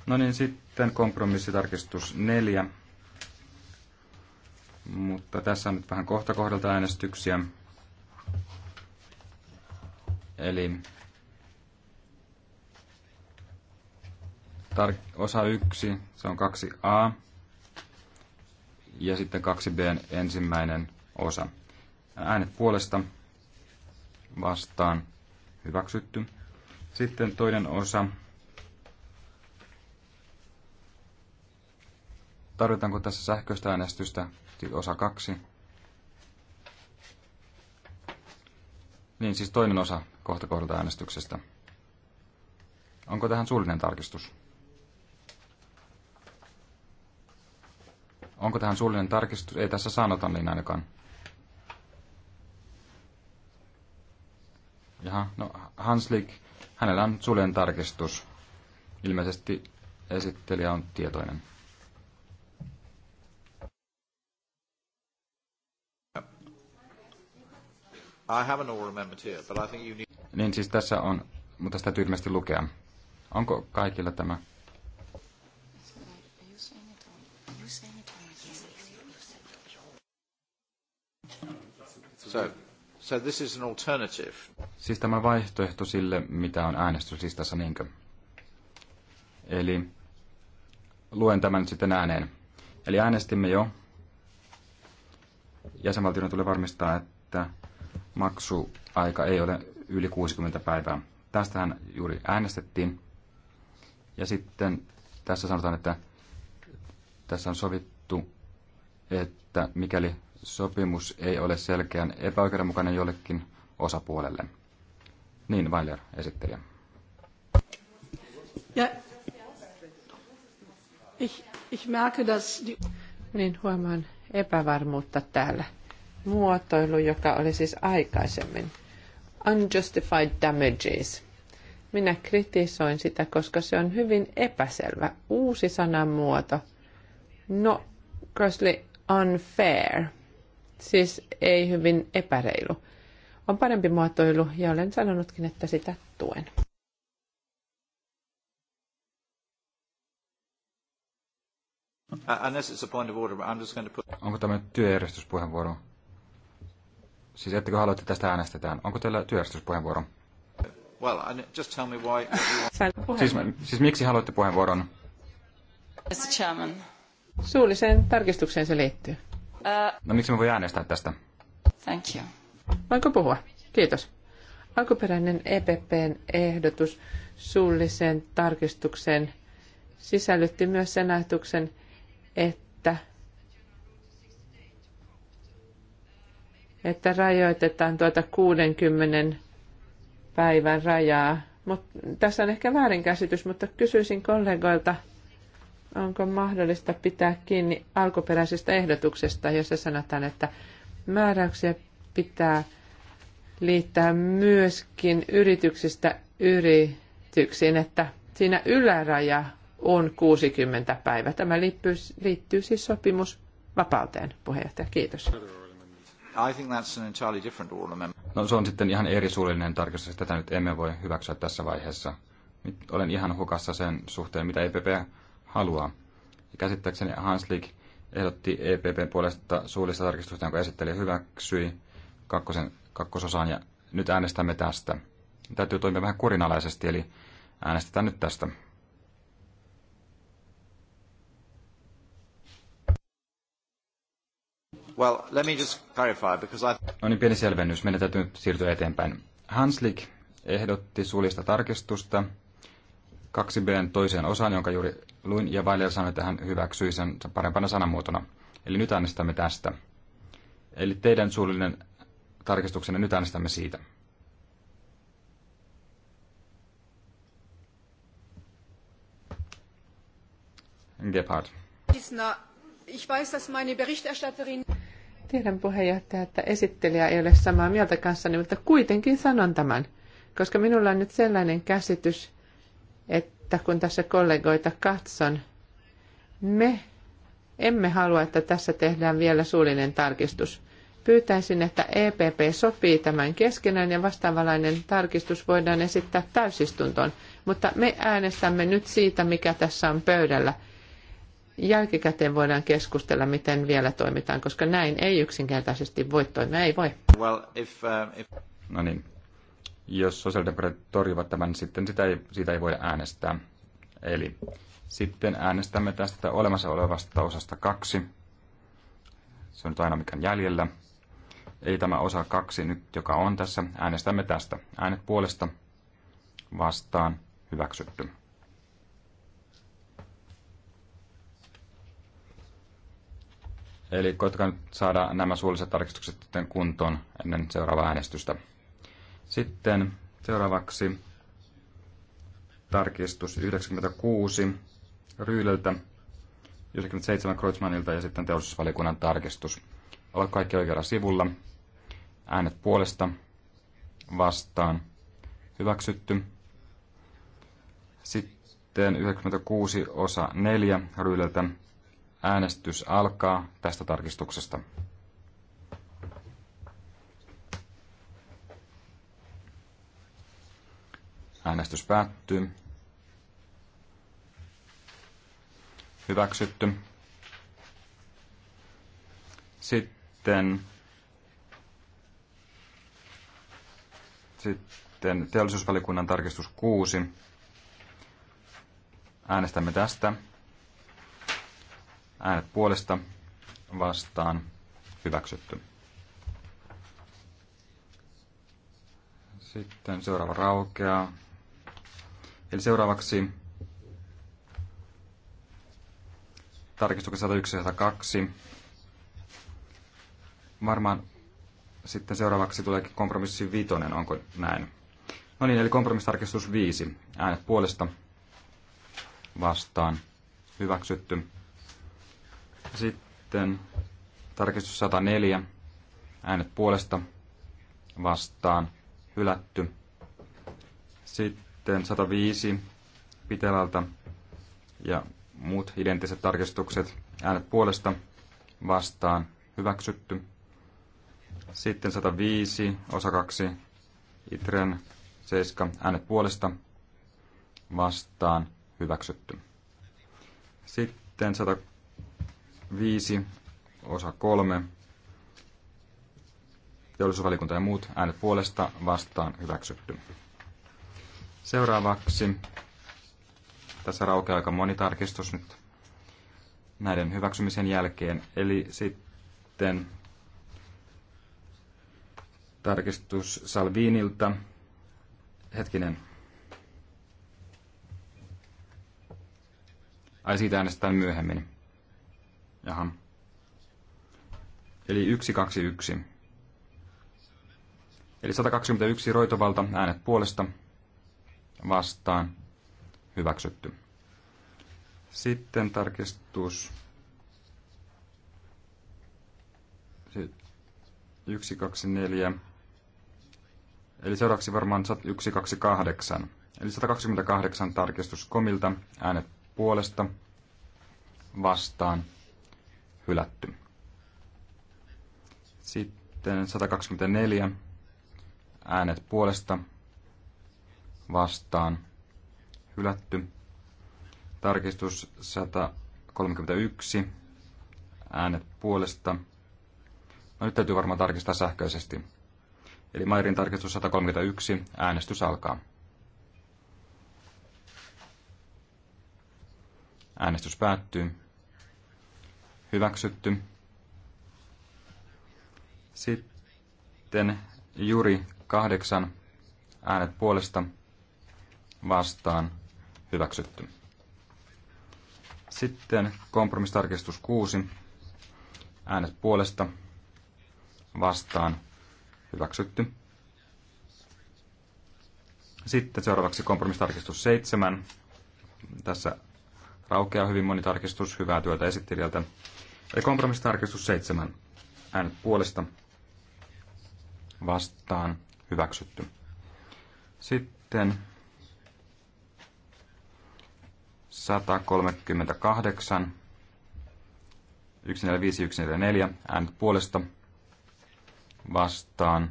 No niin, sitten kompromissitarkistus neljä. Mutta tässä on nyt vähän kohta kohdalta äänestyksiä. Eli osa 1, se on 2a ja sitten 2 b ensimmäinen osa. Äänet puolesta vastaan hyväksytty. Sitten toinen osa Tarvitaanko tässä sähköistä äänestystä, siis osa kaksi? Niin, siis toinen osa kohta kohdalta äänestyksestä. Onko tähän suullinen tarkistus? Onko tähän suullinen tarkistus? Ei tässä sanota niin ainakaan. Jaha, no Hanslik, hänellä on suullinen tarkistus. Ilmeisesti esittelijä on tietoinen. I have an oral amendment here, but I think you need... Niin siis tässä on, mutta sitä tyhmästi lukea. Onko kaikilla tämä? So, so this is an alternative. Siis tämä vaihtoehto sille, mitä on äänestyslistassa, niinkö? Eli luen tämän nyt sitten ääneen. Eli äänestimme jo. Jäsenvaltioiden tulee varmistaa, että maksuaika ei ole yli 60 päivää. Tästähän juuri äänestettiin. Ja sitten tässä sanotaan, että tässä on sovittu, että mikäli sopimus ei ole selkeän epäoikeudenmukainen jollekin osapuolelle. Niin, Weiler, esittelijä. Ja, ich, ich merke, dass die... Niin, huomaan epävarmuutta täällä muotoilu, joka oli siis aikaisemmin. Unjustified damages. Minä kritisoin sitä, koska se on hyvin epäselvä. Uusi sanamuoto. No, grossly unfair. Siis ei hyvin epäreilu. On parempi muotoilu ja olen sanonutkin, että sitä tuen. Uh, Onko tämä työjärjestyspuheenvuoro? Siis ettekö halua, että tästä äänestetään? Onko teillä työjärjestyspuheenvuoro? Well, just tell me why... siis, siis miksi haluatte puheenvuoron? Mr. Chairman. Suulliseen tarkistukseen se liittyy. Uh... No miksi me voi äänestää tästä? Thank you. Voinko puhua? Kiitos. Alkuperäinen EPPn ehdotus suulliseen tarkistukseen sisällytti myös sen ajatuksen, että että rajoitetaan tuota 60 päivän rajaa. Mut, tässä on ehkä väärinkäsitys, mutta kysyisin kollegoilta, onko mahdollista pitää kiinni alkuperäisestä ehdotuksesta, jossa sanotaan, että määräyksiä pitää liittää myöskin yrityksistä yrityksiin, että siinä yläraja on 60 päivää. Tämä liittyy, liittyy siis sopimusvapauteen, puheenjohtaja. Kiitos. I think that's an entirely different No se on sitten ihan eri suullinen tarkistus, tätä nyt emme voi hyväksyä tässä vaiheessa. Nyt olen ihan hukassa sen suhteen, mitä EPP haluaa. Ja käsittääkseni Hanslik ehdotti EPPn puolesta suullista tarkistusta, jonka esittelijä hyväksyi kakkosen, kakkososaan, ja nyt äänestämme tästä. Täytyy toimia vähän kurinalaisesti, eli äänestetään nyt tästä. Well, let me just clarify, because I... No niin, pieni selvennys. Meidän täytyy siirtyä eteenpäin. Hanslik ehdotti suullista tarkistusta 2bn toiseen osaan, jonka juuri luin, ja Vailija sanoi, että hän hyväksyi sen parempana sanamuotona. Eli nyt äänestämme tästä. Eli teidän suullinen tarkistuksenne, nyt äänestämme siitä. Gebhardt. Ich weiß, dass meine Berichterstatterin... Tiedän puheenjohtaja, että esittelijä ei ole samaa mieltä kanssani, mutta kuitenkin sanon tämän, koska minulla on nyt sellainen käsitys, että kun tässä kollegoita katson, me emme halua, että tässä tehdään vielä suullinen tarkistus. Pyytäisin, että EPP sopii tämän keskenään ja vastaavanlainen tarkistus voidaan esittää täysistuntoon, mutta me äänestämme nyt siitä, mikä tässä on pöydällä – jälkikäteen voidaan keskustella, miten vielä toimitaan, koska näin ei yksinkertaisesti voi toimia, ei voi. Well, if, uh, if... No niin, jos sosiaalidemokraatit torjuvat tämän, sitten sitä ei, siitä ei voida äänestää. Eli sitten äänestämme tästä olemassa olevasta osasta kaksi. Se on nyt aina mikä on jäljellä. Ei tämä osa kaksi nyt, joka on tässä. Äänestämme tästä. Äänet puolesta vastaan hyväksytty. Eli koitakaa nyt saada nämä suulliset tarkistukset sitten kuntoon ennen seuraavaa äänestystä. Sitten seuraavaksi tarkistus 96 Ryyleltä, 97 Kreutzmannilta ja sitten teollisuusvaliokunnan tarkistus. Olet kaikki oikealla sivulla. Äänet puolesta, vastaan, hyväksytty. Sitten 96 osa 4 Ryyleltä, Äänestys alkaa tästä tarkistuksesta. Äänestys päättyy. Hyväksytty. Sitten, sitten teollisuusvalikunnan tarkistus 6. Äänestämme tästä. Äänet puolesta vastaan hyväksytty. Sitten seuraava raukeaa. Eli seuraavaksi tarkistuksen 101 ja 102. Varmaan sitten seuraavaksi tulee kompromissi viitonen, onko näin? No niin, eli kompromissitarkistus 5. Äänet puolesta vastaan hyväksytty. Sitten tarkistus 104. Äänet puolesta vastaan hylätty. Sitten 105 Pitelältä ja muut identtiset tarkistukset. Äänet puolesta vastaan hyväksytty. Sitten 105 osa 2 Itren 7 äänet puolesta vastaan hyväksytty. Sitten 106 5, osa 3. Teollisuusvalikunta ja muut äänet puolesta vastaan hyväksytty. Seuraavaksi tässä raukeaa aika moni nyt näiden hyväksymisen jälkeen. Eli sitten tarkistus Salviinilta. Hetkinen. Ai siitä äänestetään myöhemmin. Jaha. Eli 121. Eli 121 roitovalta äänet puolesta vastaan hyväksytty. Sitten tarkistus 124. Eli seuraavaksi varmaan 128. Eli 128 tarkistus komilta äänet puolesta vastaan hylätty. Sitten 124 äänet puolesta vastaan hylätty. Tarkistus 131 äänet puolesta. No nyt täytyy varmaan tarkistaa sähköisesti. Eli Mairin tarkistus 131, äänestys alkaa. Äänestys päättyy hyväksytty. Sitten juri kahdeksan äänet puolesta vastaan hyväksytty. Sitten kompromistarkistus 6. Äänet puolesta vastaan hyväksytty. Sitten seuraavaksi kompromistarkistus 7. Tässä raukeaa hyvin moni tarkistus. Hyvää työtä esittelijältä. Ja kompromissitarkistus 7. Äänet puolesta vastaan hyväksytty. Sitten 138, 145, 144, äänet puolesta vastaan.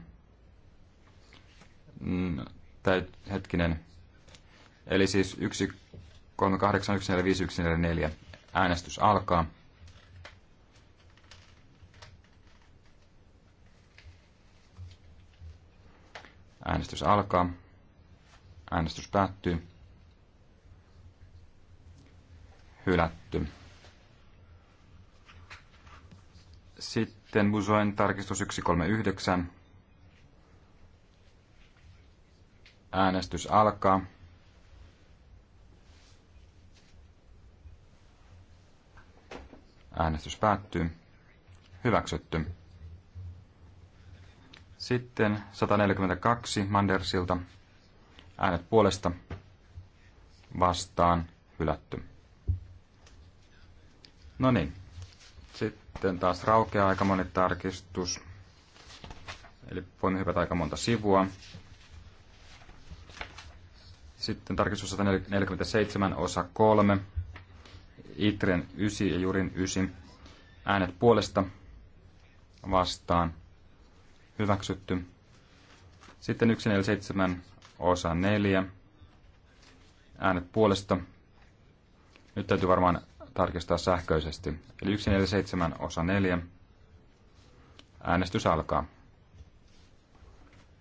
Mm, Täyt, hetkinen. Eli siis 138, 145, 144. Äänestys alkaa. Äänestys alkaa. Äänestys päättyy. Hylätty. Sitten Busoin tarkistus 139. Äänestys alkaa. Äänestys päättyy. Hyväksytty. Sitten 142 Mandersilta. Äänet puolesta vastaan hylätty. No niin. Sitten taas raukeaa aika monen tarkistus. Eli voimme hypätä aika monta sivua. Sitten tarkistus 147 osa 3. Itren 9 ja Jurin 9. Äänet puolesta vastaan hyväksytty. Sitten 147 osa 4, äänet puolesta. Nyt täytyy varmaan tarkistaa sähköisesti. Eli 147 osa 4, äänestys alkaa.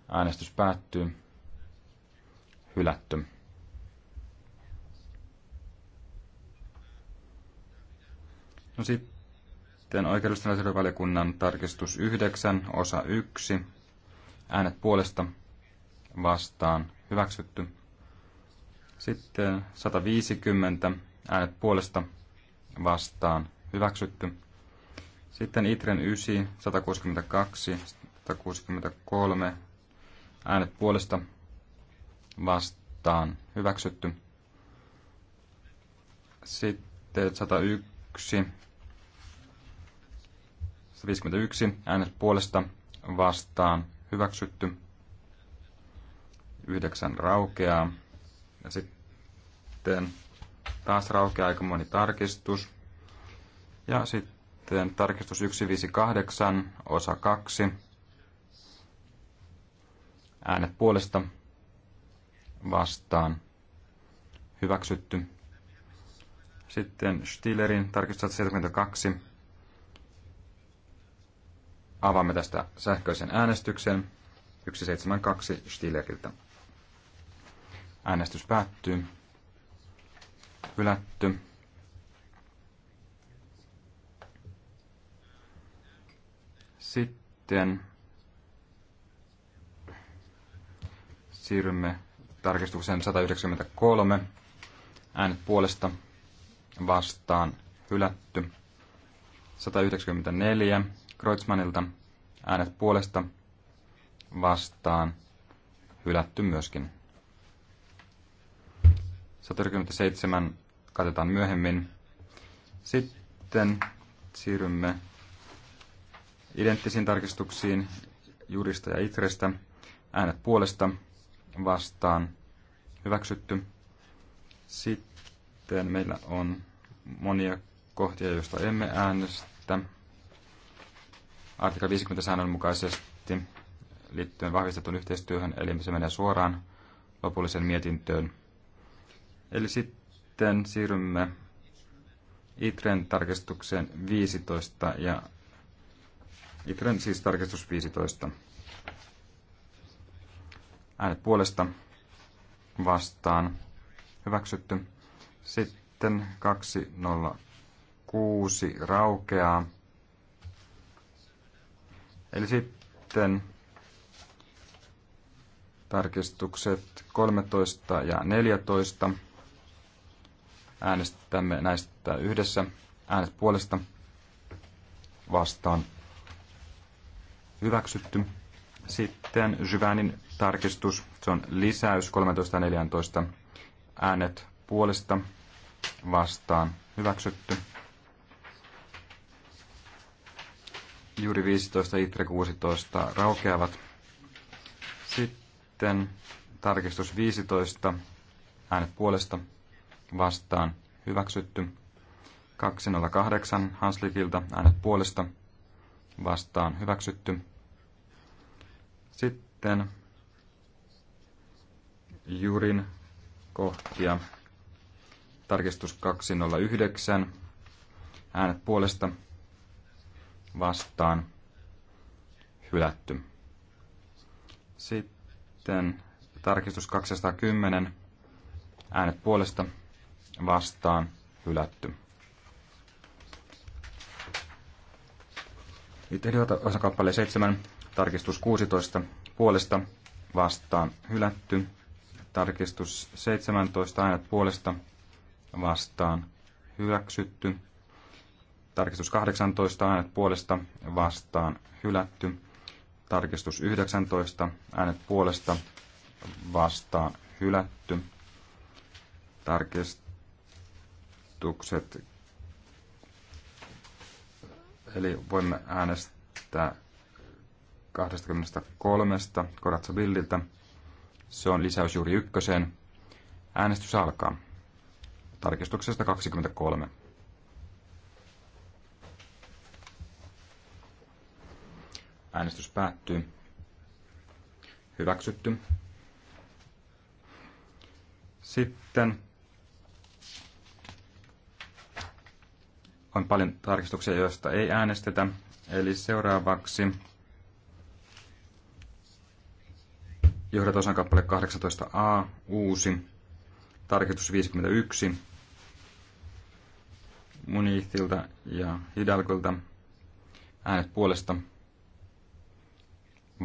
Äänestys päättyy. Hylätty. No sitten sitten oikeudellisten asioiden valiokunnan tarkistus 9, osa 1. Äänet puolesta vastaan hyväksytty. Sitten 150 äänet puolesta vastaan hyväksytty. Sitten Itren 9, 162, 163 äänet puolesta vastaan hyväksytty. Sitten 101 151 äänet puolesta vastaan hyväksytty. 9 raukeaa. Ja sitten taas raukeaa aika moni tarkistus. Ja sitten tarkistus 158 osa 2. Äänet puolesta vastaan hyväksytty. Sitten Stillerin tarkistus 72 Avaamme tästä sähköisen äänestyksen 172 Stilleriltä. Äänestys päättyy. Hylätty. Sitten siirrymme tarkistukseen 193. Äänet puolesta vastaan hylätty. 194 Kreutzmannilta äänet puolesta vastaan hylätty myöskin. 137 katetaan myöhemmin. Sitten siirrymme identtisiin tarkistuksiin jurista ja itrestä. Äänet puolesta vastaan hyväksytty. Sitten meillä on monia kohtia, joista emme äänestä artikla 50 säännön mukaisesti liittyen vahvistetun yhteistyöhön, eli se menee suoraan lopulliseen mietintöön. Eli sitten siirrymme ITREN tarkistukseen 15 ja ITREN siis tarkistus 15. Äänet puolesta vastaan hyväksytty. Sitten 206 raukeaa. Eli sitten tarkistukset 13 ja 14. Äänestämme näistä yhdessä. Äänet puolesta vastaan hyväksytty. Sitten Jyvänin tarkistus, se on lisäys 13 ja 14. Äänet puolesta vastaan hyväksytty. Juuri 15, Itre 16 raukeavat. Sitten tarkistus 15, äänet puolesta vastaan hyväksytty. 208 Hanslikilta äänet puolesta vastaan hyväksytty. Sitten Jurin kohtia. Tarkistus 209. Äänet puolesta vastaan hylätty. Sitten tarkistus 210 äänet puolesta vastaan hylätty. Itse osakappale 7, tarkistus 16 puolesta vastaan hylätty. Tarkistus 17 äänet puolesta vastaan hyväksytty. Tarkistus 18, äänet puolesta, vastaan, hylätty. Tarkistus 19, äänet puolesta, vastaan, hylätty. Tarkistukset, eli voimme äänestää 23 Koratsa Billiltä. Se on lisäys juuri ykköseen. Äänestys alkaa. Tarkistuksesta 23. Äänestys päättyy. Hyväksytty. Sitten on paljon tarkistuksia, joista ei äänestetä. Eli seuraavaksi johdatosan kappale 18a, uusi, tarkistus 51, Munithilta ja Hidalgolta, äänet puolesta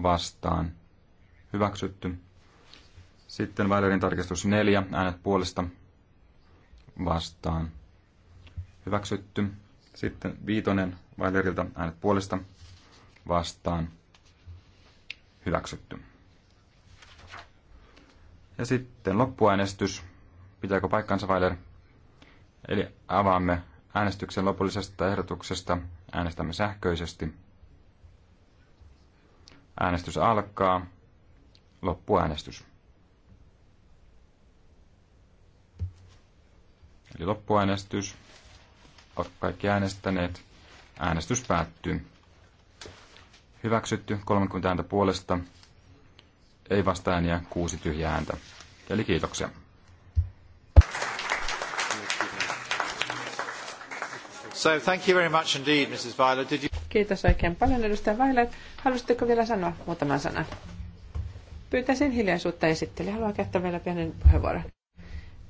vastaan hyväksytty. Sitten Valerin tarkistus 4, äänet puolesta vastaan hyväksytty. Sitten viitonen Valerilta äänet puolesta vastaan hyväksytty. Ja sitten loppuäänestys. Pitääkö paikkansa Valer? Eli avaamme äänestyksen lopullisesta ehdotuksesta. Äänestämme sähköisesti. Äänestys alkaa. Loppuäänestys. Eli loppuäänestys. Ovat kaikki äänestäneet. Äänestys päättyy. Hyväksytty 30 ääntä puolesta. Ei vasta ääniä, kuusi tyhjää ääntä. Eli kiitoksia. So thank you very much indeed, Mrs. Viola. Did you... Kiitos oikein paljon, edustaja Vaila. Haluaisitteko vielä sanoa muutaman sanan? Pyytäisin hiljaisuutta esittelyä, Haluan käyttää vielä pienen puheenvuoron.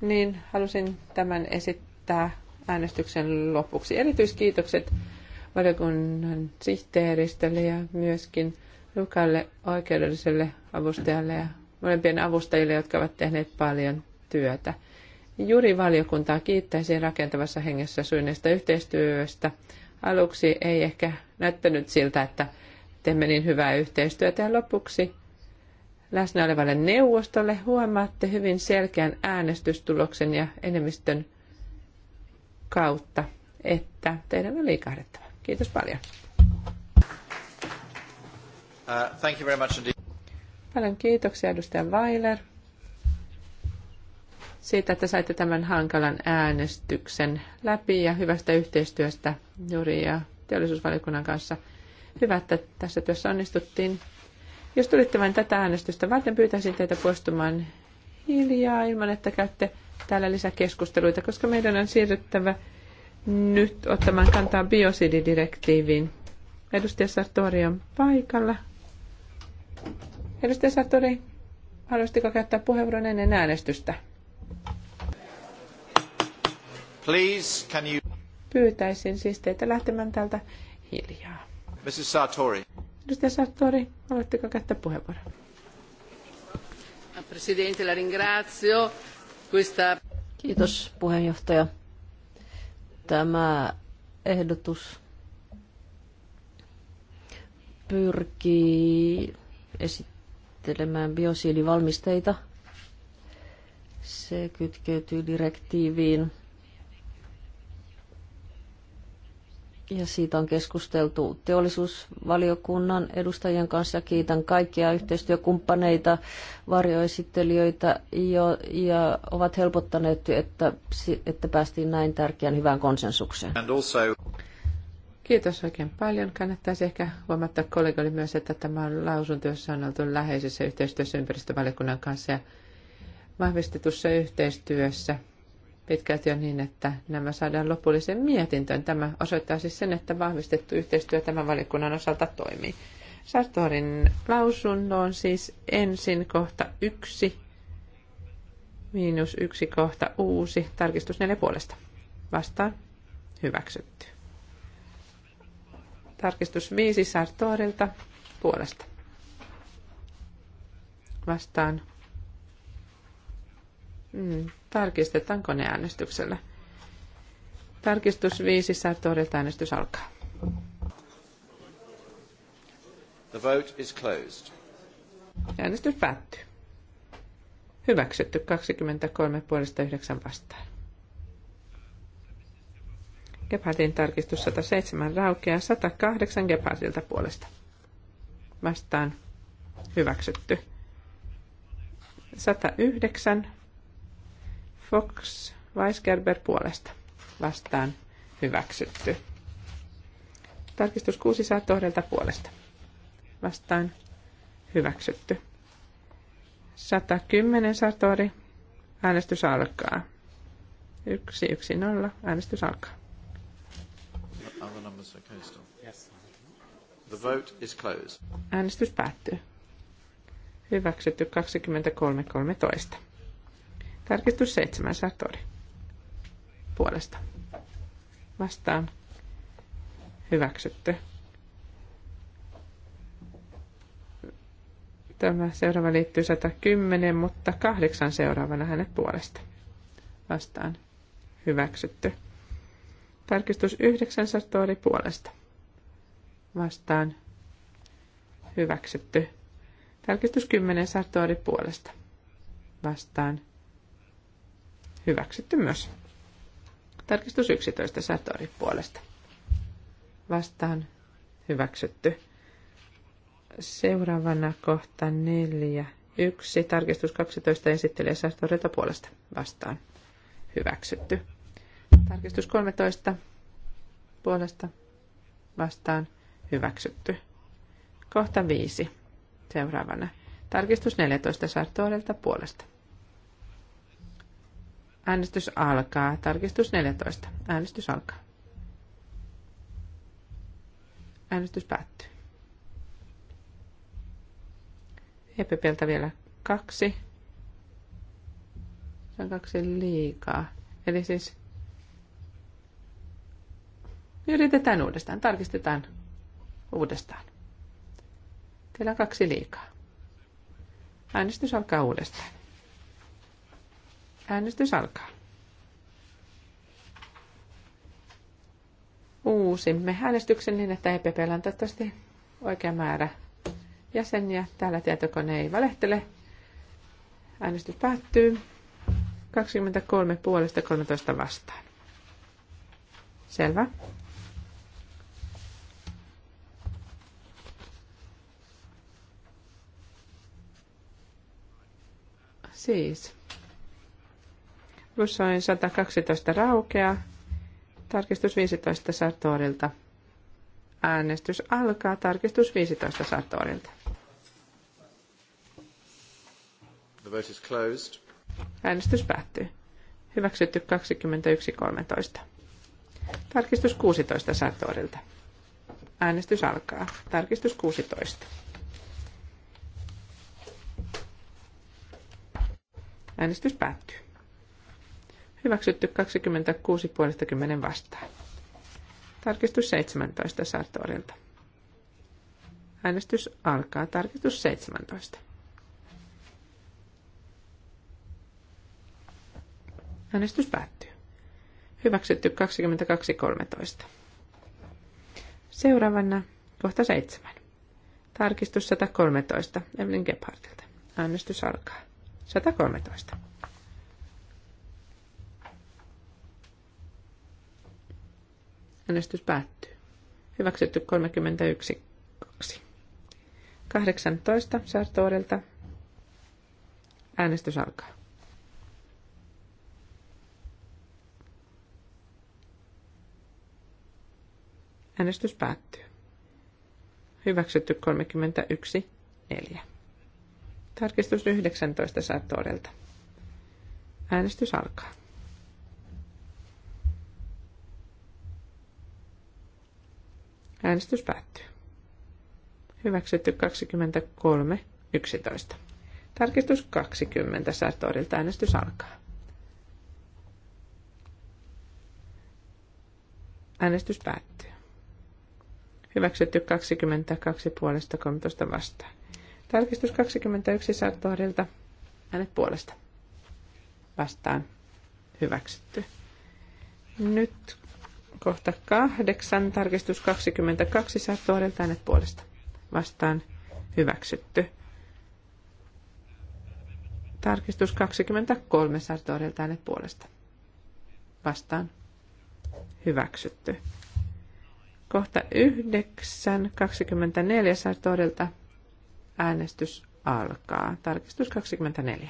Niin, halusin tämän esittää äänestyksen lopuksi. Erityiskiitokset valiokunnan sihteeristölle ja myöskin Lukalle oikeudelliselle avustajalle ja molempien avustajille, jotka ovat tehneet paljon työtä. Juuri valiokuntaa kiittäisin rakentavassa hengessä suunnista yhteistyöstä. Aluksi ei ehkä näyttänyt siltä, että teemme niin hyvää yhteistyötä. Ja lopuksi läsnä olevalle neuvostolle huomaatte hyvin selkeän äänestystuloksen ja enemmistön kautta, että teidän on liikahdettava. Kiitos paljon. Uh, thank you very much indeed. Paljon kiitoksia edustaja Weiler siitä, että saitte tämän hankalan äänestyksen läpi ja hyvästä yhteistyöstä Juri ja teollisuusvaliokunnan kanssa. Hyvä, että tässä työssä onnistuttiin. Jos tulitte vain tätä äänestystä varten, pyytäisin teitä poistumaan hiljaa ilman, että käytte täällä lisäkeskusteluita, koska meidän on siirryttävä nyt ottamaan kantaa biosididirektiiviin. Edustaja Sartori on paikalla. Edustaja Sartori, haluaisitko käyttää puheenvuoron ennen äänestystä? Please, can you... Pyytäisin siis teitä lähtemään täältä hiljaa. Mrs. Sartori. Edustaja Sartori, haluatteko käyttää puheenvuoron? Presidente, la ringrazio. Questa... Kiitos puheenjohtaja. Tämä ehdotus pyrkii esittelemään biosiilivalmisteita. Se kytkeytyy direktiiviin ja siitä on keskusteltu teollisuusvaliokunnan edustajien kanssa. kiitän kaikkia yhteistyökumppaneita, varjoesittelijöitä jo, ja ovat helpottaneet, että, että päästiin näin tärkeän hyvään konsensukseen. Kiitos oikein paljon. Kannattaisi ehkä huomata kollegoille myös, että tämä lausunto, jossa on oltu läheisessä yhteistyössä ympäristövaliokunnan kanssa ja vahvistetussa yhteistyössä – pitkälti jo niin, että nämä saadaan lopulliseen mietintöön. Tämä osoittaa siis sen, että vahvistettu yhteistyö tämän valiokunnan osalta toimii. Sartorin lausunto on siis ensin kohta yksi, miinus yksi kohta uusi, tarkistus neljä puolesta. Vastaan hyväksytty. Tarkistus viisi Sartorilta puolesta. Vastaan. Mm, Tarkistetaan koneäänestyksellä. Tarkistus 5, sähköohjelta äänestys alkaa. The vote is closed. Äänestys päättyy. Hyväksytty 23 puolesta 9 vastaan. Gebhardin tarkistus 107 raukeaa 108 Gebhardilta puolesta. Vastaan hyväksytty. 109 Fox Weisgerber puolesta vastaan hyväksytty. Tarkistus 6 saa tohdelta puolesta vastaan hyväksytty. 110 satori. Äänestys alkaa. 1, 1, 0. Äänestys alkaa. The vote is closed. Äänestys päättyy. Hyväksytty 23.13. Tarkistus 7 Sartori. Puolesta. Vastaan. Hyväksytty. Tämä seuraava liittyy 110, mutta kahdeksan seuraavana hänet puolesta. Vastaan. Hyväksytty. Tarkistus 9 Sartori puolesta. Vastaan. Hyväksytty. Tarkistus 10 Sartori puolesta. Vastaan Hyväksytty myös. Tarkistus 11 Satori puolesta. Vastaan hyväksytty. Seuraavana kohta 4. 1. Tarkistus 12 esittelee Sartorilta puolesta vastaan. Hyväksytty. Tarkistus 13 puolesta vastaan. Hyväksytty. Kohta 5. Seuraavana. Tarkistus 14 Sartorilta puolesta Äänestys alkaa. Tarkistus 14. Äänestys alkaa. Äänestys päättyy. EPPltä vielä kaksi. Se on kaksi liikaa. Eli siis yritetään uudestaan, tarkistetaan uudestaan. Teillä on kaksi liikaa. Äänestys alkaa uudestaan. Äänestys alkaa. Uusimme äänestyksen niin, että EPPllä on toivottavasti oikea määrä jäseniä. Täällä tietokone ei valehtele. Äänestys päättyy. 23 puolesta 13 vastaan. Selvä. Siis Usein 112 raukea. Tarkistus 15 Sartorilta. Äänestys alkaa. Tarkistus 15 Sartorilta. The vote is closed. Äänestys päättyy. Hyväksytty 21.13. Tarkistus 16 Sartorilta. Äänestys alkaa. Tarkistus 16. Äänestys päättyy. Hyväksytty 26 puolesta vastaan. Tarkistus 17 Sartorilta. Äänestys alkaa. Tarkistus 17. Äänestys päättyy. Hyväksytty 22.13. Seuraavana kohta 7. Tarkistus 113 Evelyn Gebhardilta. Äänestys alkaa. 113. Äänestys päättyy. Hyväksytty 31. 2. 18 Sartorilta. Äänestys alkaa. Äänestys päättyy. Hyväksytty 31. 4. Tarkistus 19 Sartorilta. Äänestys alkaa. Äänestys päättyy. Hyväksytty 23, 11. Tarkistus 20. Sartorilta äänestys alkaa. Äänestys päättyy. Hyväksytty 22 puolesta 13 vastaan. Tarkistus 21 Sartorilta. Äänet puolesta. Vastaan. Hyväksytty. Nyt Kohta kahdeksan, tarkistus 22, saattorilta äänet puolesta. Vastaan hyväksytty. Tarkistus 23, saattorilta äänet puolesta. Vastaan hyväksytty. Kohta 9, 24, saattorilta äänestys alkaa. Tarkistus 24.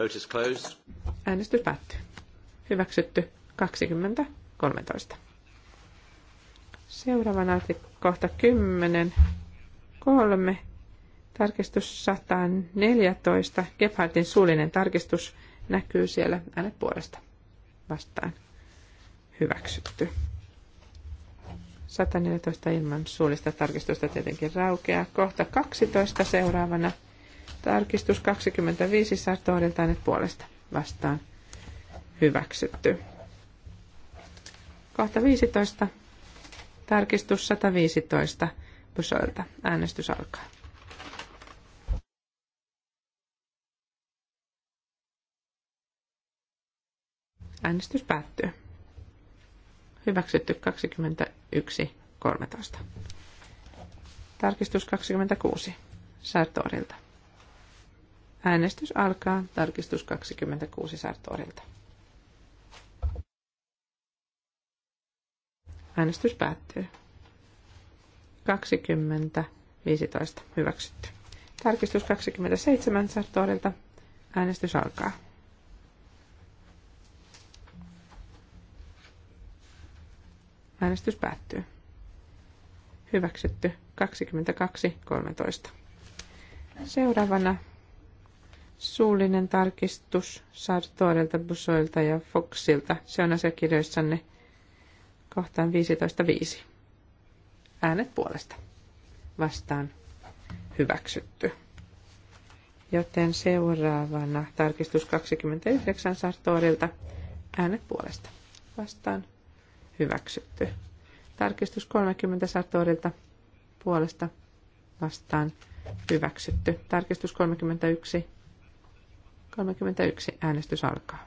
Vote is closed. Äänestys päättyy. Hyväksytty 20 13. Seuraavana kohta 10. 3. Tarkistus 114. Gebhardin suullinen tarkistus näkyy siellä äänet puolesta vastaan. Hyväksytty. 114 ilman suullista tarkistusta tietenkin raukeaa. Kohta 12 seuraavana Tarkistus 25 Sartorilta äänet puolesta vastaan hyväksytty. Kohta 15. Tarkistus 115 Busoilta. Äänestys alkaa. Äänestys päättyy. Hyväksytty 21 Tarkistus 26 Säätorilta. Äänestys alkaa. Tarkistus 26 Sartorilta. Äänestys päättyy. 20, 15. Hyväksytty. Tarkistus 27 Sartorilta. Äänestys alkaa. Äänestys päättyy. Hyväksytty 22.13. Seuraavana suullinen tarkistus Sartorelta, Busoilta ja Foxilta. Se on asiakirjoissanne kohtaan 15.5. Äänet puolesta vastaan hyväksytty. Joten seuraavana tarkistus 29 Sartorilta. Äänet puolesta vastaan hyväksytty. Tarkistus 30 Sartorilta puolesta vastaan hyväksytty. Tarkistus 31 31. Äänestys alkaa.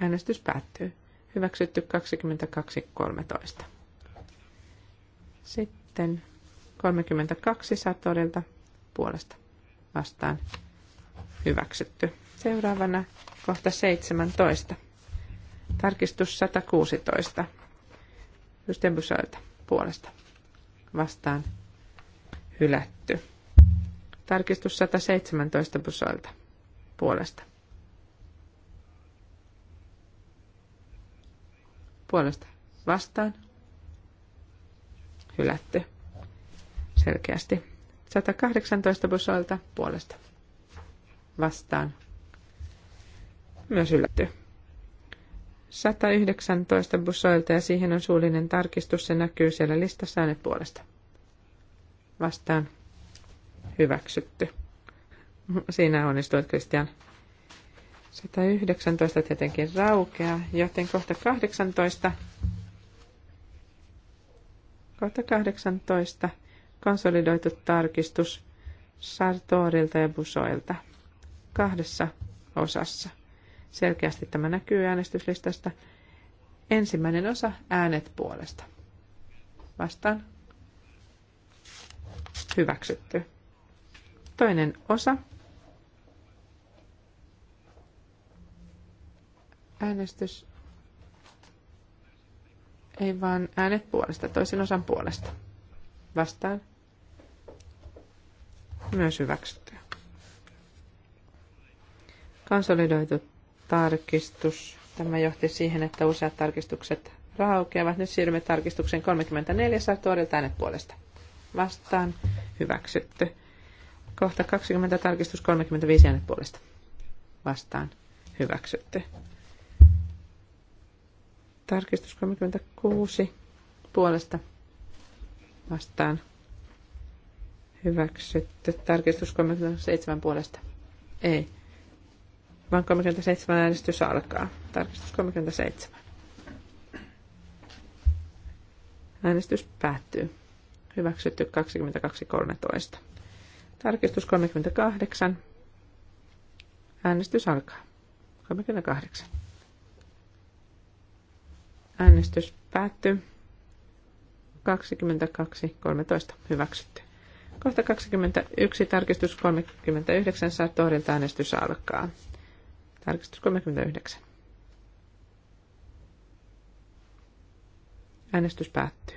Äänestys päättyy. Hyväksytty 22.13. Sitten 32 Satorilta puolesta vastaan hyväksytty. Seuraavana kohta 17. Tarkistus 116. Ystävysalta puolesta vastaan hylätty. Tarkistus 117 pysoilta puolesta. Puolesta vastaan. Hylätty. Selkeästi. 118 pysoilta puolesta. Vastaan. Myös hylätty. 119 busoilta ja siihen on suullinen tarkistus, se näkyy siellä listassa äänet puolesta vastaan hyväksytty. Siinä onnistuit Kristian. 119 tietenkin raukea joten kohta 18. Kohta 18. Konsolidoitu tarkistus Sartorilta ja Busoilta. Kahdessa osassa. Selkeästi tämä näkyy äänestyslistasta. Ensimmäinen osa äänet puolesta. Vastaan Hyväksytty. Toinen osa. Äänestys. Ei vaan äänet puolesta, toisen osan puolesta. Vastaan. Myös hyväksytty. Konsolidoitu tarkistus. Tämä johti siihen, että useat tarkistukset raukeavat. Nyt siirrymme tarkistukseen 34 saattorilta äänet puolesta vastaan hyväksytty. Kohta 20 tarkistus 35 äänet puolesta vastaan hyväksytty. Tarkistus 36 puolesta vastaan hyväksytty. Tarkistus 37 puolesta ei. Vaan 37 äänestys alkaa. Tarkistus 37. Äänestys päättyy. Hyväksytty 22.13. Tarkistus 38. Äänestys alkaa. 38. Äänestys päättyy. 22.13. Hyväksytty. Kohta 21. Tarkistus 39. Saa tohdilta äänestys alkaa. Tarkistus 39. Äänestys päättyy.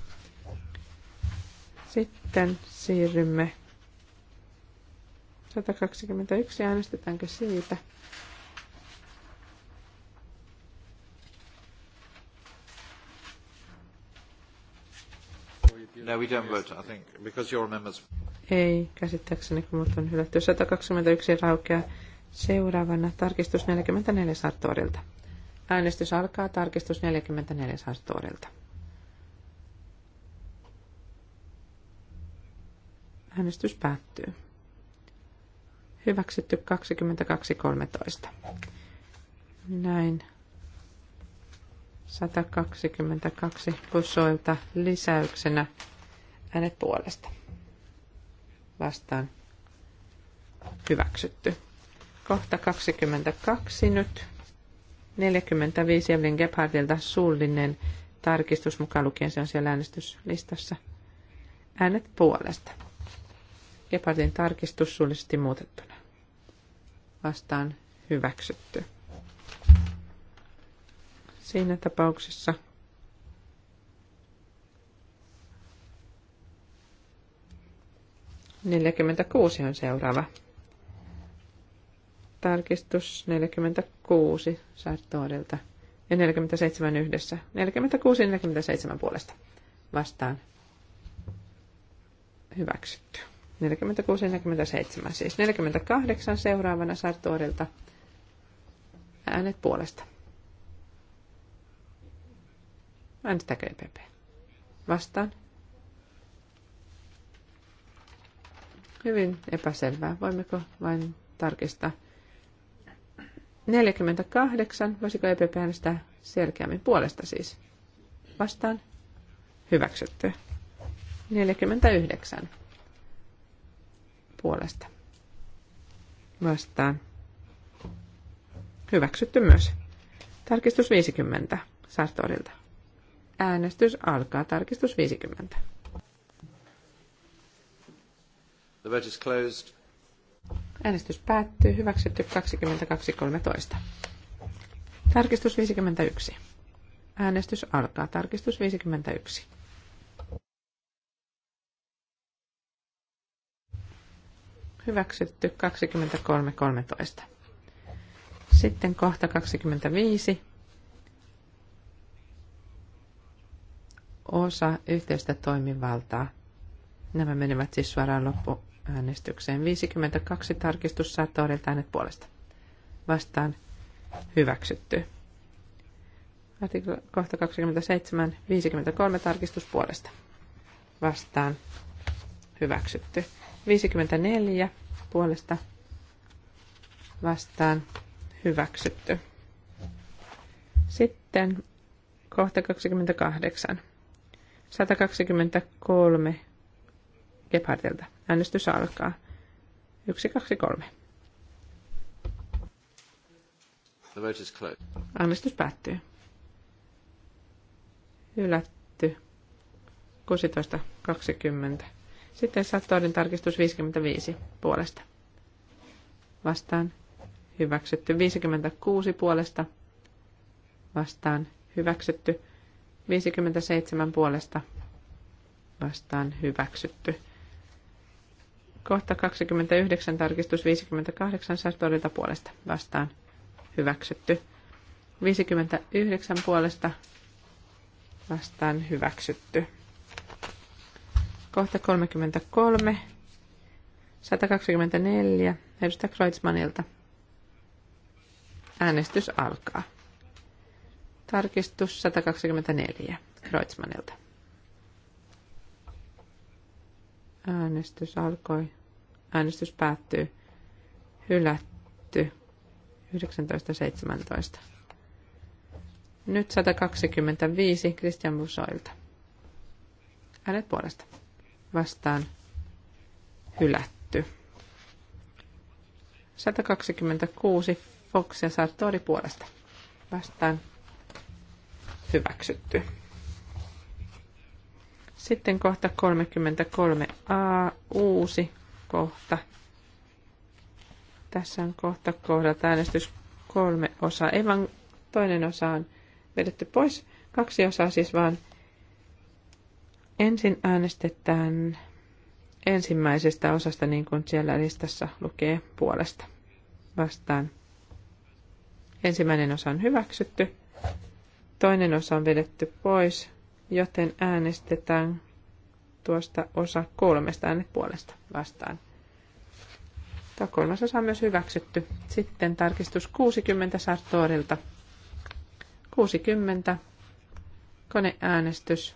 Sitten siirrymme 121. Äänestetäänkö siitä? No, we don't vote, I think, because you're members. Ei, käsittääkseni, kun muut on hylätty. 121 raukeaa seuraavana tarkistus 44 Sartorilta. Äänestys alkaa tarkistus 44 Sartorilta. Äänestys päättyy. Hyväksytty 22.13. Näin. 122 pusoilta lisäyksenä äänet puolesta. Vastaan hyväksytty. Kohta 22 nyt. 45 Evelyn Gebhardilta suullinen tarkistus mukaan lukien se on siellä äänestyslistassa. Äänet puolesta Gepardin tarkistus suullisesti muutettuna. Vastaan hyväksytty. Siinä tapauksessa Neljäkymmentäkuusi on seuraava. Tarkistus 46 Sartorilta ja 47 yhdessä. 46 47 puolesta vastaan hyväksytty. 46 47. Siis 48 seuraavana Sartorilta äänet puolesta. Äänestääkö EPP? Vastaan. Hyvin epäselvää. Voimmeko vain tarkistaa? 48. Voisiko EPP äänestää selkeämmin puolesta siis? Vastaan. Hyväksytty. 49 puolesta. Vastaan. Hyväksytty myös. Tarkistus 50 Sartorilta. Äänestys alkaa. Tarkistus 50. The vote is closed. Äänestys päättyy. Hyväksytty 22.13. Tarkistus 51. Äänestys alkaa. Tarkistus 51. Hyväksytty 23.13. Sitten kohta 25. Osa yhteistä toimivaltaa. Nämä menevät siis suoraan loppuäänestykseen. 52 tarkistus saa todeta äänet puolesta. Vastaan hyväksytty. Artikla kohta 27, 53 tarkistus puolesta. Vastaan hyväksytty. 54 puolesta vastaan hyväksytty. Sitten kohta 28. 123 Gebhardelta. Äänestys alkaa. 123. The vote is Äänestys päättyy. Hylätty. 16.20. Sitten sattoiden tarkistus 55 puolesta. Vastaan hyväksytty 56 puolesta. Vastaan hyväksytty 57 puolesta. Vastaan hyväksytty. Kohta 29 tarkistus 58 Sartorilta puolesta. Vastaan hyväksytty. 59 puolesta vastaan hyväksytty. Kohta 33. 124. Edustaja Kreutzmanilta. Äänestys alkaa. Tarkistus 124. Kreutzmanilta. Äänestys alkoi. Äänestys päättyy. Hylätty. 1917. Nyt 125 Christian Busoilta. Äänet puolesta vastaan hylätty. 126 Fox ja Sartori puolesta vastaan hyväksytty. Sitten kohta 33a, uusi kohta. Tässä on kohta kohdalta äänestys kolme osaa. Ei vaan toinen osa on vedetty pois. Kaksi osaa siis vaan Ensin äänestetään ensimmäisestä osasta, niin kuin siellä listassa lukee puolesta vastaan. Ensimmäinen osa on hyväksytty, toinen osa on vedetty pois, joten äänestetään tuosta osa kolmesta äänet puolesta vastaan. Tämä kolmas osa on myös hyväksytty. Sitten tarkistus 60 Sartorilta. 60. Koneäänestys.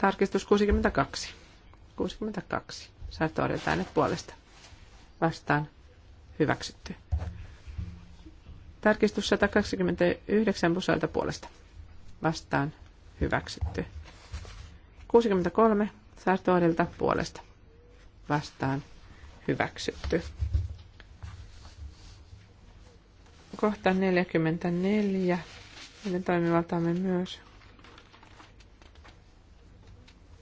Tarkistus 62. 62. Sartorin äänet puolesta. Vastaan. Hyväksytty. Tarkistus 129 busoilta puolesta. Vastaan. Hyväksytty. 63 Sartorilta puolesta. Vastaan. Hyväksytty. Kohta 44. Meidän toimivaltaamme myös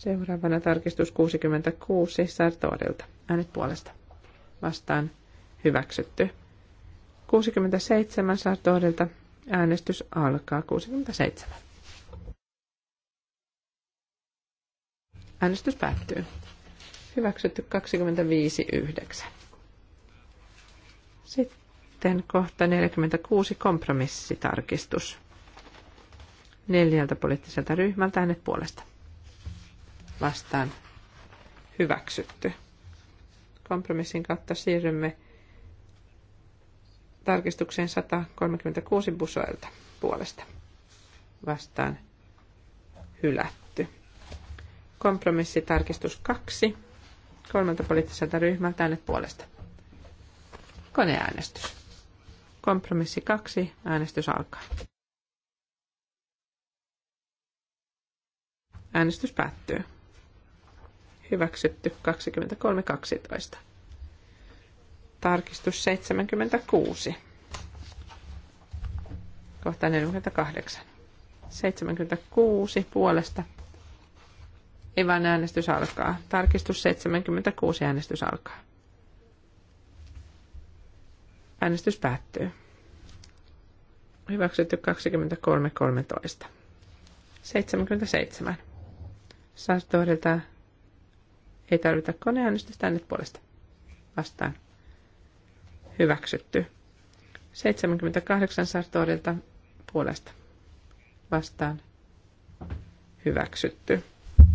Seuraavana tarkistus 66 Sartorilta. Äänet puolesta. Vastaan hyväksytty. 67 Sartorilta. Äänestys alkaa 67. Äänestys päättyy. Hyväksytty 9. Sitten kohta 46 kompromissitarkistus. Neljältä poliittiselta ryhmältä äänet puolesta vastaan hyväksytty. Kompromissin kautta siirrymme tarkistukseen 136 busoilta puolesta vastaan hylätty. Kompromissitarkistus 2 kolmelta poliittiselta ryhmältä äänet puolesta. Koneäänestys. Kompromissi 2. Äänestys alkaa. Äänestys päättyy. Hyväksytty 23.12. Tarkistus 76. Kohta 48. 76 puolesta. Evan äänestys alkaa. Tarkistus 76 äänestys alkaa. Äänestys päättyy. Hyväksytty 23.13. 77. Sartorilta ei tarvita koneäänestystä tänne puolesta. Vastaan. Hyväksytty. 78 Sartorilta puolesta. Vastaan. Hyväksytty.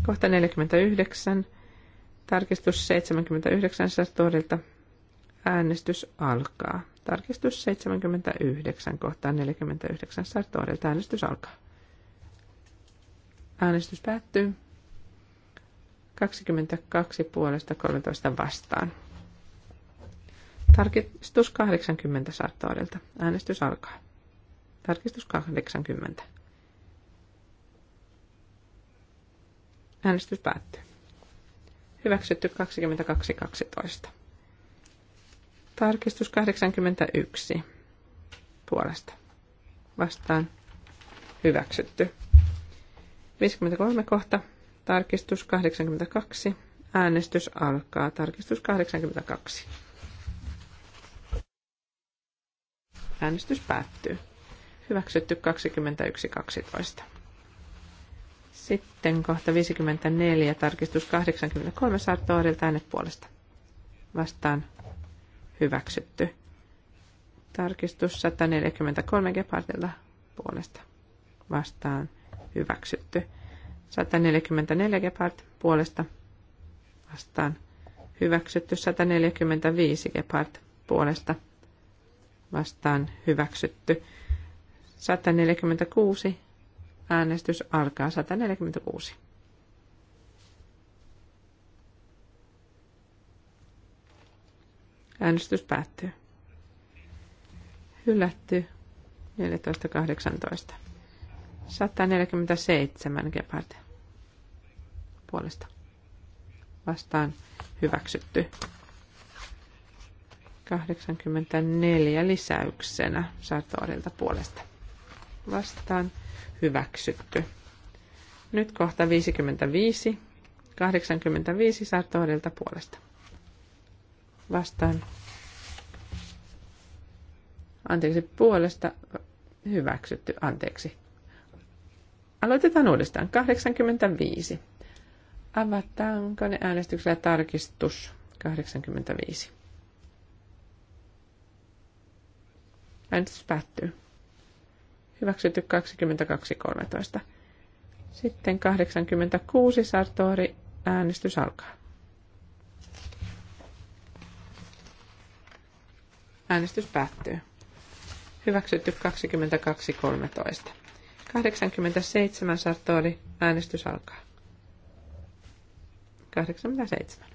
Kohta 49. Tarkistus 79 Sartorilta. Äänestys alkaa. Tarkistus 79 kohtaan 49 Sartorilta. Äänestys alkaa. Äänestys päättyy. 22 puolesta 13 vastaan. Tarkistus 80 Sartorilta. Äänestys alkaa. Tarkistus 80. Äänestys päättyy. Hyväksytty 22.12. Tarkistus 81 puolesta. Vastaan hyväksytty. 53 kohta Tarkistus 82. Äänestys alkaa. Tarkistus 82. Äänestys päättyy. Hyväksytty 21.12. Sitten kohta 54, tarkistus 83 Sartorilta äänet puolesta. Vastaan hyväksytty. Tarkistus 143 Gepardilta puolesta. Vastaan hyväksytty. 144 Gepard puolesta vastaan hyväksytty. 145 Gepard puolesta vastaan hyväksytty. 146 äänestys alkaa 146. Äänestys päättyy. Hylätty 14.18. 147 Gebhard puolesta vastaan hyväksytty. 84 lisäyksenä Sartorilta puolesta vastaan hyväksytty. Nyt kohta 55, 85 Sartorilta puolesta vastaan anteeksi puolesta hyväksytty, anteeksi Aloitetaan uudestaan. 85. Avataan koneäänestyksellä tarkistus 85. Äänestys päättyy. Hyväksytty 22.13. Sitten 86 Sartori äänestys alkaa. Äänestys päättyy. Hyväksytty 22.13. 87 Sartori, äänestys alkaa. 87.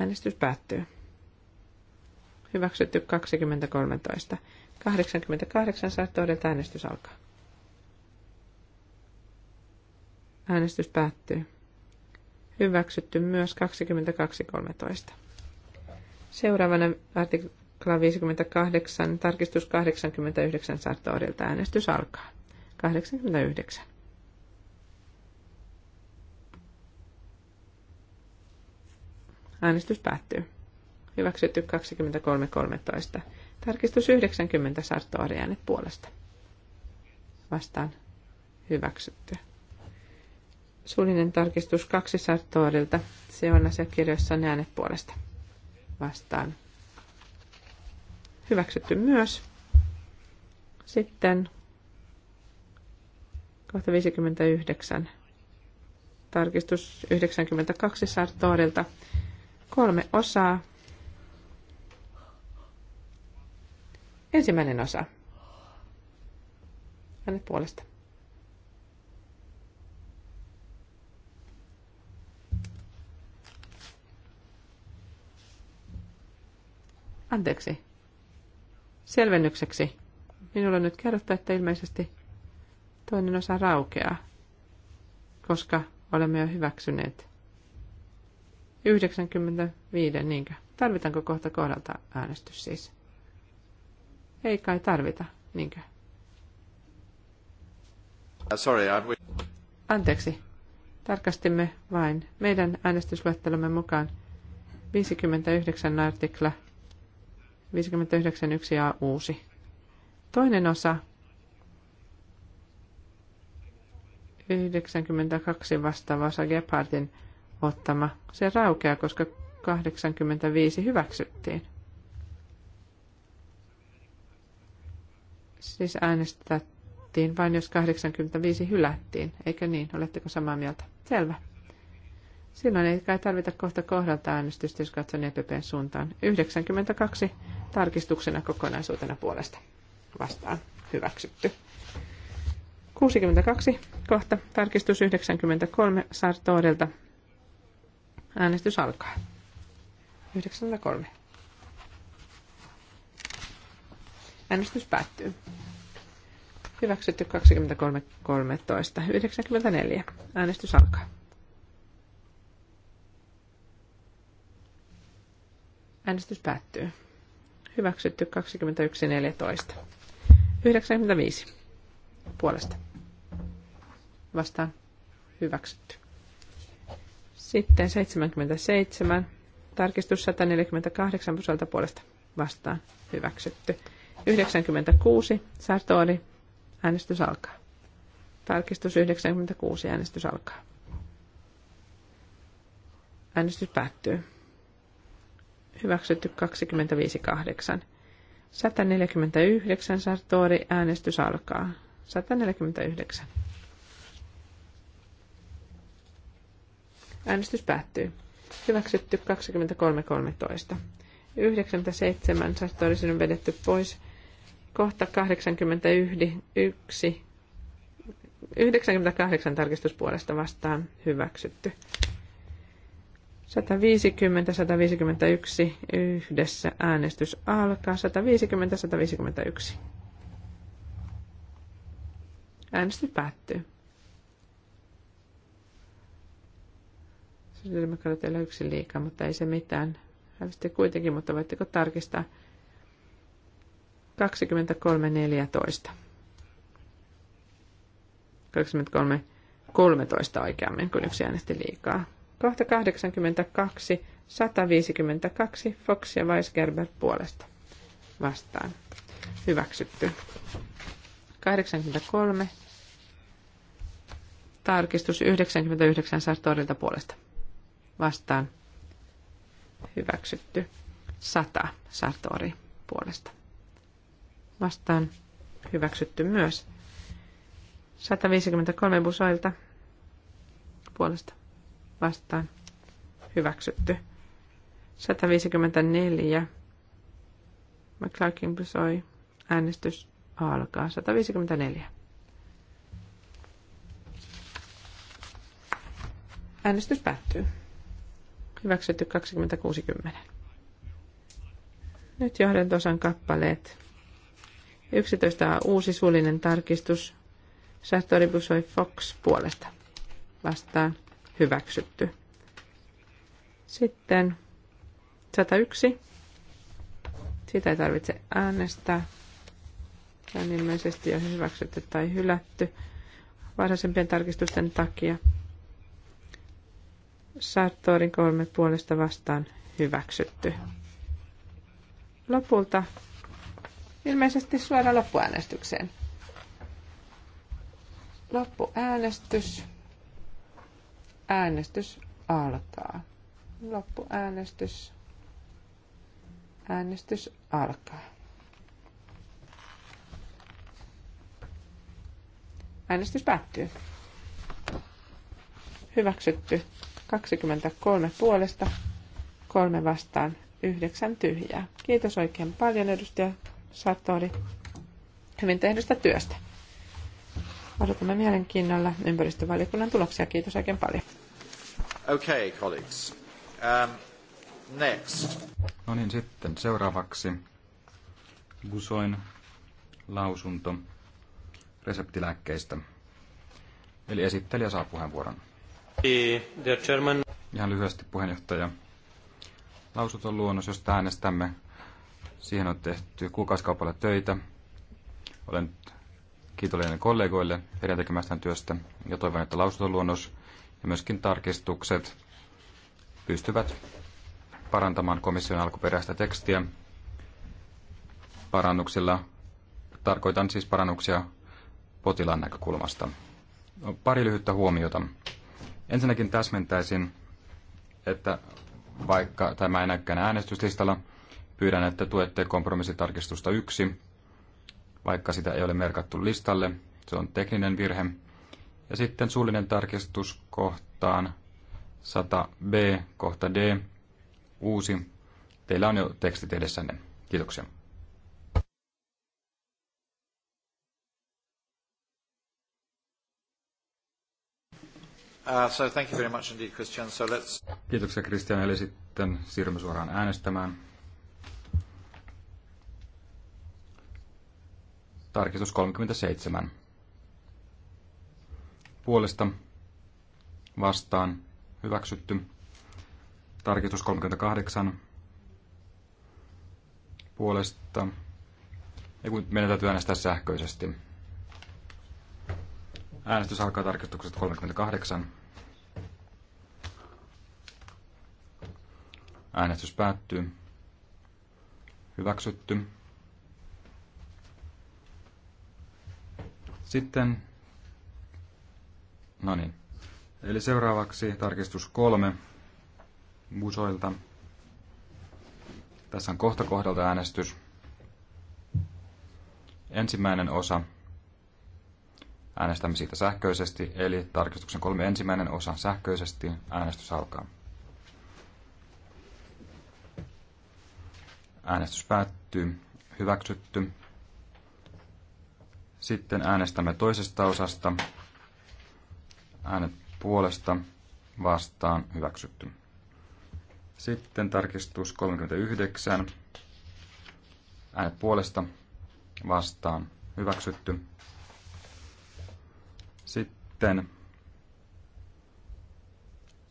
Äänestys päättyy. Hyväksytty 2013. 88 Sartorilta äänestys alkaa. Äänestys päättyy. Hyväksytty myös 22.13. Seuraavana artik- 58, tarkistus 89 Sartorilta. Äänestys alkaa. 89. Äänestys päättyy. Hyväksytty 23.13. Tarkistus 90 Sartori äänet puolesta. Vastaan. Hyväksytty. Suullinen tarkistus 2 Sartorilta. Se on asiakirjoissa äänet puolesta. Vastaan. Hyväksytty myös. Sitten kohta 59. Tarkistus 92 Sartorilta. Kolme osaa. Ensimmäinen osa. Hänet puolesta. Anteeksi. Selvennykseksi. Minulla nyt kerrottu, että ilmeisesti toinen osa raukeaa, koska olemme jo hyväksyneet 95, niinkö? Tarvitaanko kohta kohdalta äänestys siis? Ei kai tarvita, niinkö? Uh, sorry, I'm... Anteeksi. Tarkastimme vain meidän äänestysluettelomme mukaan 59 artikla 59.1 a uusi. Toinen osa 92 vastaava osa Gebhardin ottama. Se raukeaa, koska 85 hyväksyttiin. Siis äänestettiin vain, jos 85 hylättiin. Eikö niin? Oletteko samaa mieltä? Selvä. Silloin ei kai tarvita kohta kohdalta äänestystä, jos katson EPPn suuntaan. 92 tarkistuksena kokonaisuutena puolesta vastaan hyväksytty. 62 kohta tarkistus 93 Sartoodelta. Äänestys alkaa. 93. Äänestys päättyy. Hyväksytty 23.13. 94. Äänestys alkaa. Äänestys päättyy. Hyväksytty 21.14. 95. Puolesta. Vastaan. Hyväksytty. Sitten 77. Tarkistus 148 osalta puolesta. Vastaan. Hyväksytty. 96. Sartori. Äänestys alkaa. Tarkistus 96. Äänestys alkaa. Äänestys päättyy hyväksytty 25.8. 149 Sartori äänestys alkaa. 149. Äänestys päättyy. Hyväksytty 23.13. 97 Sartori, on vedetty pois. Kohta 81. 98 tarkistuspuolesta vastaan hyväksytty. 150-151 yhdessä äänestys alkaa. 150-151. Äänestys päättyy. Sosiaalidemokraateilla yksi liikaa, mutta ei se mitään. Hävisti kuitenkin, mutta voitteko tarkistaa? 23: 13 oikeammin, kun yksi äänesti liikaa. Kohta 82, 152, Fox ja Weisgerber puolesta vastaan. Hyväksytty. 83, tarkistus 99 Sartorilta puolesta vastaan. Hyväksytty. 100 Sartori puolesta vastaan. Hyväksytty myös. 153 Busoilta puolesta vastaan hyväksytty. 154. McClarkin soi. Äänestys alkaa. 154. Äänestys päättyy. Hyväksytty 2060. Nyt johdantosan kappaleet. 11 uusi suullinen tarkistus. Sartori Busoi Fox puolesta. Vastaan hyväksytty. Sitten 101. Sitä ei tarvitse äänestää. Tämä on ilmeisesti jo hyväksytty tai hylätty varhaisempien tarkistusten takia. Sartorin kolme puolesta vastaan hyväksytty. Lopulta ilmeisesti suoraan loppuäänestykseen. Loppuäänestys. Äänestys alkaa. Loppuäänestys. Äänestys alkaa. Äänestys päättyy. Hyväksytty 23 puolesta, kolme vastaan, yhdeksän tyhjää. Kiitos oikein paljon edustaja Satori hyvin tehdystä työstä. Odotamme mielenkiinnolla ympäristövaliokunnan tuloksia. Kiitos oikein paljon. Okay, colleagues. Um, next. No niin, sitten seuraavaksi Gusoin lausunto reseptilääkkeistä. Eli esittelijä saa puheenvuoron. The chairman. Ihan lyhyesti puheenjohtaja. Lausuton luonnos, josta äänestämme. Siihen on tehty kuukausikaupalla töitä. Olen kiitollinen kollegoille heidän tekemästään työstä ja toivon, että luonnos – ja myöskin tarkistukset pystyvät parantamaan komission alkuperäistä tekstiä. Parannuksilla tarkoitan siis parannuksia potilaan näkökulmasta. No, pari lyhyttä huomiota. Ensinnäkin täsmentäisin, että vaikka tämä ei näykään äänestyslistalla, pyydän, että tuette kompromissitarkistusta yksi vaikka sitä ei ole merkattu listalle. Se on tekninen virhe ja sitten suullinen tarkistus kohtaan 100b kohta d uusi. Teillä on jo tekstit edessänne. Kiitoksia. Uh, so thank you very much indeed, Christian. So let's... Kiitoksia Christian, eli sitten siirrymme suoraan äänestämään. Tarkistus 37 puolesta vastaan hyväksytty. Tarkistus 38 puolesta. Ei kun meidän täytyy äänestää sähköisesti. Äänestys alkaa tarkistukset 38. Äänestys päättyy. Hyväksytty. Sitten No niin. Eli seuraavaksi tarkistus kolme musoilta. Tässä on kohta kohdalta äänestys. Ensimmäinen osa. Äänestämme siitä sähköisesti, eli tarkistuksen kolme ensimmäinen osa sähköisesti. Äänestys alkaa. Äänestys päättyy. Hyväksytty. Sitten äänestämme toisesta osasta Äänet puolesta vastaan hyväksytty. Sitten tarkistus 39. Äänet puolesta vastaan hyväksytty. Sitten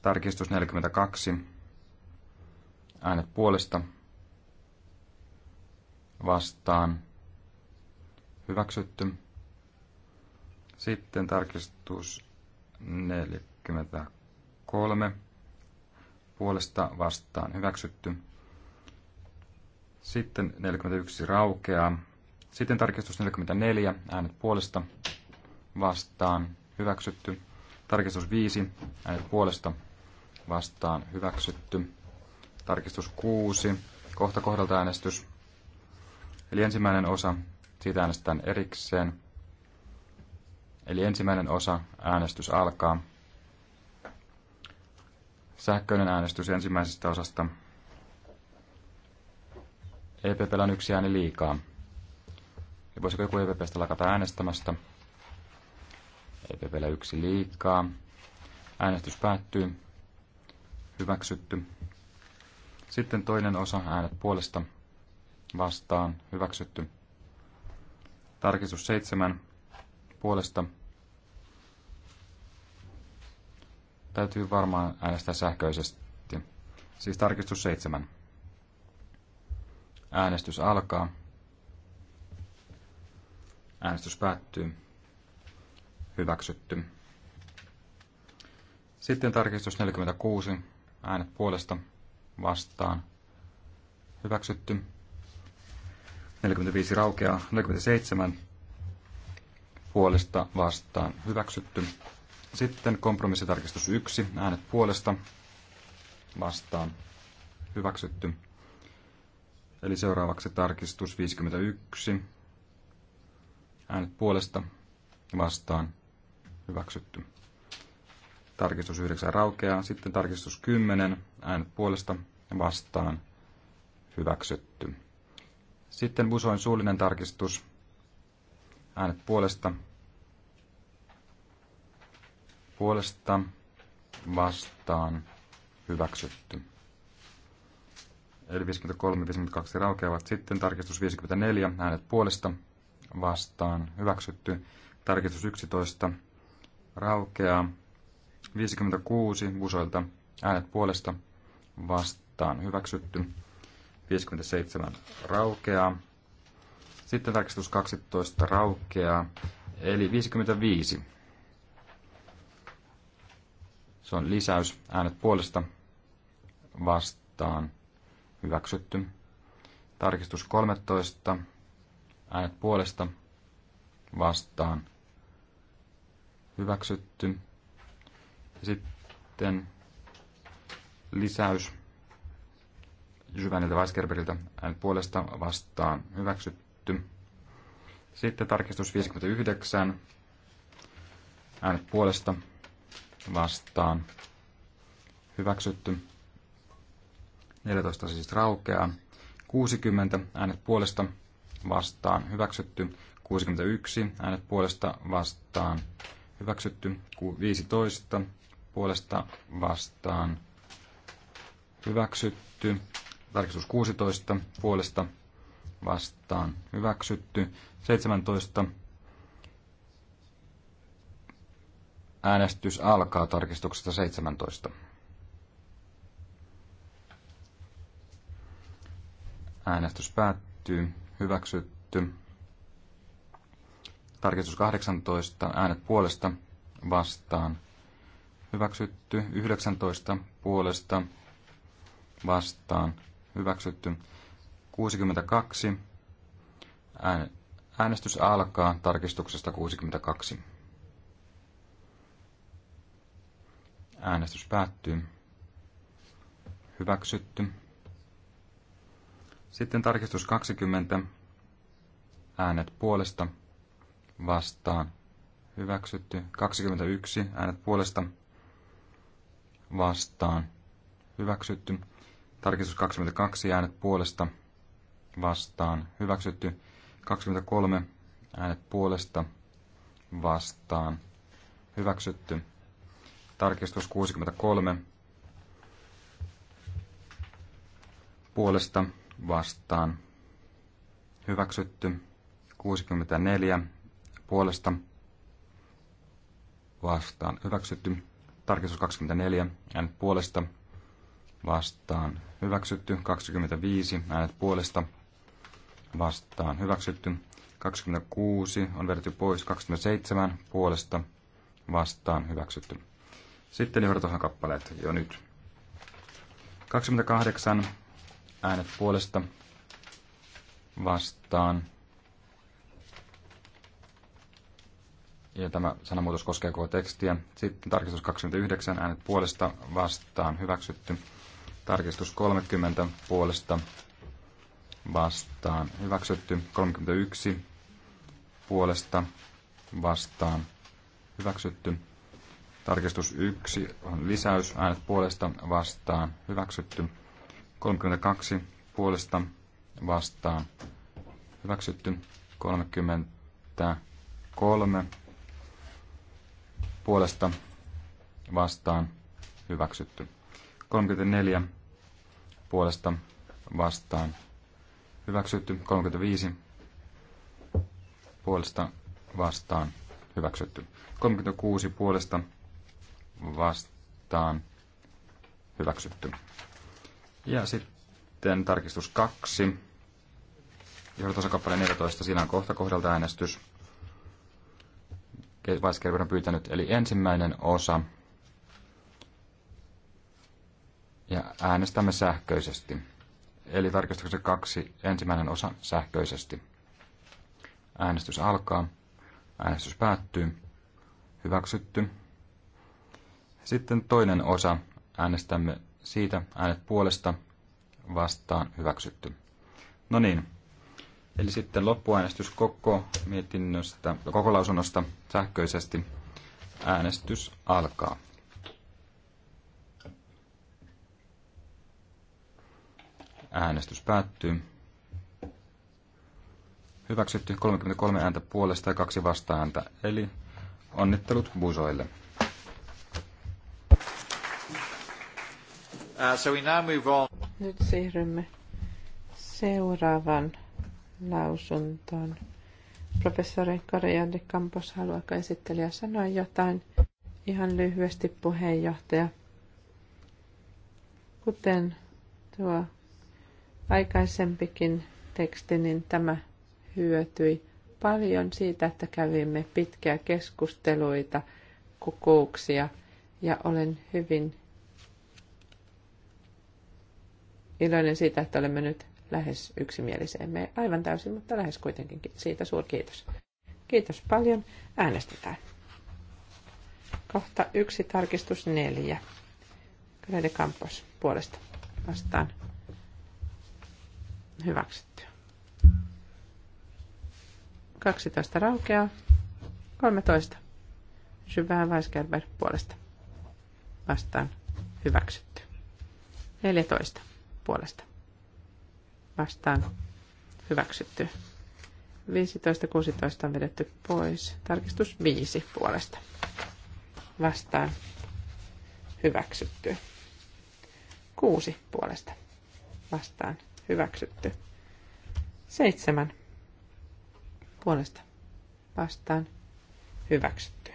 tarkistus 42. Äänet puolesta vastaan hyväksytty. Sitten tarkistus 43 puolesta vastaan hyväksytty. Sitten 41 raukeaa. Sitten tarkistus 44, äänet puolesta vastaan hyväksytty. Tarkistus 5, äänet puolesta vastaan hyväksytty. Tarkistus 6, kohta kohdalta äänestys. Eli ensimmäinen osa, siitä äänestetään erikseen Eli ensimmäinen osa, äänestys alkaa. Sähköinen äänestys ensimmäisestä osasta. EPP on yksi ääni liikaa. Ja voisiko joku EPPstä lakata äänestämästä? EPPllä yksi liikaa. Äänestys päättyy. Hyväksytty. Sitten toinen osa, äänet puolesta. Vastaan. Hyväksytty. Tarkistus seitsemän puolesta Täytyy varmaan äänestää sähköisesti. Siis tarkistus seitsemän. Äänestys alkaa. Äänestys päättyy. Hyväksytty. Sitten tarkistus 46. Äänet puolesta vastaan. Hyväksytty. 45 raukeaa. 47 puolesta vastaan. Hyväksytty. Sitten kompromissitarkistus 1, äänet puolesta vastaan hyväksytty. Eli seuraavaksi tarkistus 51, äänet puolesta vastaan hyväksytty. Tarkistus 9 raukeaa. Sitten tarkistus 10, äänet puolesta vastaan hyväksytty. Sitten Busoin suullinen tarkistus, äänet puolesta puolesta vastaan hyväksytty. Eli 53-52 raukeavat sitten. Tarkistus 54, äänet puolesta vastaan hyväksytty. Tarkistus 11 raukeaa. 56 busoilta äänet puolesta vastaan hyväksytty. 57 raukeaa. Sitten tarkistus 12 raukeaa. Eli 55 se on lisäys. Äänet puolesta vastaan. Hyväksytty. Tarkistus 13. Äänet puolesta vastaan. Hyväksytty. Ja sitten lisäys Jyväniltä Weisgerberiltä äänet puolesta vastaan hyväksytty. Sitten tarkistus 59. Äänet puolesta vastaan hyväksytty. 14 siis raukeaa. 60 äänet puolesta vastaan hyväksytty. 61 äänet puolesta vastaan hyväksytty. 15 puolesta vastaan hyväksytty. Tarkistus 16 puolesta vastaan hyväksytty. 17 Äänestys alkaa tarkistuksesta 17. Äänestys päättyy. Hyväksytty. Tarkistus 18. Äänet puolesta vastaan. Hyväksytty. 19. Puolesta vastaan. Hyväksytty. 62. Äänestys alkaa tarkistuksesta 62. Äänestys päättyy. Hyväksytty. Sitten tarkistus 20. Äänet puolesta. Vastaan. Hyväksytty. 21. Äänet puolesta. Vastaan. Hyväksytty. Tarkistus 22. Äänet puolesta. Vastaan. Hyväksytty. 23. Äänet puolesta. Vastaan. Hyväksytty. Tarkistus 63 puolesta vastaan hyväksytty. 64 puolesta vastaan hyväksytty. Tarkistus 24 äänet puolesta vastaan hyväksytty. 25 äänet puolesta vastaan hyväksytty. 26 on vedetty pois. 27 puolesta vastaan hyväksytty. Sitten johdotohan kappaleet jo nyt. 28 äänet puolesta vastaan. Ja tämä sanamuutos koskee koko tekstiä. Sitten tarkistus 29, äänet puolesta vastaan hyväksytty. Tarkistus 30 puolesta vastaan hyväksytty. 31 puolesta vastaan hyväksytty. Tarkistus 1 on lisäys. Äänet puolesta vastaan hyväksytty. 32 puolesta vastaan hyväksytty. 33 puolesta vastaan hyväksytty. 34 puolesta vastaan hyväksytty. 35 puolesta vastaan hyväksytty. 36 puolesta vastaan vastaan hyväksytty. Ja sitten tarkistus 2. Johdotosakappale 14. Siinä on kohta kohdalta äänestys. Vaiskervin on pyytänyt, eli ensimmäinen osa. Ja äänestämme sähköisesti. Eli tarkistuksen kaksi, ensimmäinen osa sähköisesti. Äänestys alkaa. Äänestys päättyy. Hyväksytty. Sitten toinen osa. Äänestämme siitä äänet puolesta vastaan hyväksytty. No niin. Eli sitten loppuäänestys koko mietinnöstä, koko lausunnosta sähköisesti. Äänestys alkaa. Äänestys päättyy. Hyväksytty 33 ääntä puolesta ja kaksi vastaääntä, eli onnittelut Busoille. Uh, so we now move on. Nyt siirrymme seuraavan lausuntoon. Professori Kari Jandi Kampos, haluaako esittelijä sanoa jotain? Ihan lyhyesti puheenjohtaja. Kuten tuo aikaisempikin teksti, niin tämä hyötyi paljon siitä, että kävimme pitkiä keskusteluita, kokouksia ja olen hyvin iloinen siitä, että olemme nyt lähes yksimieliseen. Me aivan täysin, mutta lähes kuitenkin. Siitä suurkiitos. Kiitos paljon. Äänestetään. Kohta yksi, tarkistus neljä. Grede Kampos puolesta vastaan. Hyväksytty. 12 raukeaa. 13. Syvää Weisgerber puolesta vastaan. Hyväksytty. 14 puolesta. Vastaan hyväksytty. 15.16 on vedetty pois. Tarkistus 5 puolesta. Vastaan hyväksytty. 6 puolesta. Vastaan hyväksytty. 7 puolesta. Vastaan hyväksytty.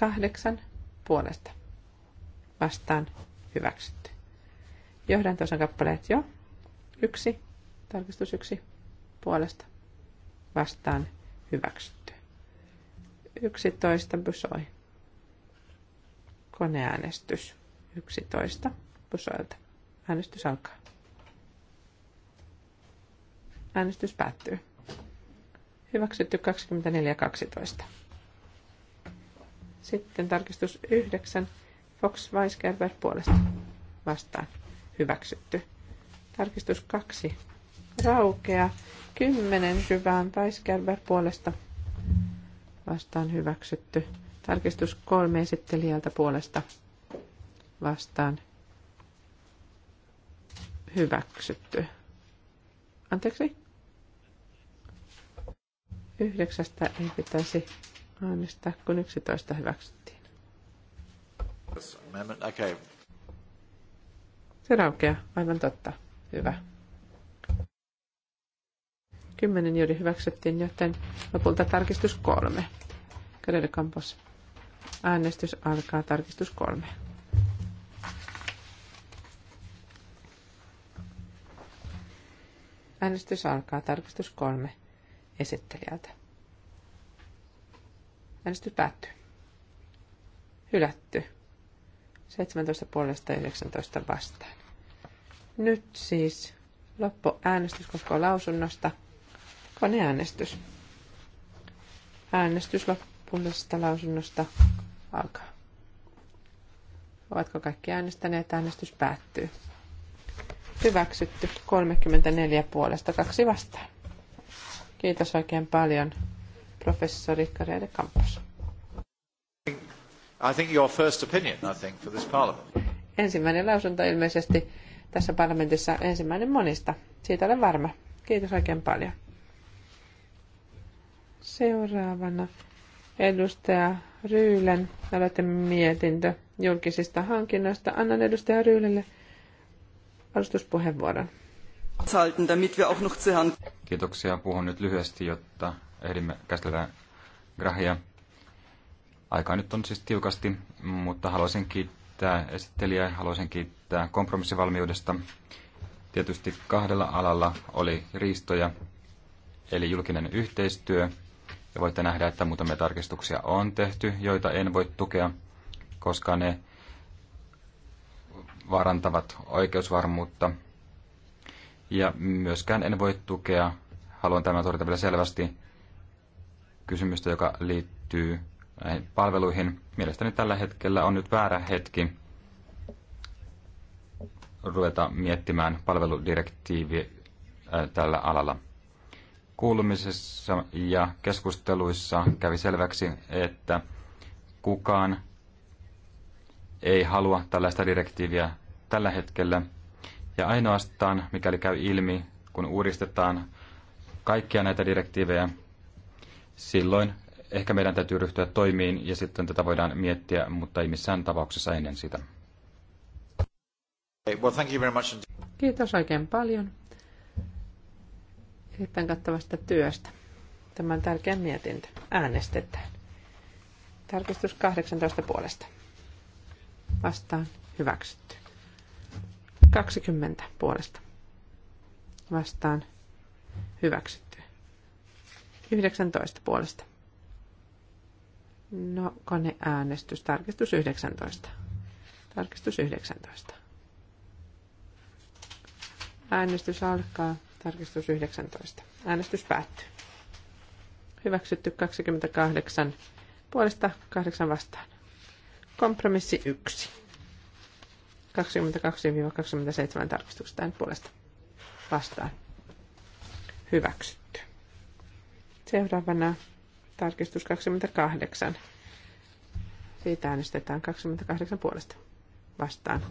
8 puolesta. Vastaan hyväksytty. Johdantosan kappaleet jo. Yksi. Tarkistus yksi. Puolesta. Vastaan. Hyväksytty. Yksitoista. Pysoi. Koneäänestys. Yksitoista. Pysoilta. Äänestys alkaa. Äänestys päättyy. Hyväksytty 24.12. Sitten tarkistus 9. Fox Weisgerber puolesta vastaan hyväksytty. Tarkistus 2 raukea. 10 syvään Weisgerber puolesta vastaan hyväksytty. Tarkistus 3 esittelijältä puolesta vastaan hyväksytty. Anteeksi? Yhdeksästä ei pitäisi äänestää, kun yksitoista hyväksyttiin. Okay, se raukeaa, aivan totta. Hyvä. Kymmenen juuri hyväksyttiin, joten lopulta tarkistus kolme. Kädelle kampos. Äänestys alkaa tarkistus kolme. Äänestys alkaa tarkistus kolme esittelijältä. Äänestys päättyy. Hylätty. 17 puolesta 19 vastaan. Nyt siis loppuäänestys koko lausunnosta. Koneäänestys. Äänestys loppuisesta lausunnosta alkaa. Ovatko kaikki äänestäneet? Äänestys päättyy. Hyväksytty 34 puolesta kaksi vastaan. Kiitos oikein paljon, professori Kareide Kampos. I think your first opinion, I think, for this parliament. Ensimmäinen lausunto ilmeisesti tässä parlamentissa ensimmäinen monista. Siitä olen varma. Kiitos oikein paljon. Seuraavana edustaja Ryylän aloite mietintö julkisista hankinnoista. Annan edustaja Ryylälle alustuspuheenvuoron. Kiitoksia. Puhun nyt lyhyesti, jotta ehdimme käsitellä Grahia. Aika nyt on siis tiukasti, mutta haluaisin kiittää esittelijää, haluaisin kiittää kompromissivalmiudesta. Tietysti kahdella alalla oli riistoja, eli julkinen yhteistyö. Ja voitte nähdä, että muutamia tarkistuksia on tehty, joita en voi tukea, koska ne vaarantavat oikeusvarmuutta. Ja myöskään en voi tukea, haluan tämän todeta vielä selvästi, kysymystä, joka liittyy näihin palveluihin. Mielestäni tällä hetkellä on nyt väärä hetki ruveta miettimään palveludirektiivi tällä alalla. Kuulumisessa ja keskusteluissa kävi selväksi, että kukaan ei halua tällaista direktiiviä tällä hetkellä. Ja ainoastaan, mikäli käy ilmi, kun uudistetaan kaikkia näitä direktiivejä, silloin ehkä meidän täytyy ryhtyä toimiin ja sitten tätä voidaan miettiä, mutta ei missään tapauksessa ennen sitä. Kiitos oikein paljon erittäin kattavasta työstä. tämän tärkeän mietintö. Äänestetään. Tarkistus 18 puolesta. Vastaan hyväksytty. 20 puolesta. Vastaan hyväksytty. 19 puolesta No, koneäänestys. Tarkistus 19. Tarkistus 19. Äänestys alkaa. Tarkistus 19. Äänestys päättyy. Hyväksytty 28 puolesta 8 vastaan. Kompromissi 1. 22-27 tarkistuksesta puolesta vastaan. Hyväksytty. Seuraavana Tarkistus 28. Siitä äänestetään 28 puolesta. Vastaan.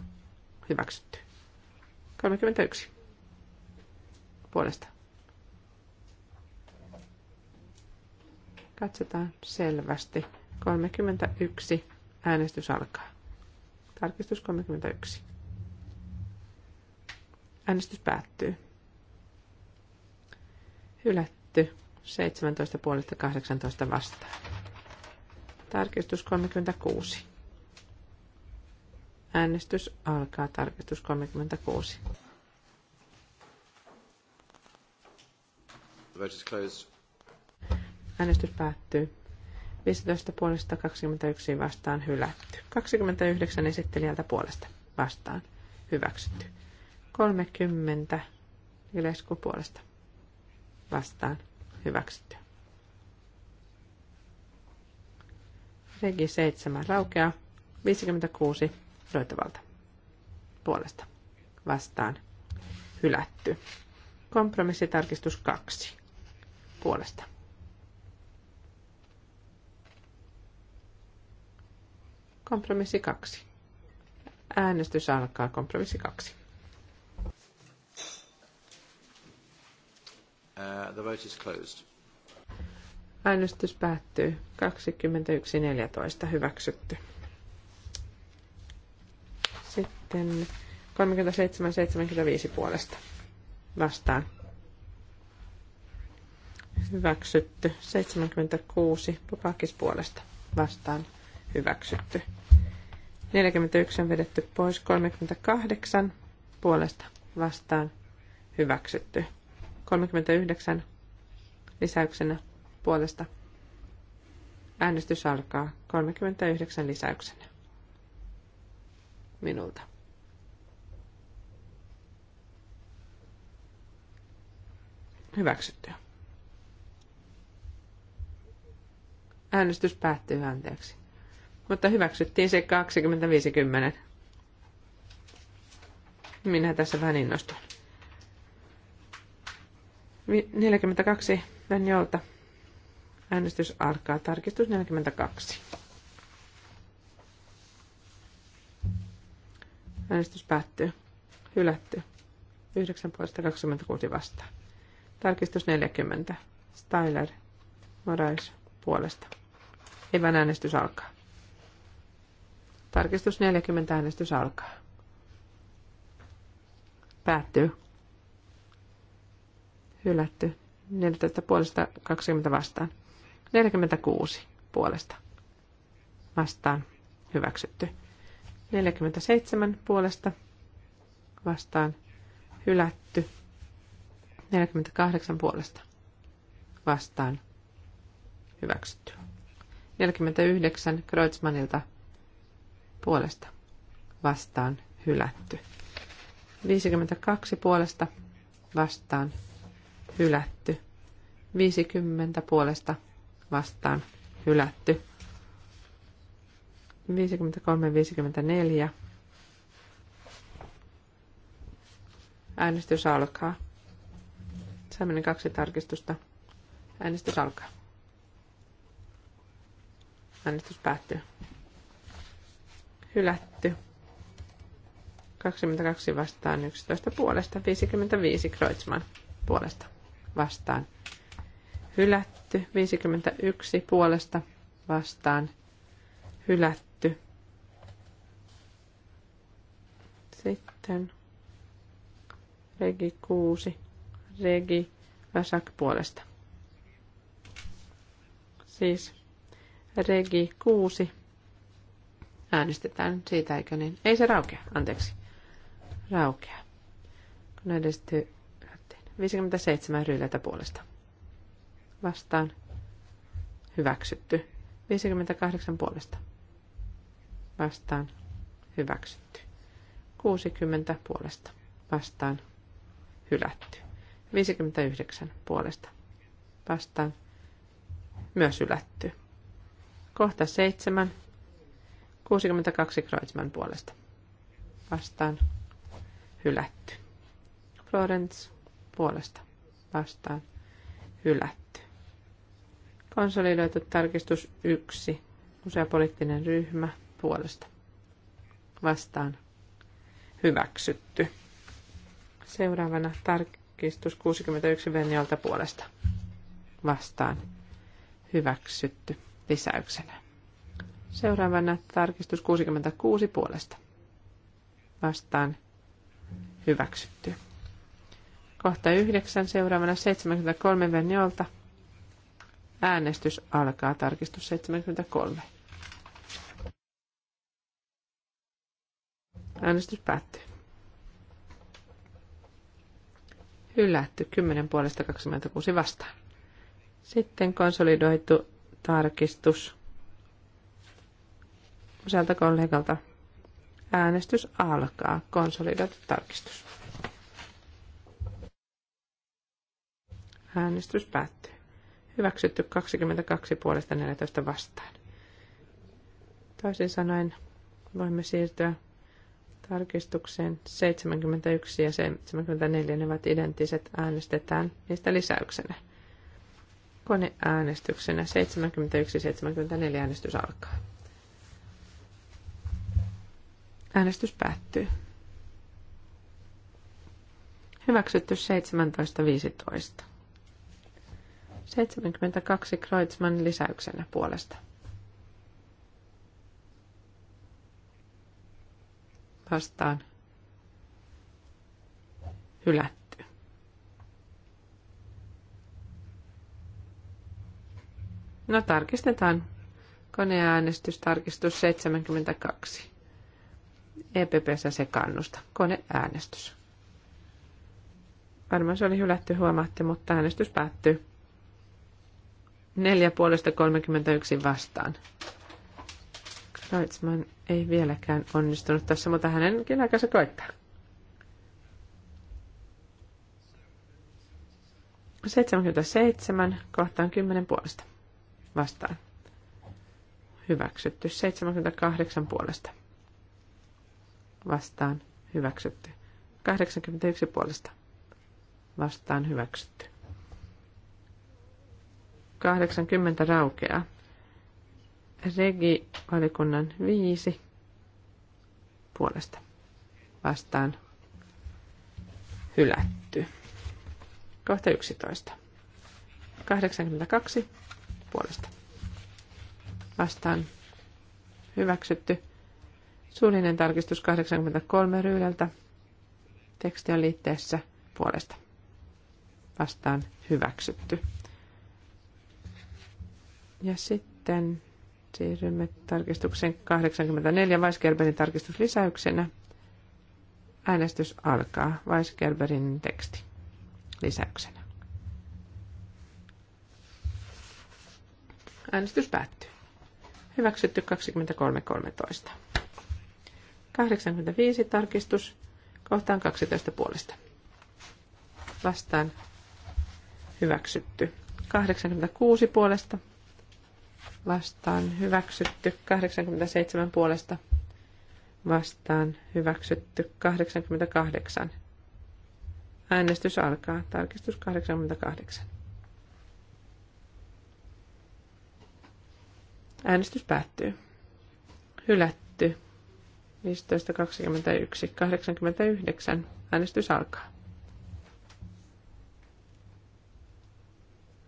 Hyväksytty. 31. Puolesta. Katsotaan selvästi. 31. Äänestys alkaa. Tarkistus 31. Äänestys päättyy. Hylätty. 17.5.18 vastaan. Tarkistus 36. Äänestys alkaa. Tarkistus 36. Äänestys päättyy. 15 puolesta 21 vastaan hylätty. 29 esittelijältä puolesta vastaan hyväksytty. 30 Ilesku puolesta vastaan hyväksytty. Regi 7 raukeaa 56 löytävältä puolesta vastaan hylätty. Kompromissitarkistus 2 puolesta. Kompromissi 2. Äänestys alkaa kompromissi 2. Uh, the vote is closed. Äänestys päättyy 21.14. Hyväksytty. Sitten 37.75 puolesta vastaan. Hyväksytty. 76 Popakis puolesta vastaan. Hyväksytty. 41 vedetty pois. 38 puolesta vastaan. Hyväksytty. 39 lisäyksenä puolesta. Äänestys alkaa 39 lisäyksenä. Minulta. Hyväksyttyä. Äänestys päättyy anteeksi. Mutta hyväksyttiin se 2050. Minä tässä vähän innostun. 42 Venjolta. Äänestys alkaa. Tarkistus 42. Äänestys päättyy. Hylätty. 9 puolesta 26 vastaan. Tarkistus 40. Styler. Morais puolesta. Evan äänestys alkaa. Tarkistus 40. Äänestys alkaa. Päättyy hylätty. 14 puolesta 20 vastaan. 46 puolesta vastaan hyväksytty. 47 puolesta vastaan hylätty. 48 puolesta vastaan hyväksytty. 49 Kreutzmannilta puolesta vastaan hylätty. 52 puolesta vastaan hylätty. 50 puolesta vastaan hylätty. 53-54. Äänestys alkaa. Saimme kaksi tarkistusta. Äänestys alkaa. Äänestys päättyy. Hylätty. 22 vastaan 11 puolesta. 55 Kreutzmann puolesta vastaan hylätty. 51 puolesta vastaan hylätty. Sitten regi 6, regi vasak puolesta. Siis regi 6 äänestetään siitä, eikö niin? Ei se raukea, anteeksi. Raukea. Kun edesty 57 ryhdeltä puolesta. Vastaan. Hyväksytty. 58 puolesta. Vastaan. Hyväksytty. 60 puolesta. Vastaan. Hylätty. 59 puolesta. Vastaan. Myös hylätty. Kohta 7. 62 Kreutzmann puolesta. Vastaan. Hylätty. Florence puolesta vastaan hylätty. Konsolidoitu tarkistus 1. Usea poliittinen ryhmä puolesta vastaan hyväksytty. Seuraavana tarkistus 61 Venjolta puolesta vastaan hyväksytty lisäyksenä. Seuraavana tarkistus 66 puolesta vastaan hyväksytty. Kohta yhdeksän, seuraavana 73 Venjolta. Äänestys alkaa, tarkistus 73. Äänestys päättyy. Hylätty 10 puolesta 26 vastaan. Sitten konsolidoitu tarkistus usealta kollegalta. Äänestys alkaa. Konsolidoitu tarkistus. Äänestys päättyy. Hyväksytty 22 puolesta 14 vastaan. Toisin sanoen voimme siirtyä tarkistukseen 71 ja 74. Ne ovat identtiset. Äänestetään niistä lisäyksenä. Koneäänestyksenä 71-74 äänestys alkaa. Äänestys päättyy. Hyväksytty 17.15. 72 Kreutzmann lisäyksenä puolesta. Vastaan. Hylätty. No tarkistetaan. Koneäänestys tarkistus 72. EPPssä se kannusta. Koneäänestys. Varmaan se oli hylätty, huomaatte, mutta äänestys päättyy. 4 puolesta 31 vastaan. Kreutzmann ei vieläkään onnistunut tässä, mutta hänenkin aikansa koittaa. 77 kohtaan 10 puolesta vastaan. Hyväksytty. 78 puolesta vastaan. Hyväksytty. 81 puolesta vastaan. Hyväksytty. 80 raukeaa. Regi valikunnan 5 puolesta vastaan hylätty. Kohta 11. 82 puolesta vastaan hyväksytty. Suullinen tarkistus 83 ryydeltä. Teksti on liitteessä puolesta vastaan hyväksytty. Ja sitten siirrymme tarkistuksen 84 Weisgerberin tarkistuslisäyksenä. Äänestys alkaa Weisgerberin teksti lisäyksenä. Äänestys päättyy. Hyväksytty 23.13. 85 tarkistus kohtaan 12 puolesta. Vastaan hyväksytty. 86 puolesta vastaan hyväksytty 87 puolesta vastaan hyväksytty 88. Äänestys alkaa. Tarkistus 88. Äänestys päättyy. Hylätty 15.21. 89. Äänestys alkaa.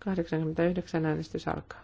89 äänestys alkaa.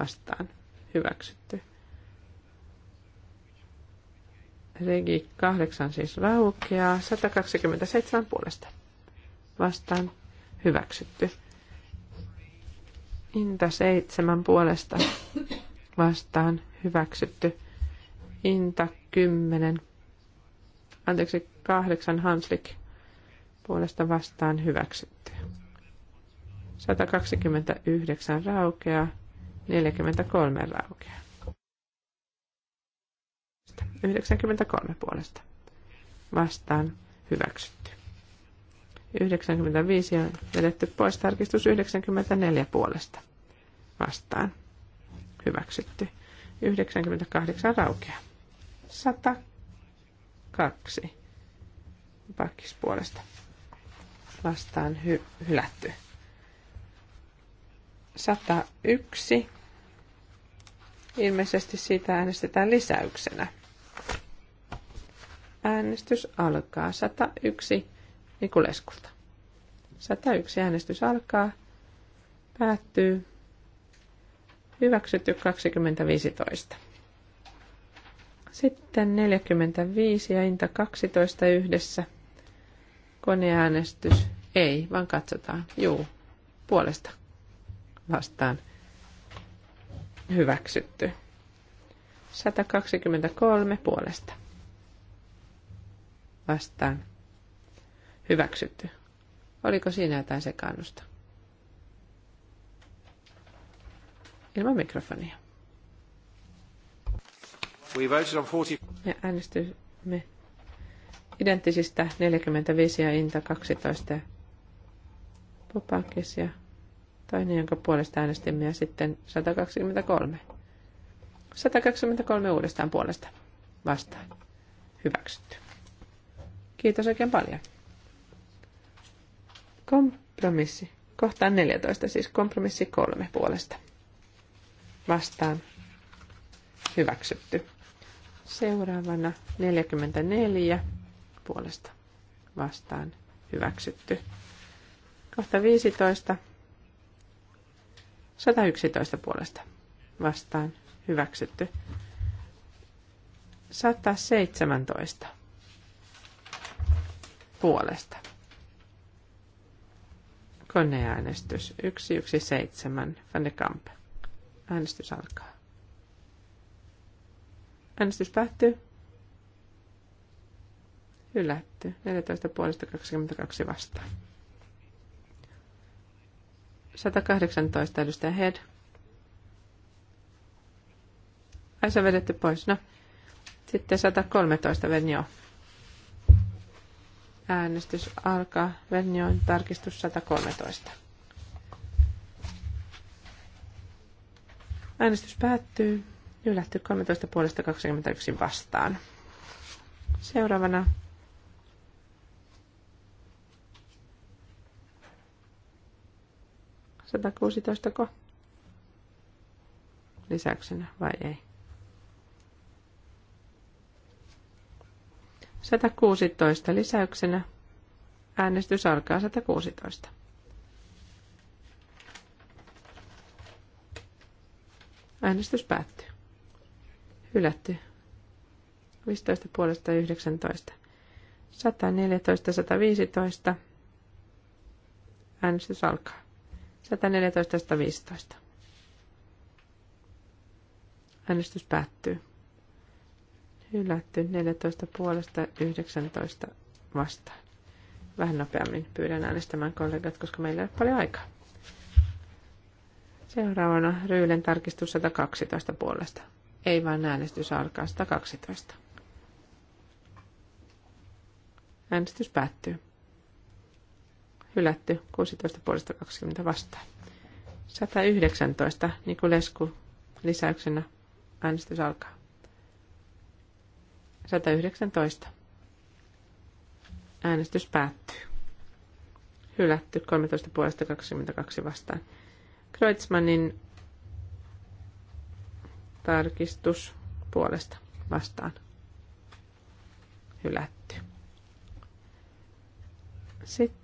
vastaan hyväksytty. Regi 8 siis raukeaa. 127 puolesta vastaan hyväksytty. Inta 7 puolesta vastaan hyväksytty. Inta 10. Anteeksi, 8 Hanslik puolesta vastaan hyväksytty. 129 raukeaa. 43 raukeaa. 93 puolesta. Vastaan hyväksytty. 95 on vedetty pois. Tarkistus 94 puolesta. Vastaan hyväksytty. 98 raukeaa. 102 pakkis puolesta. Vastaan hy- hylätty. 101 Ilmeisesti siitä äänestetään lisäyksenä. Äänestys alkaa 101 Nikuleskulta. 101 äänestys alkaa, päättyy, hyväksytty 2015. Sitten 45 ja Inta 12 yhdessä. Koneäänestys ei, vaan katsotaan. Juu, puolesta vastaan Hyväksytty. 123 puolesta. Vastaan. Hyväksytty. Oliko siinä jotain sekaannusta? Ilman mikrofonia. We voted on 40. Me äänestymme identtisistä 45 ja Inta 12 Popakis ja Toinen, jonka puolesta äänestimme, ja sitten 123. 123 uudestaan puolesta vastaan. Hyväksytty. Kiitos oikein paljon. Kompromissi. Kohtaan 14, siis kompromissi kolme puolesta. Vastaan. Hyväksytty. Seuraavana 44 puolesta vastaan hyväksytty. Kohta 15 111 puolesta vastaan hyväksytty. 117 puolesta. Koneäänestys 117 Van de Kamp. Äänestys alkaa. Äänestys päättyy. Hylätty. 14 puolesta 22 vastaan. 118 edustaja Head. Ai se vedetty pois, no. Sitten 113 Venjo. Äänestys alkaa. Venjoin tarkistus 113. Äänestys päättyy. Ylähty 13 puolesta 21 vastaan. Seuraavana 116 ko? Lisäyksenä vai ei? 116 lisäyksenä. Äänestys alkaa 116. Äänestys päättyy. Hylätty. 15 puolesta 19. 114, 115. Äänestys alkaa. 114-115. Äänestys päättyy. Hylätty 14 puolesta 19 vastaan. Vähän nopeammin pyydän äänestämään kollegat, koska meillä ei ole paljon aikaa. Seuraavana Ryylen tarkistus 112 puolesta. Ei vain äänestys alkaa 112. Äänestys päättyy hylätty 16.20 puolesta 20 vastaan. 119 Nikulesku lisäyksenä äänestys alkaa. 119. Äänestys päättyy. Hylätty 13.22 vastaan. Kreutzmannin tarkistus puolesta vastaan. Hylätty. Sitten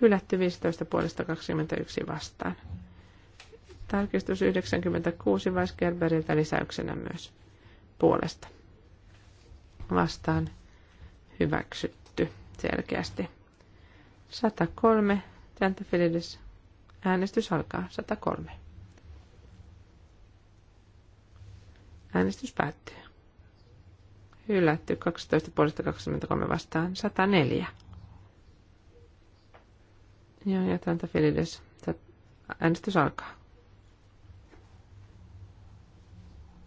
Hylätty 15 puolesta 21 vastaan. Tarkistus 96 Weisgerberiltä lisäyksenä myös puolesta. Vastaan hyväksytty selkeästi. 103 Täntefilides. Äänestys alkaa 103. Äänestys päättyy. Hylätty 12 puolesta 23 vastaan 104. Ja jätäntä Filides. Äänestys alkaa.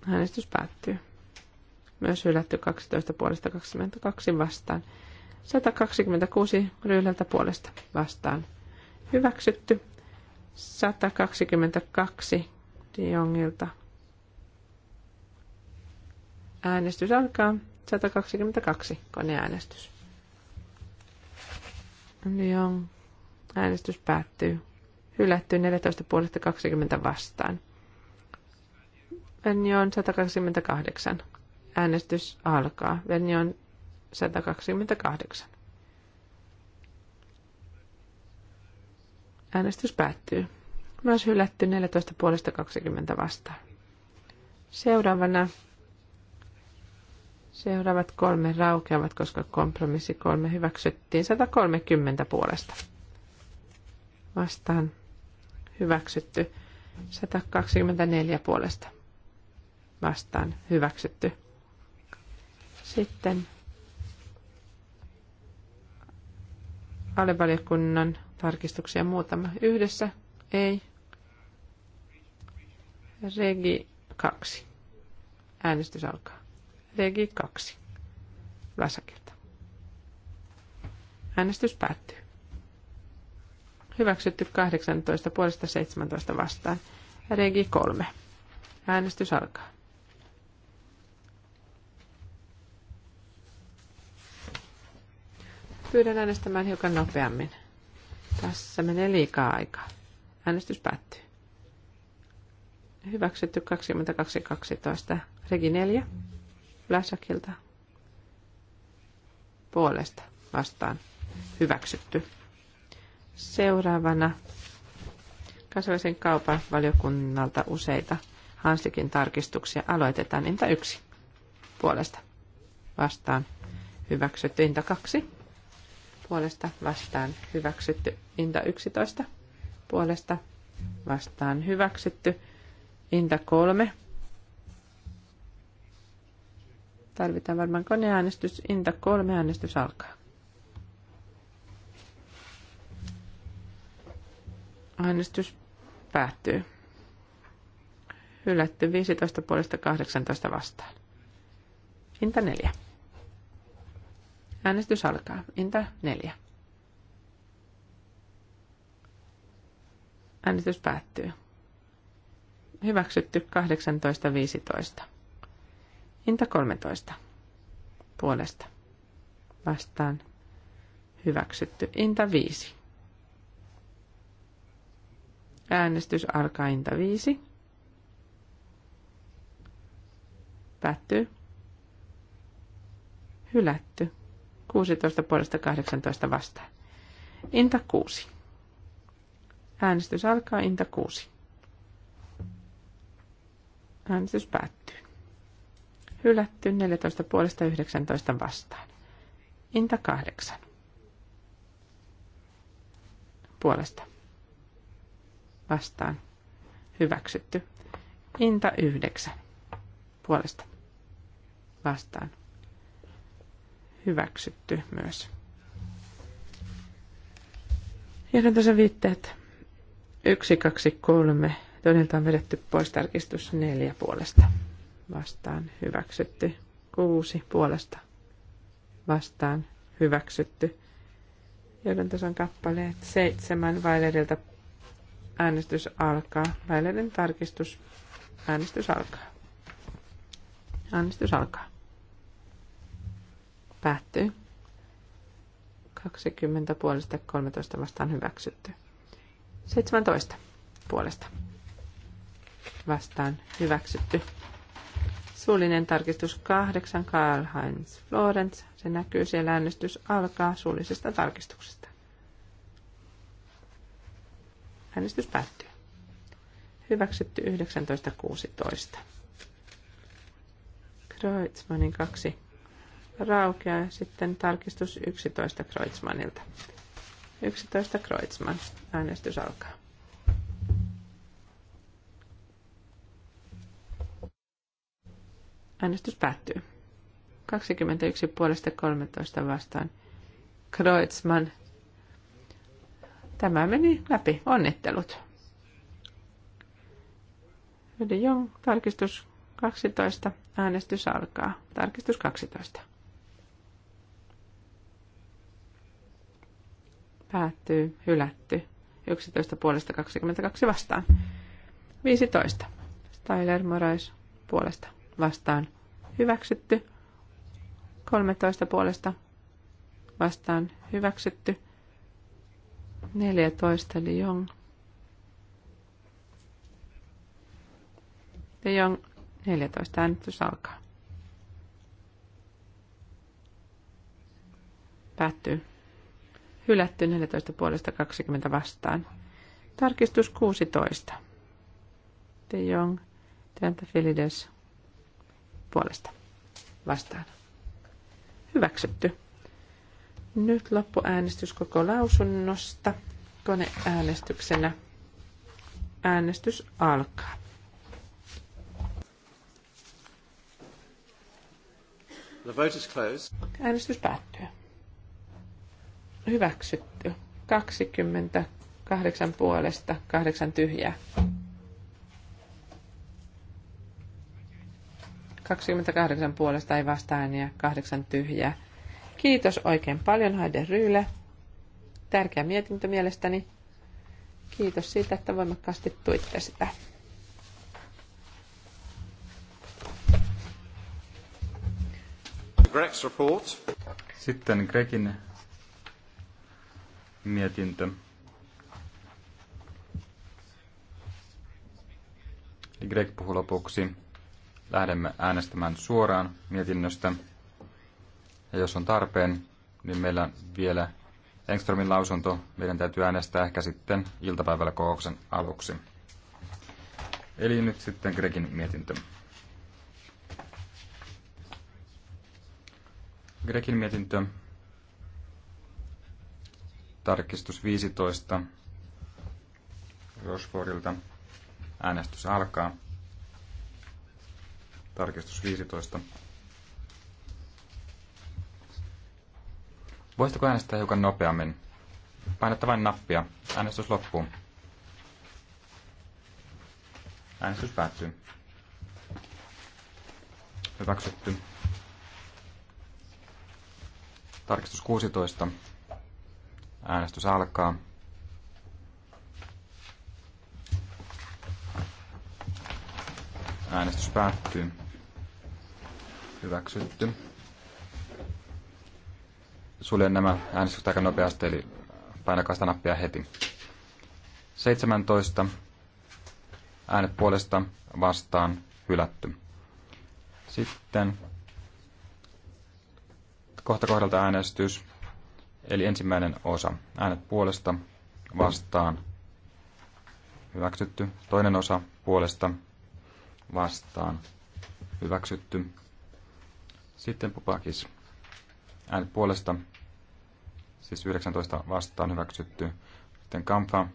Äänestys päättyy. Myös hylätty 12 puolesta 22 vastaan. 126 ryylältä puolesta vastaan. Hyväksytty. 122 Diongilta. Äänestys alkaa. 122 koneäänestys. Diong Äänestys päättyy. Hylätty 14 puolesta 20 vastaan. Venni on 128. Äänestys alkaa. Venni on 128. Äänestys päättyy. Myös hylätty 14 puolesta 20 vastaan. Seuraavana seuraavat kolme raukeavat, koska kompromissi kolme hyväksyttiin 130 puolesta vastaan hyväksytty. 124 puolesta vastaan hyväksytty. Sitten alivaliokunnan tarkistuksia muutama yhdessä. Ei. Regi 2. Äänestys alkaa. Regi 2. Lasakilta. Äänestys päättyy. Hyväksytty 18 puolesta 17 vastaan. Regi 3. Äänestys alkaa. Pyydän äänestämään hiukan nopeammin. Tässä menee liikaa aikaa. Äänestys päättyy. Hyväksytty 22.12. Regi 4. Blasakilta. Puolesta vastaan. Hyväksytty. Seuraavana kansallisen kaupan valiokunnalta useita Hanslikin tarkistuksia aloitetaan. Inta yksi puolesta vastaan hyväksytty. Inta kaksi puolesta vastaan hyväksytty. Inta 11 puolesta vastaan hyväksytty. Inta kolme Tarvitaan varmaan koneäänestys. Inta kolme äänestys alkaa. Äänestys päättyy. Hylätty 15 puolesta 18 vastaan. Inta 4. Äänestys alkaa. Inta 4. Äänestys päättyy. Hyväksytty 18.15. Inta 13. Puolesta. Vastaan. Hyväksytty. Inta 5. Äänestys alkaa viisi. Päätty. Hylätty. 16 puolesta 18 vastaan. Inta 6. Äänestys alkaa Inta 6. Äänestys päättyy. Hylätty 14 puolesta 19 vastaan. Inta 8. Puolesta vastaan hyväksytty. Inta 9 puolesta vastaan hyväksytty myös. Hieno tässä viitteet. 1, 2, 3. Todelta on vedetty pois tarkistus 4 puolesta. Vastaan hyväksytty. 6 puolesta. Vastaan hyväksytty. Johdon tason kappaleet 7 Vailerilta Äänestys alkaa. Väileiden tarkistus. Äänestys alkaa. Äänestys alkaa. Päättyy. 20 puolesta 13 vastaan hyväksytty. 17 puolesta vastaan hyväksytty. Suullinen tarkistus 8, Karl Heinz Florence. Se näkyy siellä äänestys alkaa suullisesta tarkistuksesta. Äänestys päättyy. Hyväksytty 1916. Kreutzmannin kaksi raukea ja sitten tarkistus 11 Kreutzmannilta. 11 Kreutzmann. Äänestys alkaa. Äänestys päättyy. 21 puolesta 13 vastaan. Kreutzmann Tämä meni läpi. Onnittelut. De Jong, tarkistus 12. Äänestys alkaa. Tarkistus 12. Päättyy, hylätty. 11 puolesta 22 vastaan. 15. Tyler Morais puolesta vastaan. Hyväksytty. 13 puolesta vastaan hyväksytty. 14 De Jong. De Jong 14 äänestys alkaa. Päättyy. Hylätty 14 puolesta 20 vastaan. Tarkistus 16. De Jong, Tenta Filides puolesta vastaan. Hyväksytty. Nyt loppuäänestys koko lausunnosta koneäänestyksenä. Äänestys alkaa. The vote is closed. Äänestys päättyy. Hyväksytty. 28 puolesta, 8 tyhjää. 28 puolesta ei vastaan ja 8 tyhjää Kiitos oikein paljon, Haide Ryyle. Tärkeä mietintö mielestäni. Kiitos siitä, että voimakkaasti tuitte sitä. Greg's report. Sitten Gregin mietintö. Greg puhuu lopuksi. Lähdemme äänestämään suoraan mietinnöstä. Ja jos on tarpeen, niin meillä on vielä Engströmin lausunto. Meidän täytyy äänestää ehkä sitten iltapäivällä kokouksen aluksi. Eli nyt sitten Gregin mietintö. Grekin mietintö, tarkistus 15 Rosfordilta. Äänestys alkaa. Tarkistus 15. Voisitko äänestää hiukan nopeammin? Painatte vain nappia. Äänestys loppuu. Äänestys päättyy. Hyväksytty. Tarkistus 16. Äänestys alkaa. Äänestys päättyy. Hyväksytty suljen nämä äänestykset aika nopeasti, eli painakaa sitä nappia heti. 17. Äänet puolesta vastaan hylätty. Sitten kohta kohdalta äänestys, eli ensimmäinen osa. Äänet puolesta vastaan hyväksytty. Toinen osa puolesta vastaan hyväksytty. Sitten Pupakis äänet puolesta, siis 19 vastaan hyväksytty. Sitten Kampa,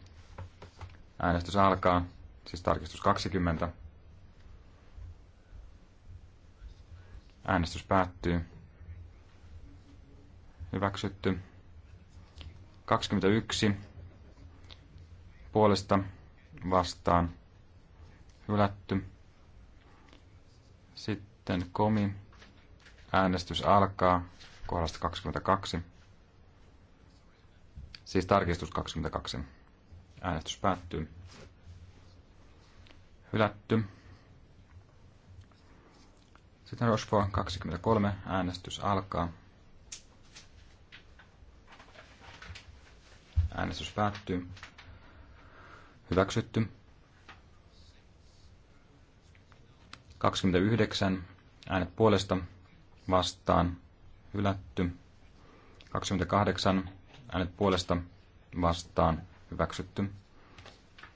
äänestys alkaa, siis tarkistus 20. Äänestys päättyy. Hyväksytty. 21 puolesta vastaan hylätty. Sitten komi. Äänestys alkaa puolesta 22. Siis tarkistus 22. Äänestys päättyy. Hylätty. Sitten Rochefort 23. Äänestys alkaa. Äänestys päättyy. Hyväksytty. 29. Äänet puolesta vastaan hylätty. 28 äänet puolesta vastaan hyväksytty.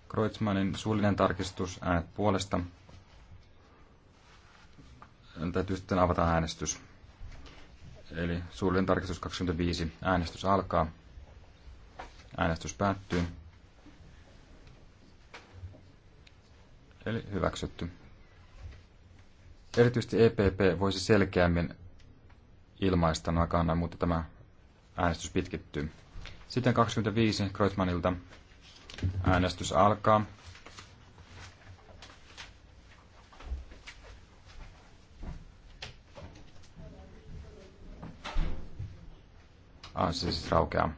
Kreutzmannin suullinen tarkistus äänet puolesta. Täytyy sitten avata äänestys. Eli suullinen tarkistus 25. Äänestys alkaa. Äänestys päättyy. Eli hyväksytty. Erityisesti EPP voisi selkeämmin ilmaista nämä kannan, mutta tämä äänestys pitkittyy. Sitten 25 Kreutmanilta äänestys alkaa. Ah, se siis raukeaa.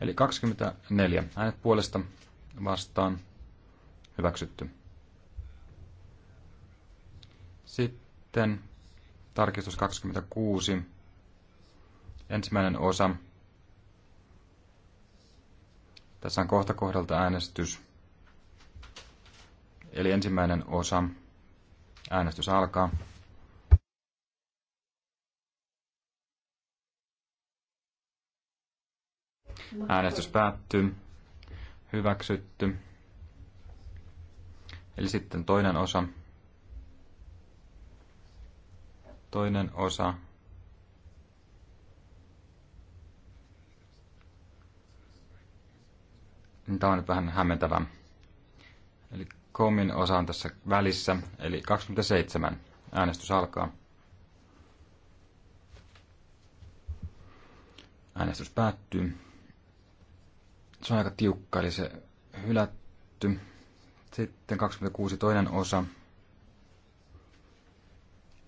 Eli 24. Äänet puolesta vastaan. Hyväksytty. Sitten Tarkistus 26. Ensimmäinen osa. Tässä on kohta kohdalta äänestys. Eli ensimmäinen osa. Äänestys alkaa. Äänestys päättyy. Hyväksytty. Eli sitten toinen osa. Toinen osa Tämä on nyt vähän hämmentävä. Eli komin osa on tässä välissä, eli 27. Äänestys alkaa. Äänestys päättyy. Se on aika tiukka, eli se hylätty. Sitten 26 toinen osa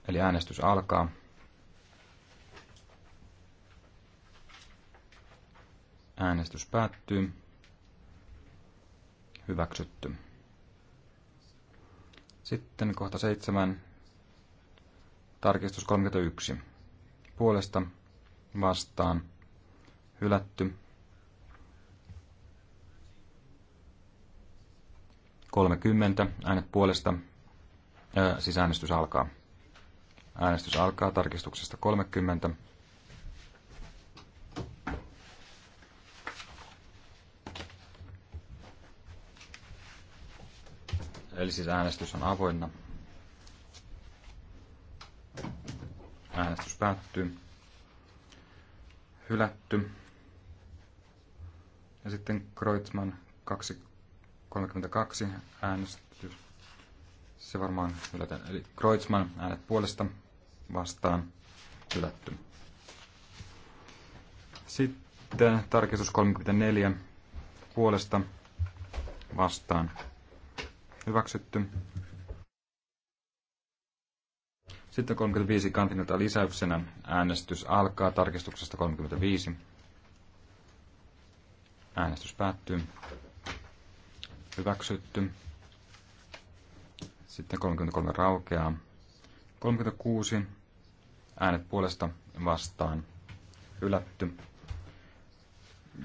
Eli äänestys alkaa. Äänestys päättyy. Hyväksytty. Sitten kohta 7. Tarkistus 31. Puolesta vastaan hylätty. 30. Äänet puolesta. Ää, siis äänestys alkaa. Äänestys alkaa tarkistuksesta 30. Eli siis äänestys on avoinna. Äänestys päättyy. Hylätty. Ja sitten Kreutzmann 232 äänestys. Se varmaan hylätään. Eli Kreutzmann äänet puolesta vastaan hylätty. Sitten tarkistus 34 puolesta vastaan hyväksytty. Sitten 35 kantinilta lisäyksenä äänestys alkaa tarkistuksesta 35. Äänestys päättyy. Hyväksytty. Sitten 33 raukeaa. 36 äänet puolesta vastaan hylätty.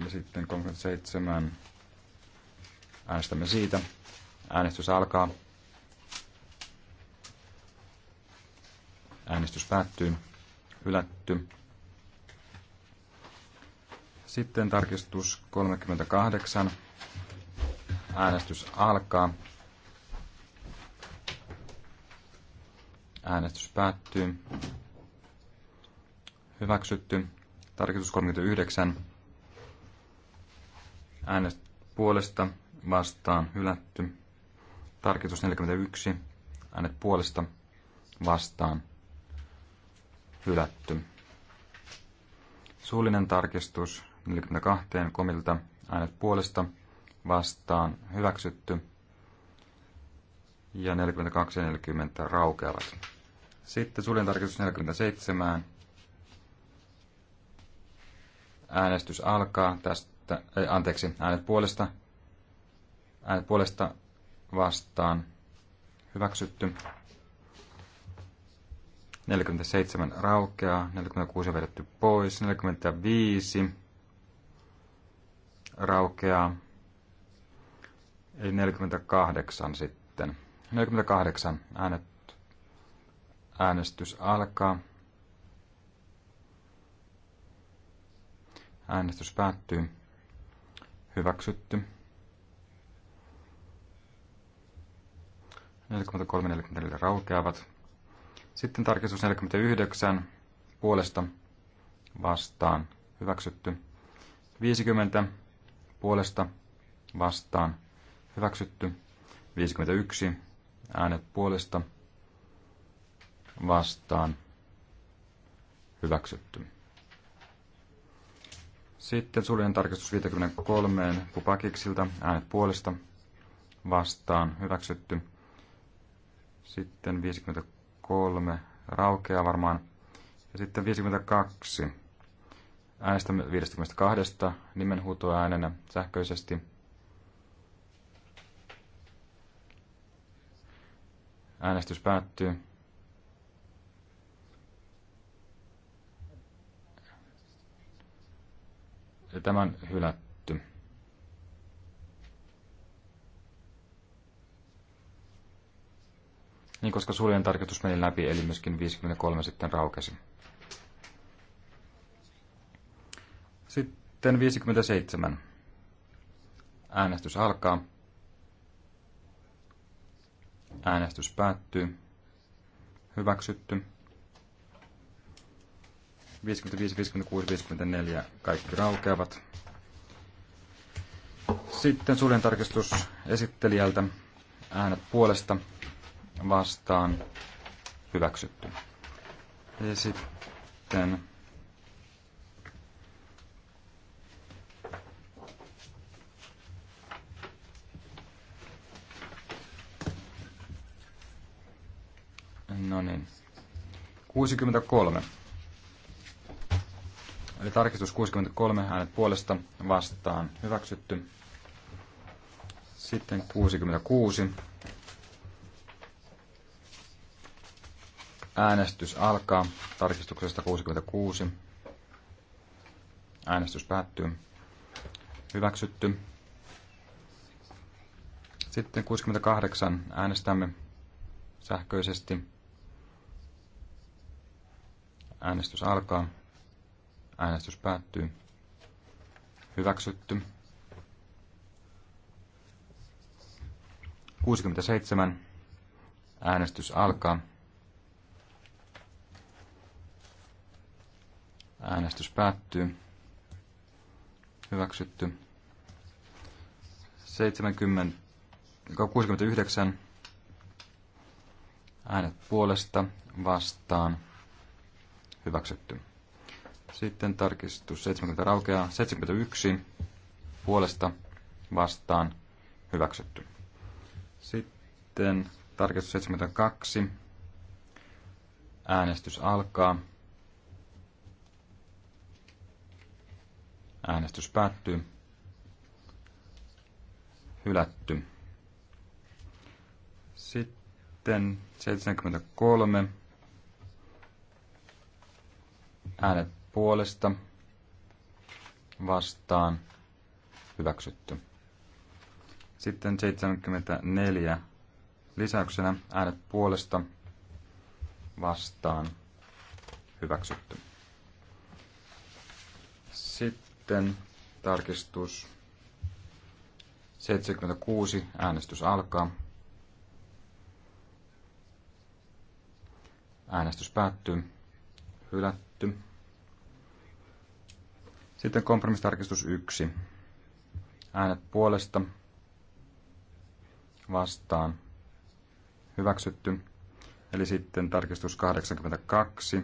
Ja sitten 37 äänestämme siitä. Äänestys alkaa. Äänestys päättyy. Hylätty. Sitten tarkistus 38. Äänestys alkaa. Äänestys päättyy hyväksytty. Tarkistus 39. Äänest puolesta vastaan hylätty. Tarkistus 41. Äänet puolesta vastaan hylätty. Suullinen tarkistus 42 komilta äänet puolesta vastaan hyväksytty ja 42 ja 40 raukeavat. Sitten suljen tarkistus 47 Äänestys alkaa tästä, ei, anteeksi, äänet puolesta, äänet puolesta vastaan hyväksytty. 47 raukeaa, 46 vedetty pois, 45 raukeaa, eli 48 sitten. 48 äänet, äänestys alkaa. Äänestys päättyy. Hyväksytty. 43-44 raukeavat. Sitten tarkistus 49 puolesta vastaan hyväksytty. 50 puolesta vastaan hyväksytty. 51 äänet puolesta vastaan hyväksytty. Sitten suljen tarkistus 53 Pupakiksilta. Äänet puolesta vastaan hyväksytty. Sitten 53 raukeaa varmaan. Ja sitten 52. Äänestämme 52 nimenhuuto äänenä sähköisesti. Äänestys päättyy. ja tämä on hylätty. Niin, koska suljen tarkoitus meni läpi, eli myöskin 53 sitten raukesi. Sitten 57. Äänestys alkaa. Äänestys päättyy. Hyväksytty. 55, 56, 54 kaikki raukeavat. Sitten suljen tarkistus esittelijältä. Äänet puolesta vastaan hyväksytty. Ja sitten No niin. 63 Eli tarkistus 63 äänet puolesta vastaan hyväksytty. Sitten 66. Äänestys alkaa tarkistuksesta 66. Äänestys päättyy. Hyväksytty. Sitten 68 äänestämme sähköisesti. Äänestys alkaa. Äänestys päättyy. Hyväksytty. 67. Äänestys alkaa. Äänestys päättyy. Hyväksytty. 70, 69 äänet puolesta vastaan hyväksytty. Sitten tarkistus 70 raukeaa. 71 puolesta vastaan hyväksytty. Sitten tarkistus 72. Äänestys alkaa. Äänestys päättyy. Hylätty. Sitten 73. Äänet puolesta vastaan hyväksytty. Sitten 74 lisäyksenä äänet puolesta vastaan hyväksytty. Sitten tarkistus 76 äänestys alkaa. Äänestys päättyy. Hylätty. Sitten kompromistarkistus 1. Äänet puolesta vastaan hyväksytty. Eli sitten tarkistus 82.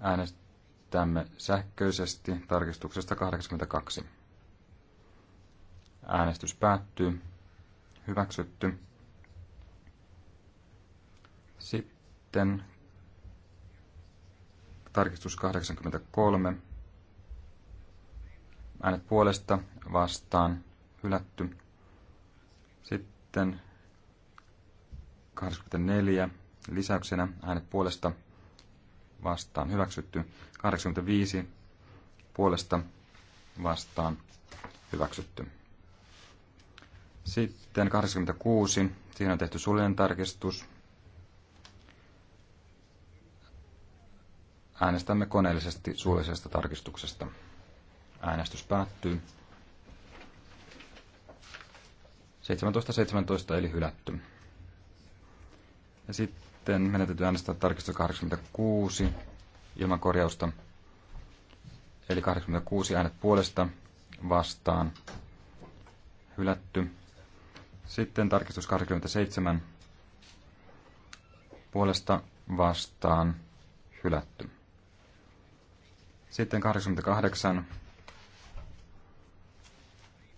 Äänestämme sähköisesti tarkistuksesta 82. Äänestys päättyy. Hyväksytty. Sitten Tarkistus 83. Äänet puolesta vastaan hylätty. Sitten 84 lisäyksenä äänet puolesta vastaan hyväksytty. 85 puolesta vastaan hyväksytty. Sitten 86. Siinä on tehty suljen tarkistus Äänestämme koneellisesti suullisesta tarkistuksesta. Äänestys päättyy. 17.17 17, eli hylätty. Ja sitten menetetty äänestää tarkistus 86 ilman korjausta. Eli 86 äänet puolesta vastaan hylätty. Sitten tarkistus 87 puolesta vastaan hylätty. Sitten 88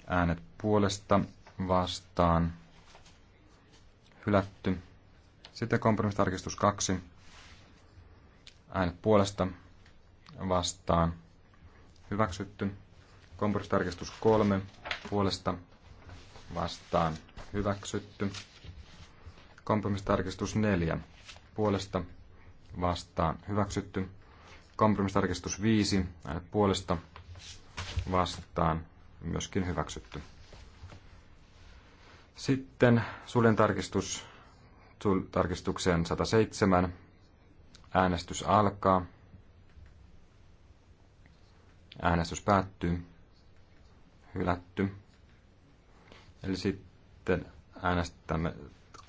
äänet puolesta vastaan hylätty. Sitten kompromissitarkistus 2 äänet puolesta vastaan hyväksytty. Kompromissitarkistus 3 puolesta vastaan hyväksytty. Kompromissitarkistus 4 puolesta vastaan hyväksytty. Kompromistarkistus 5, äänet puolesta vastaan, myöskin hyväksytty. Sitten suljen tarkistus, sul, tarkistukseen 107. Äänestys alkaa. Äänestys päättyy. Hylätty. Eli sitten äänestämme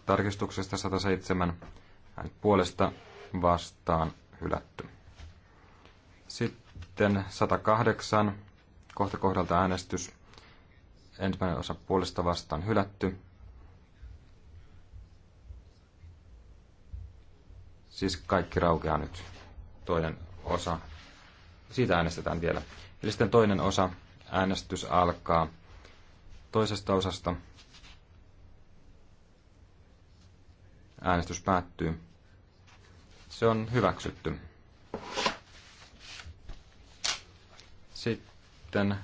tarkistuksesta 107. Äänet puolesta vastaan hylätty. Sitten 108, kohta kohdalta äänestys. Ensimmäinen osa puolesta vastaan hylätty. Siis kaikki raukeaa nyt. Toinen osa. Siitä äänestetään vielä. Eli sitten toinen osa. Äänestys alkaa toisesta osasta. Äänestys päättyy. Se on hyväksytty. Sitten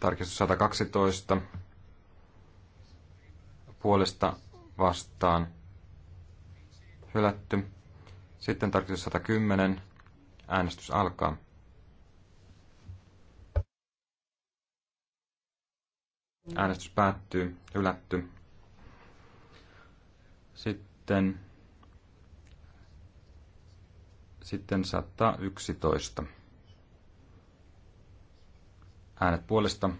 tarkistus 112 puolesta vastaan hylätty. Sitten tarkistus 110. Äänestys alkaa. Äänestys päättyy, hylätty. Sitten, sitten 111. Äänet puolesta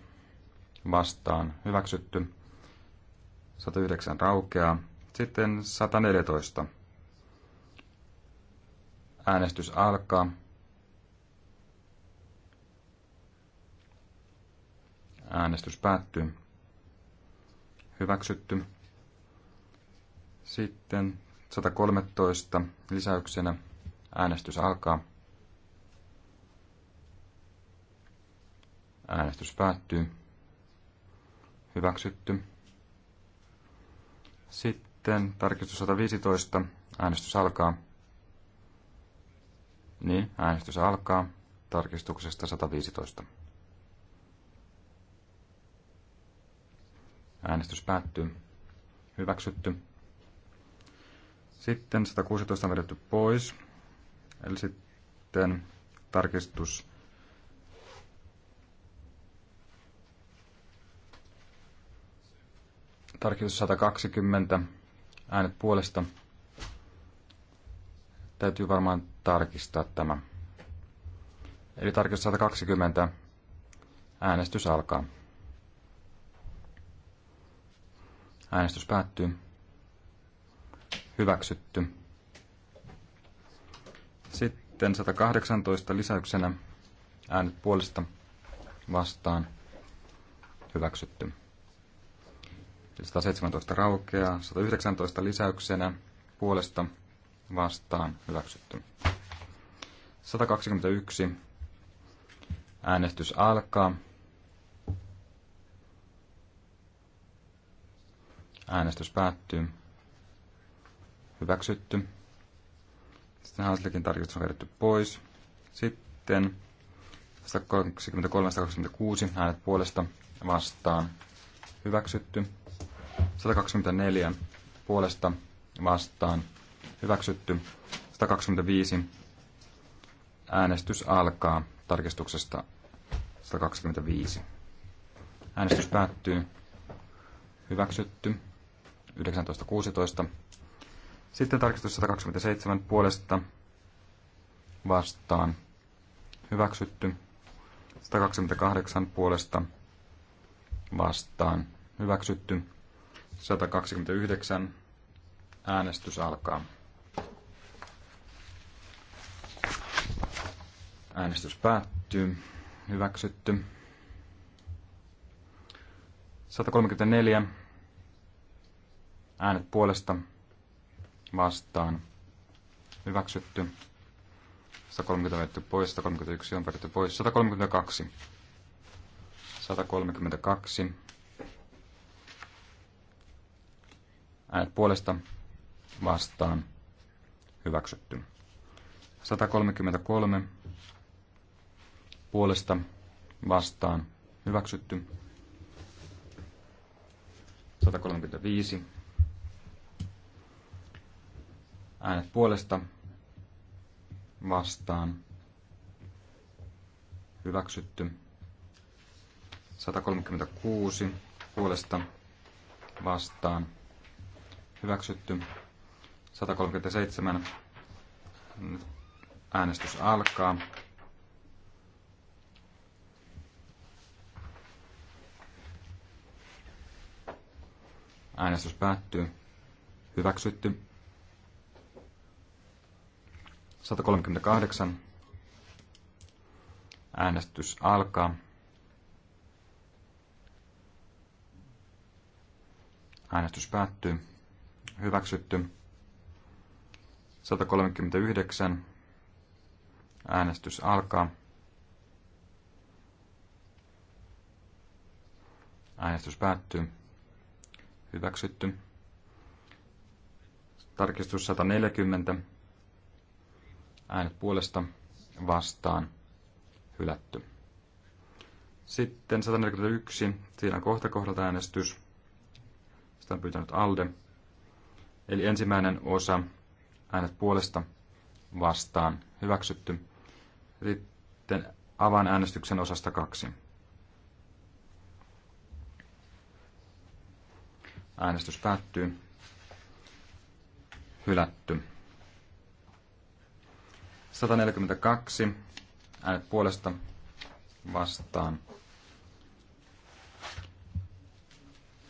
vastaan hyväksytty. 109 raukeaa. Sitten 114. Äänestys alkaa. Äänestys päättyy. Hyväksytty. Sitten 113 lisäyksenä äänestys alkaa. Äänestys päättyy. Hyväksytty. Sitten tarkistus 115. Äänestys alkaa. Niin, äänestys alkaa tarkistuksesta 115. Äänestys päättyy. Hyväksytty. Sitten 116 on vedetty pois. Eli sitten tarkistus Tarkistus 120. Äänet puolesta. Täytyy varmaan tarkistaa tämä. Eli tarkistus 120. Äänestys alkaa. Äänestys päättyy. Hyväksytty. Sitten 118 lisäyksenä äänet puolesta vastaan. Hyväksytty. 117 raukeaa, 119 lisäyksenä puolesta vastaan hyväksytty. 121. Äänestys alkaa. Äänestys päättyy. Hyväksytty. Sitten Hanslikin tarkistus on vedetty pois. Sitten 133-126 äänet puolesta vastaan hyväksytty. 124 puolesta vastaan hyväksytty. 125 äänestys alkaa tarkistuksesta 125. Äänestys päättyy. Hyväksytty. 19.16. Sitten tarkistus 127 puolesta vastaan. Hyväksytty. 128 puolesta vastaan. Hyväksytty. 129. Äänestys alkaa. Äänestys päättyy. Hyväksytty. 134. Äänet puolesta. Vastaan. Hyväksytty. 130 vetty pois, 131 on vedetty pois, 132. 132 Äänet puolesta vastaan hyväksytty. 133 puolesta vastaan hyväksytty. 135 äänet puolesta vastaan hyväksytty. 136 puolesta vastaan hyväksytty. 137 äänestys alkaa. Äänestys päättyy. Hyväksytty. 138. Äänestys alkaa. Äänestys päättyy hyväksytty. 139. Äänestys alkaa. Äänestys päättyy. Hyväksytty. Tarkistus 140. Äänet puolesta vastaan. Hylätty. Sitten 141. Siinä on kohta kohdalta äänestys. Sitä on pyytänyt Alde. Eli ensimmäinen osa, äänet puolesta vastaan, hyväksytty. Sitten avaan äänestyksen osasta kaksi. Äänestys päättyy. Hylätty. 142. Äänet puolesta vastaan.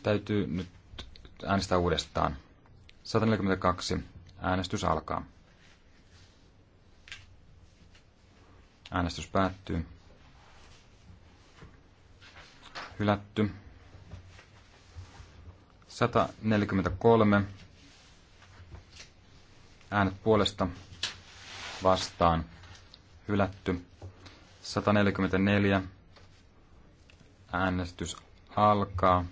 Täytyy nyt äänestää uudestaan. 142. Äänestys alkaa. Äänestys päättyy. Hylätty. 143. Äänet puolesta vastaan. Hylätty. 144. Äänestys alkaa.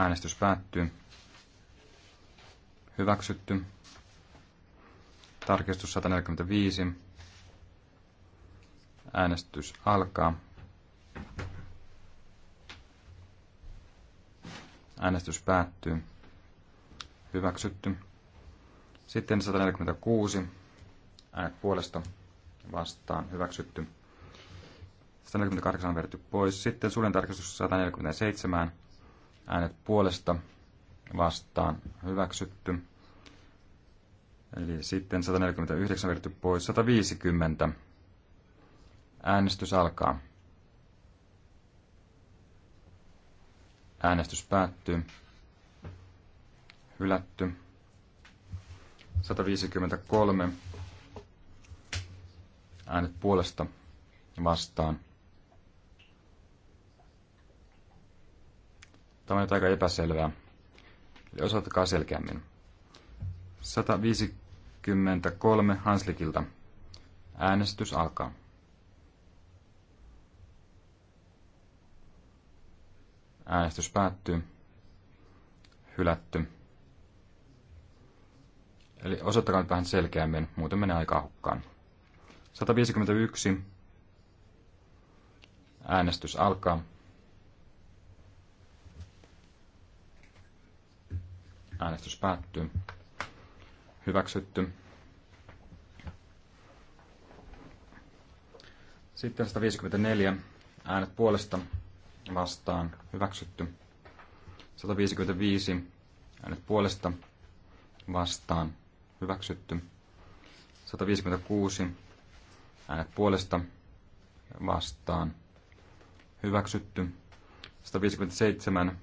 Äänestys päättyy. Hyväksytty. Tarkistus 145. Äänestys alkaa. Äänestys päättyy. Hyväksytty. Sitten 146. Äänet puolesta vastaan. Hyväksytty. 148 on vedetty pois. Sitten suljen tarkistus 147 äänet puolesta vastaan hyväksytty. Eli sitten 149 vedetty pois, 150. Äänestys alkaa. Äänestys päättyy. Hylätty. 153. Äänet puolesta vastaan Tämä on nyt aika epäselvää. Eli osoittakaa selkeämmin. 153 Hanslikilta. Äänestys alkaa. Äänestys päättyy. Hylätty. Eli osoittakaa nyt vähän selkeämmin, muuten menee aika hukkaan. 151. Äänestys alkaa. Äänestys päättyy. Hyväksytty. Sitten 154. Äänet puolesta vastaan. Hyväksytty. 155. Äänet puolesta vastaan. Hyväksytty. 156. Äänet puolesta vastaan. Hyväksytty. 157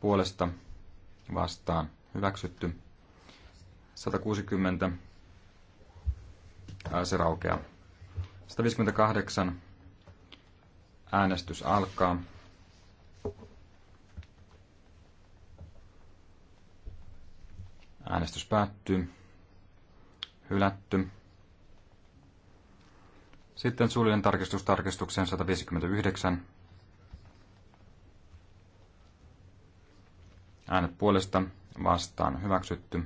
puolesta vastaan hyväksytty. 160 ää, se raukeaa. 158 äänestys alkaa. Äänestys päättyy. Hylätty. Sitten suullinen tarkistus tarkistukseen 159 Äänet puolesta vastaan hyväksytty.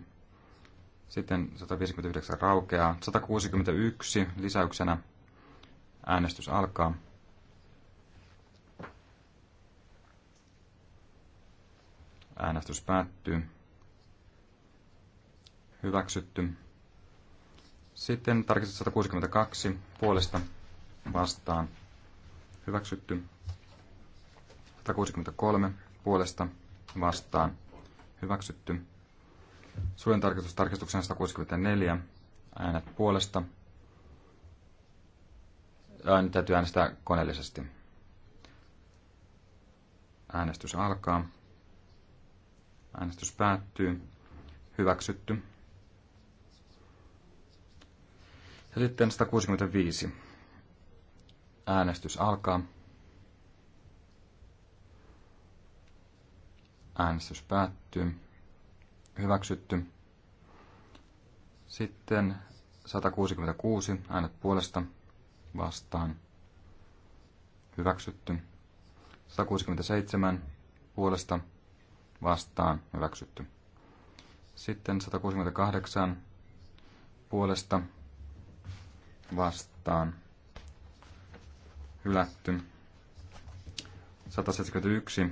Sitten 159 raukeaa. 161 lisäyksenä äänestys alkaa. Äänestys päättyy. Hyväksytty. Sitten tarkistus 162 puolesta vastaan. Hyväksytty. 163 puolesta vastaan hyväksytty. Suojan tarkistus tarkistuksen 164 äänet puolesta. Äänet täytyy äänestää koneellisesti. Äänestys alkaa. Äänestys päättyy. Hyväksytty. Ja sitten 165. Äänestys alkaa. Äänestys päättyy. Hyväksytty. Sitten 166 äänet puolesta vastaan. Hyväksytty. 167 puolesta vastaan hyväksytty. Sitten 168 puolesta vastaan hylätty. 171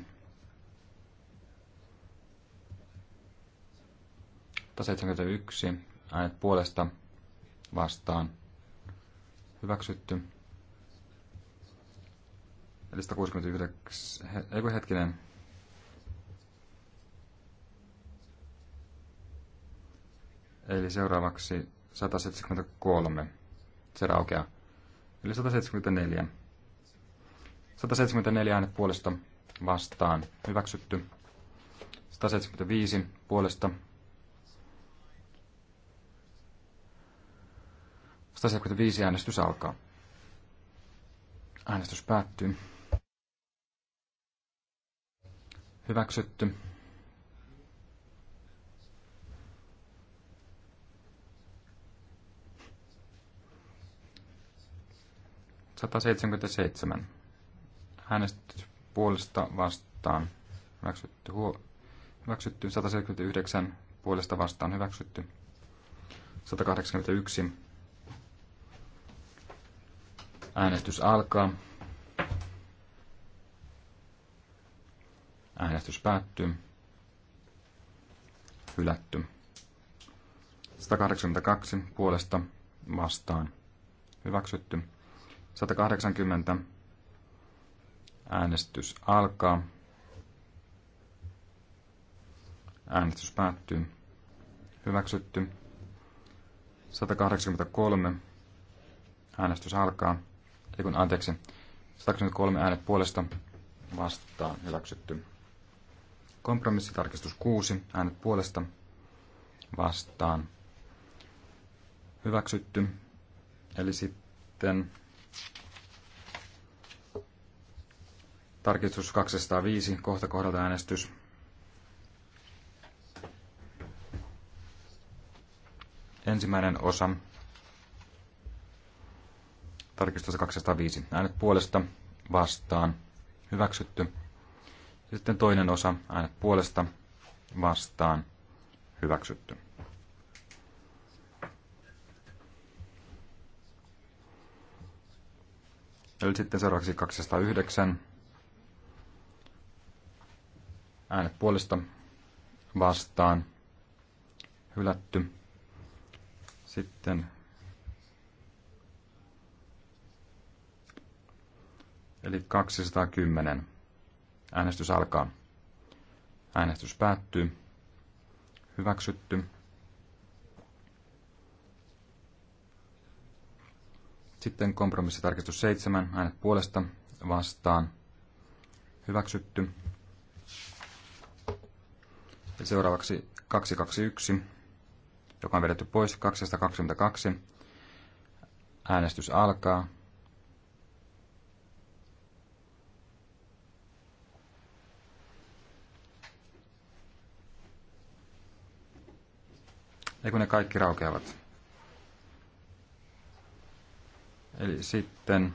171 äänet puolesta vastaan hyväksytty. Eli 169, ei kun hetkinen, Eli seuraavaksi 173. Se raukeaa. Eli 174. 174 äänet puolesta vastaan hyväksytty. 175 puolesta 175 äänestys alkaa. Äänestys päättyy. Hyväksytty. Sataseitsemänkymmentäseitsemän. Äänestys puolesta vastaan. Hyväksytty. Huo- hyväksytty. 179 puolesta vastaan. Hyväksytty. 181 Äänestys alkaa. Äänestys päättyy. Hylätty. 182 puolesta vastaan. Hyväksytty. 180. Äänestys alkaa. Äänestys päättyy. Hyväksytty. 183. Äänestys alkaa ei kun anteeksi, 123 äänet puolesta vastaan hyväksytty. Kompromissitarkistus 6, äänet puolesta vastaan hyväksytty. Eli sitten tarkistus 205, kohta kohdalta äänestys. Ensimmäinen osa Tarkistus 205. Äänet puolesta vastaan. Hyväksytty. Sitten toinen osa. Äänet puolesta vastaan. Hyväksytty. Eli sitten seuraavaksi 209. Äänet puolesta vastaan. Hylätty. Sitten Eli 210. Äänestys alkaa. Äänestys päättyy. Hyväksytty. Sitten kompromissitarkistus 7. Äänet puolesta vastaan. Hyväksytty. Ja seuraavaksi 221, joka on vedetty pois 222. Äänestys alkaa. ja kun ne kaikki raukeavat. Eli sitten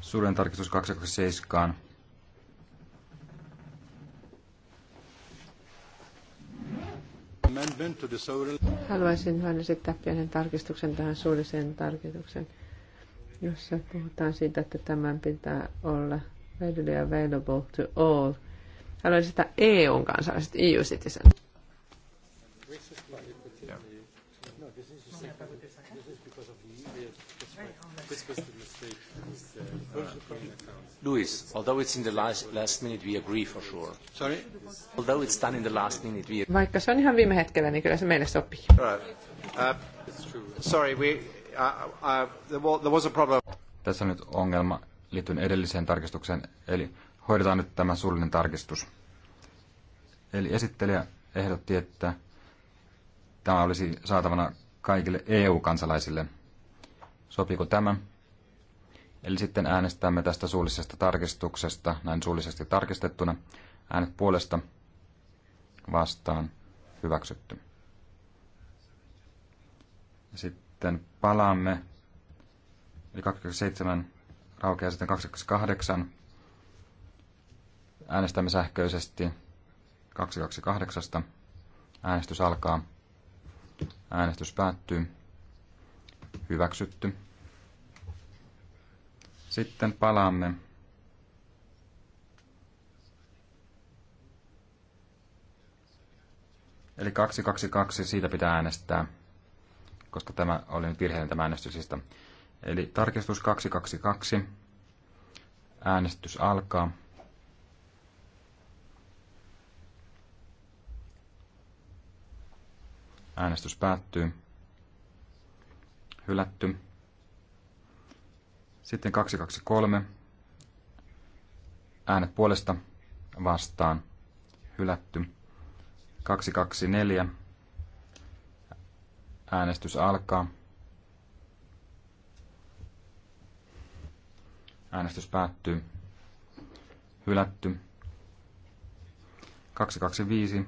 suuren tarkistus 227. Haluaisin vain esittää pienen tarkistuksen tähän suulliseen tarkistukseen, jossa puhutaan siitä, että tämän pitää olla readily available to all. Haluaisin sitä EUn kansalaiset, EU-citizen. Luis, although it's in the last, last minute, we agree for sure. Sorry? Although it's done in the last minute, we agree. Vaikka se on ihan viime hetkellä, niin kyllä se meille sopii. Right. Uh, sorry, we, uh, uh, uh there was a problem. Tässä on nyt ongelma liittyen edelliseen tarkistukseen, eli hoidetaan nyt tämä suullinen tarkistus. Eli esittelijä ehdotti, että tämä olisi saatavana kaikille EU-kansalaisille. Sopiiko tämä? Eli sitten äänestämme tästä suullisesta tarkistuksesta, näin suullisesti tarkistettuna. Äänet puolesta vastaan hyväksytty. Sitten palaamme, eli 27 raukeaa sitten 28. Äänestämme sähköisesti 228. Äänestys alkaa. Äänestys päättyy. Hyväksytty. Sitten palaamme Eli 222, siitä pitää äänestää, koska tämä oli nyt virheellinen tämä äänestysista. Eli tarkistus 222, äänestys alkaa. Äänestys päättyy. Hylätty. Sitten 223. Äänet puolesta vastaan. Hylätty. 224. Äänestys alkaa. Äänestys päättyy. Hylätty. 225.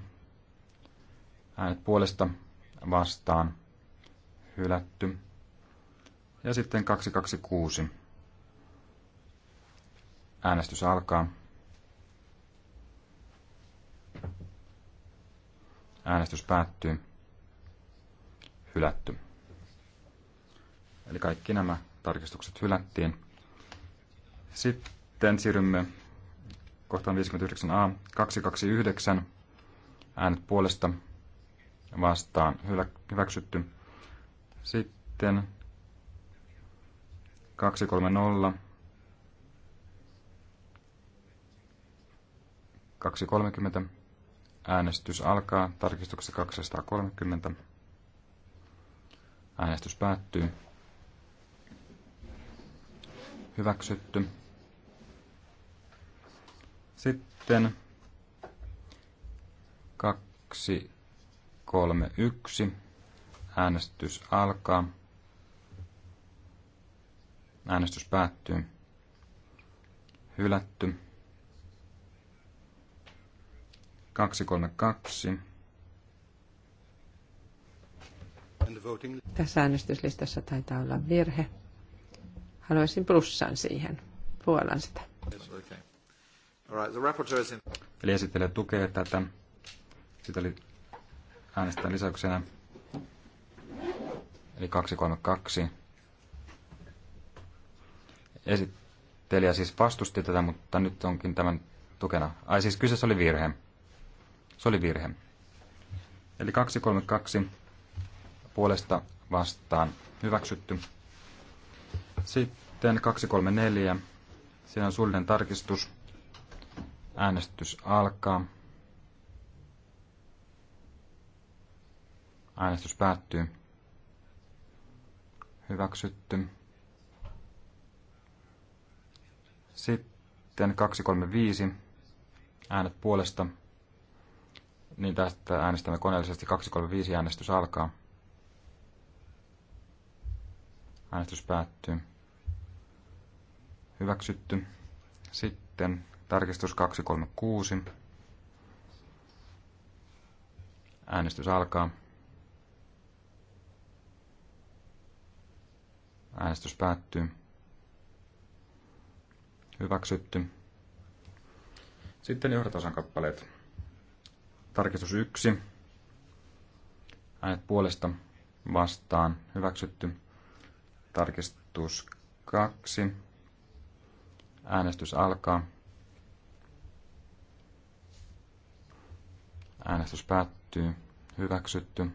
Äänet puolesta vastaan hylätty. Ja sitten 226. Äänestys alkaa. Äänestys päättyy. Hylätty. Eli kaikki nämä tarkistukset hylättiin. Sitten siirrymme kohtaan 59a, 229, äänet puolesta vastaan hyväksytty. Sitten 230 230 äänestys alkaa tarkistuksessa 230 äänestys päättyy hyväksytty. Sitten kaksi Kolme yksi Äänestys alkaa. Äänestys päättyy. Hylätty. 232. Tässä äänestyslistassa taitaa olla virhe. Haluaisin plussan siihen. Puolan sitä. Eli esittelijä tukee tätä. Sitä oli äänestetään lisäyksenä. Eli 232. Esittelijä siis vastusti tätä, mutta nyt onkin tämän tukena. Ai siis kyseessä oli virhe. Se oli virhe. Eli 232 puolesta vastaan hyväksytty. Sitten 234. Siinä on suullinen tarkistus. Äänestys alkaa. Äänestys päättyy. Hyväksytty. Sitten 235. Äänet puolesta. Niin tästä äänestämme koneellisesti 235 äänestys alkaa. Äänestys päättyy. Hyväksytty. Sitten tarkistus 236. Äänestys alkaa. Äänestys päättyy. Hyväksytty. Sitten johdatason kappaleet. Tarkistus 1. Äänet puolesta vastaan hyväksytty. Tarkistus 2. Äänestys alkaa. Äänestys päättyy. Hyväksytty.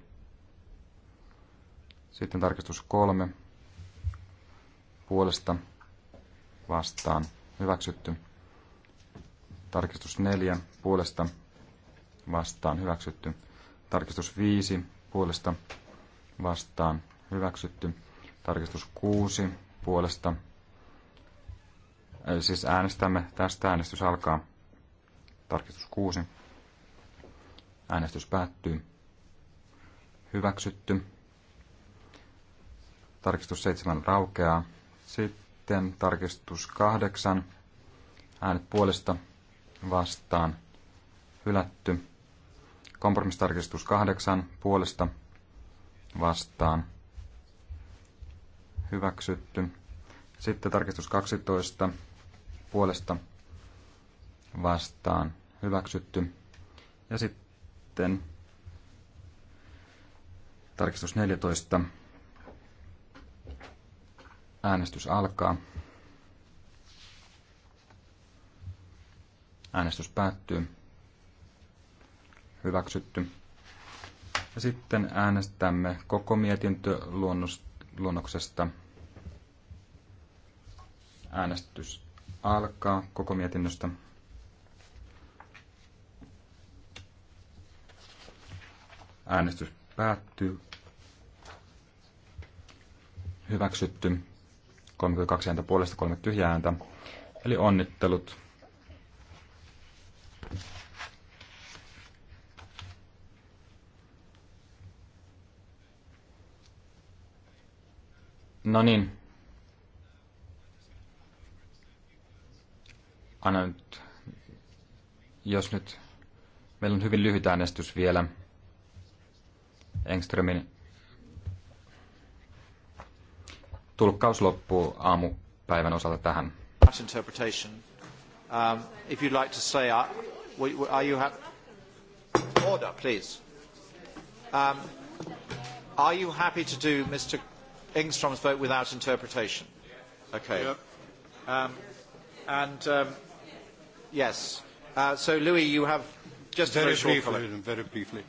Sitten tarkistus 3 puolesta vastaan hyväksytty. Tarkistus 4 puolesta vastaan hyväksytty. Tarkistus 5 puolesta vastaan hyväksytty. Tarkistus 6 puolesta. Eli siis äänestämme tästä. Äänestys alkaa. Tarkistus 6. Äänestys päättyy. Hyväksytty. Tarkistus 7 raukeaa. Sitten tarkistus kahdeksan. Äänet puolesta vastaan hylätty. Kompromistarkistus kahdeksan puolesta vastaan hyväksytty. Sitten tarkistus 12 puolesta vastaan hyväksytty. Ja sitten tarkistus 14 Äänestys alkaa. Äänestys päättyy. Hyväksytty. Ja sitten äänestämme koko mietintöluonnoksesta. Äänestys alkaa koko mietinnöstä. Äänestys päättyy. Hyväksytty. 32 ääntä puolesta, kolme tyhjää ääntä. Eli onnittelut. No niin. Anna nyt, jos nyt, meillä on hyvin lyhyt äänestys vielä Engströmin tulkkaus loppuu aamupäivän osalta tähän. Interpretation. Um, if you'd like to say, are, uh, are you happy? Order, please. Um, are you happy to do Mr. Ingstrom's vote without interpretation? Okay. Yep. Um, and um, yes. Uh, so, Louis, you have just very a very, very short Comment. Very briefly.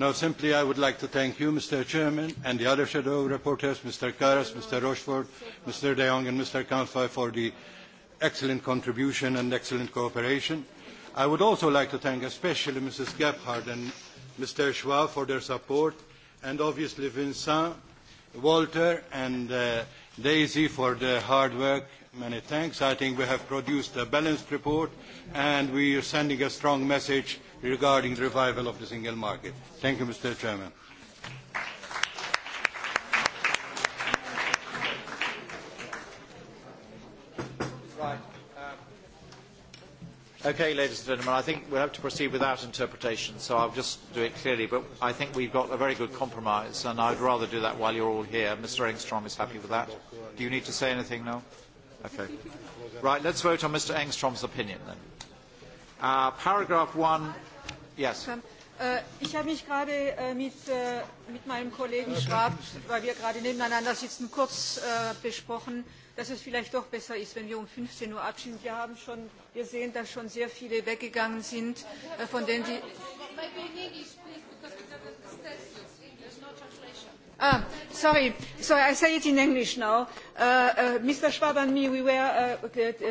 Now, simply I would like to thank you, Mr. Chairman, and the other shadow reporters, Mr. Karas, Mr. Rochefort, Mr. De Jong, and Mr. Kanfai, for the excellent contribution and excellent cooperation. I would also like to thank especially Mrs. Gebhardt and Mr. Schwab for their support, and obviously Vincent, Walter, and uh, Daisy for their hard work. Many thanks. I think we have produced a balanced report, and we are sending a strong message regarding the revival of the single market. Thank you, Mr. Chairman. Um, okay, ladies and gentlemen, I think we have to proceed without interpretation, so I'll just do it clearly. But I think we've got a very good compromise, and I'd rather do that while you're all here. Mr. Engstrom is happy with that. Do you need to say anything now? Okay. Right, let's vote on Mr. Engstrom's opinion then. Uh, paragraph 1 Yes. Ich habe mich gerade mit, mit meinem Kollegen Schwab, weil wir gerade nebeneinander sitzen, kurz besprochen, dass es vielleicht doch besser ist, wenn wir um 15 Uhr abschieben. Wir, haben schon, wir sehen, dass schon sehr viele weggegangen sind, von denen die... Ah, sorry. Sorry, I say it in English now. Uh, uh, Mr. Schwab and me, we were uh,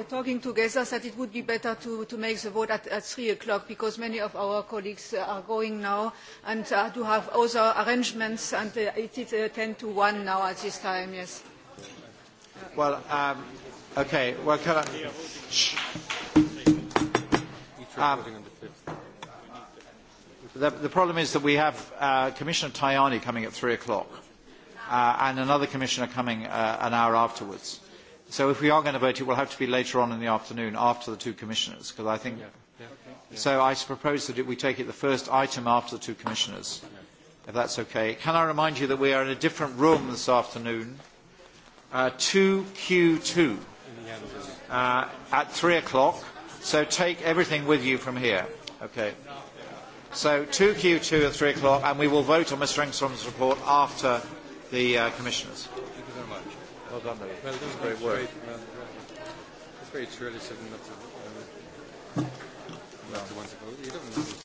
talking together that it would be better to, to make the vote at, at 3 o'clock because many of our colleagues uh, are going now and uh, to have other arrangements and uh, it is uh, 10 to 1 now at this time, yes. Well, um, okay. Well, can I... Shh. Um, the, problem is that we have uh, Commissioner Tajani coming at three o'clock uh, and another commissioner coming uh, an hour afterwards. So if we are going to vote, it will have to be later on in the afternoon after the two commissioners, because I think. Yeah, yeah, So I propose that we take it the first item after the two commissioners, if that's okay. Can I remind you that we are in a different room this afternoon, uh, 2Q2, uh, at three o'clock. So take everything with you from here. Okay. So 2Q2 at 3 o'clock, and we will vote on Mr. Engstrom's report after the uh, commissioners. Thank you very much. Well done, David. Well done. Great work. Great, it's very true, um, not to, uh, not to want to vote. You don't know.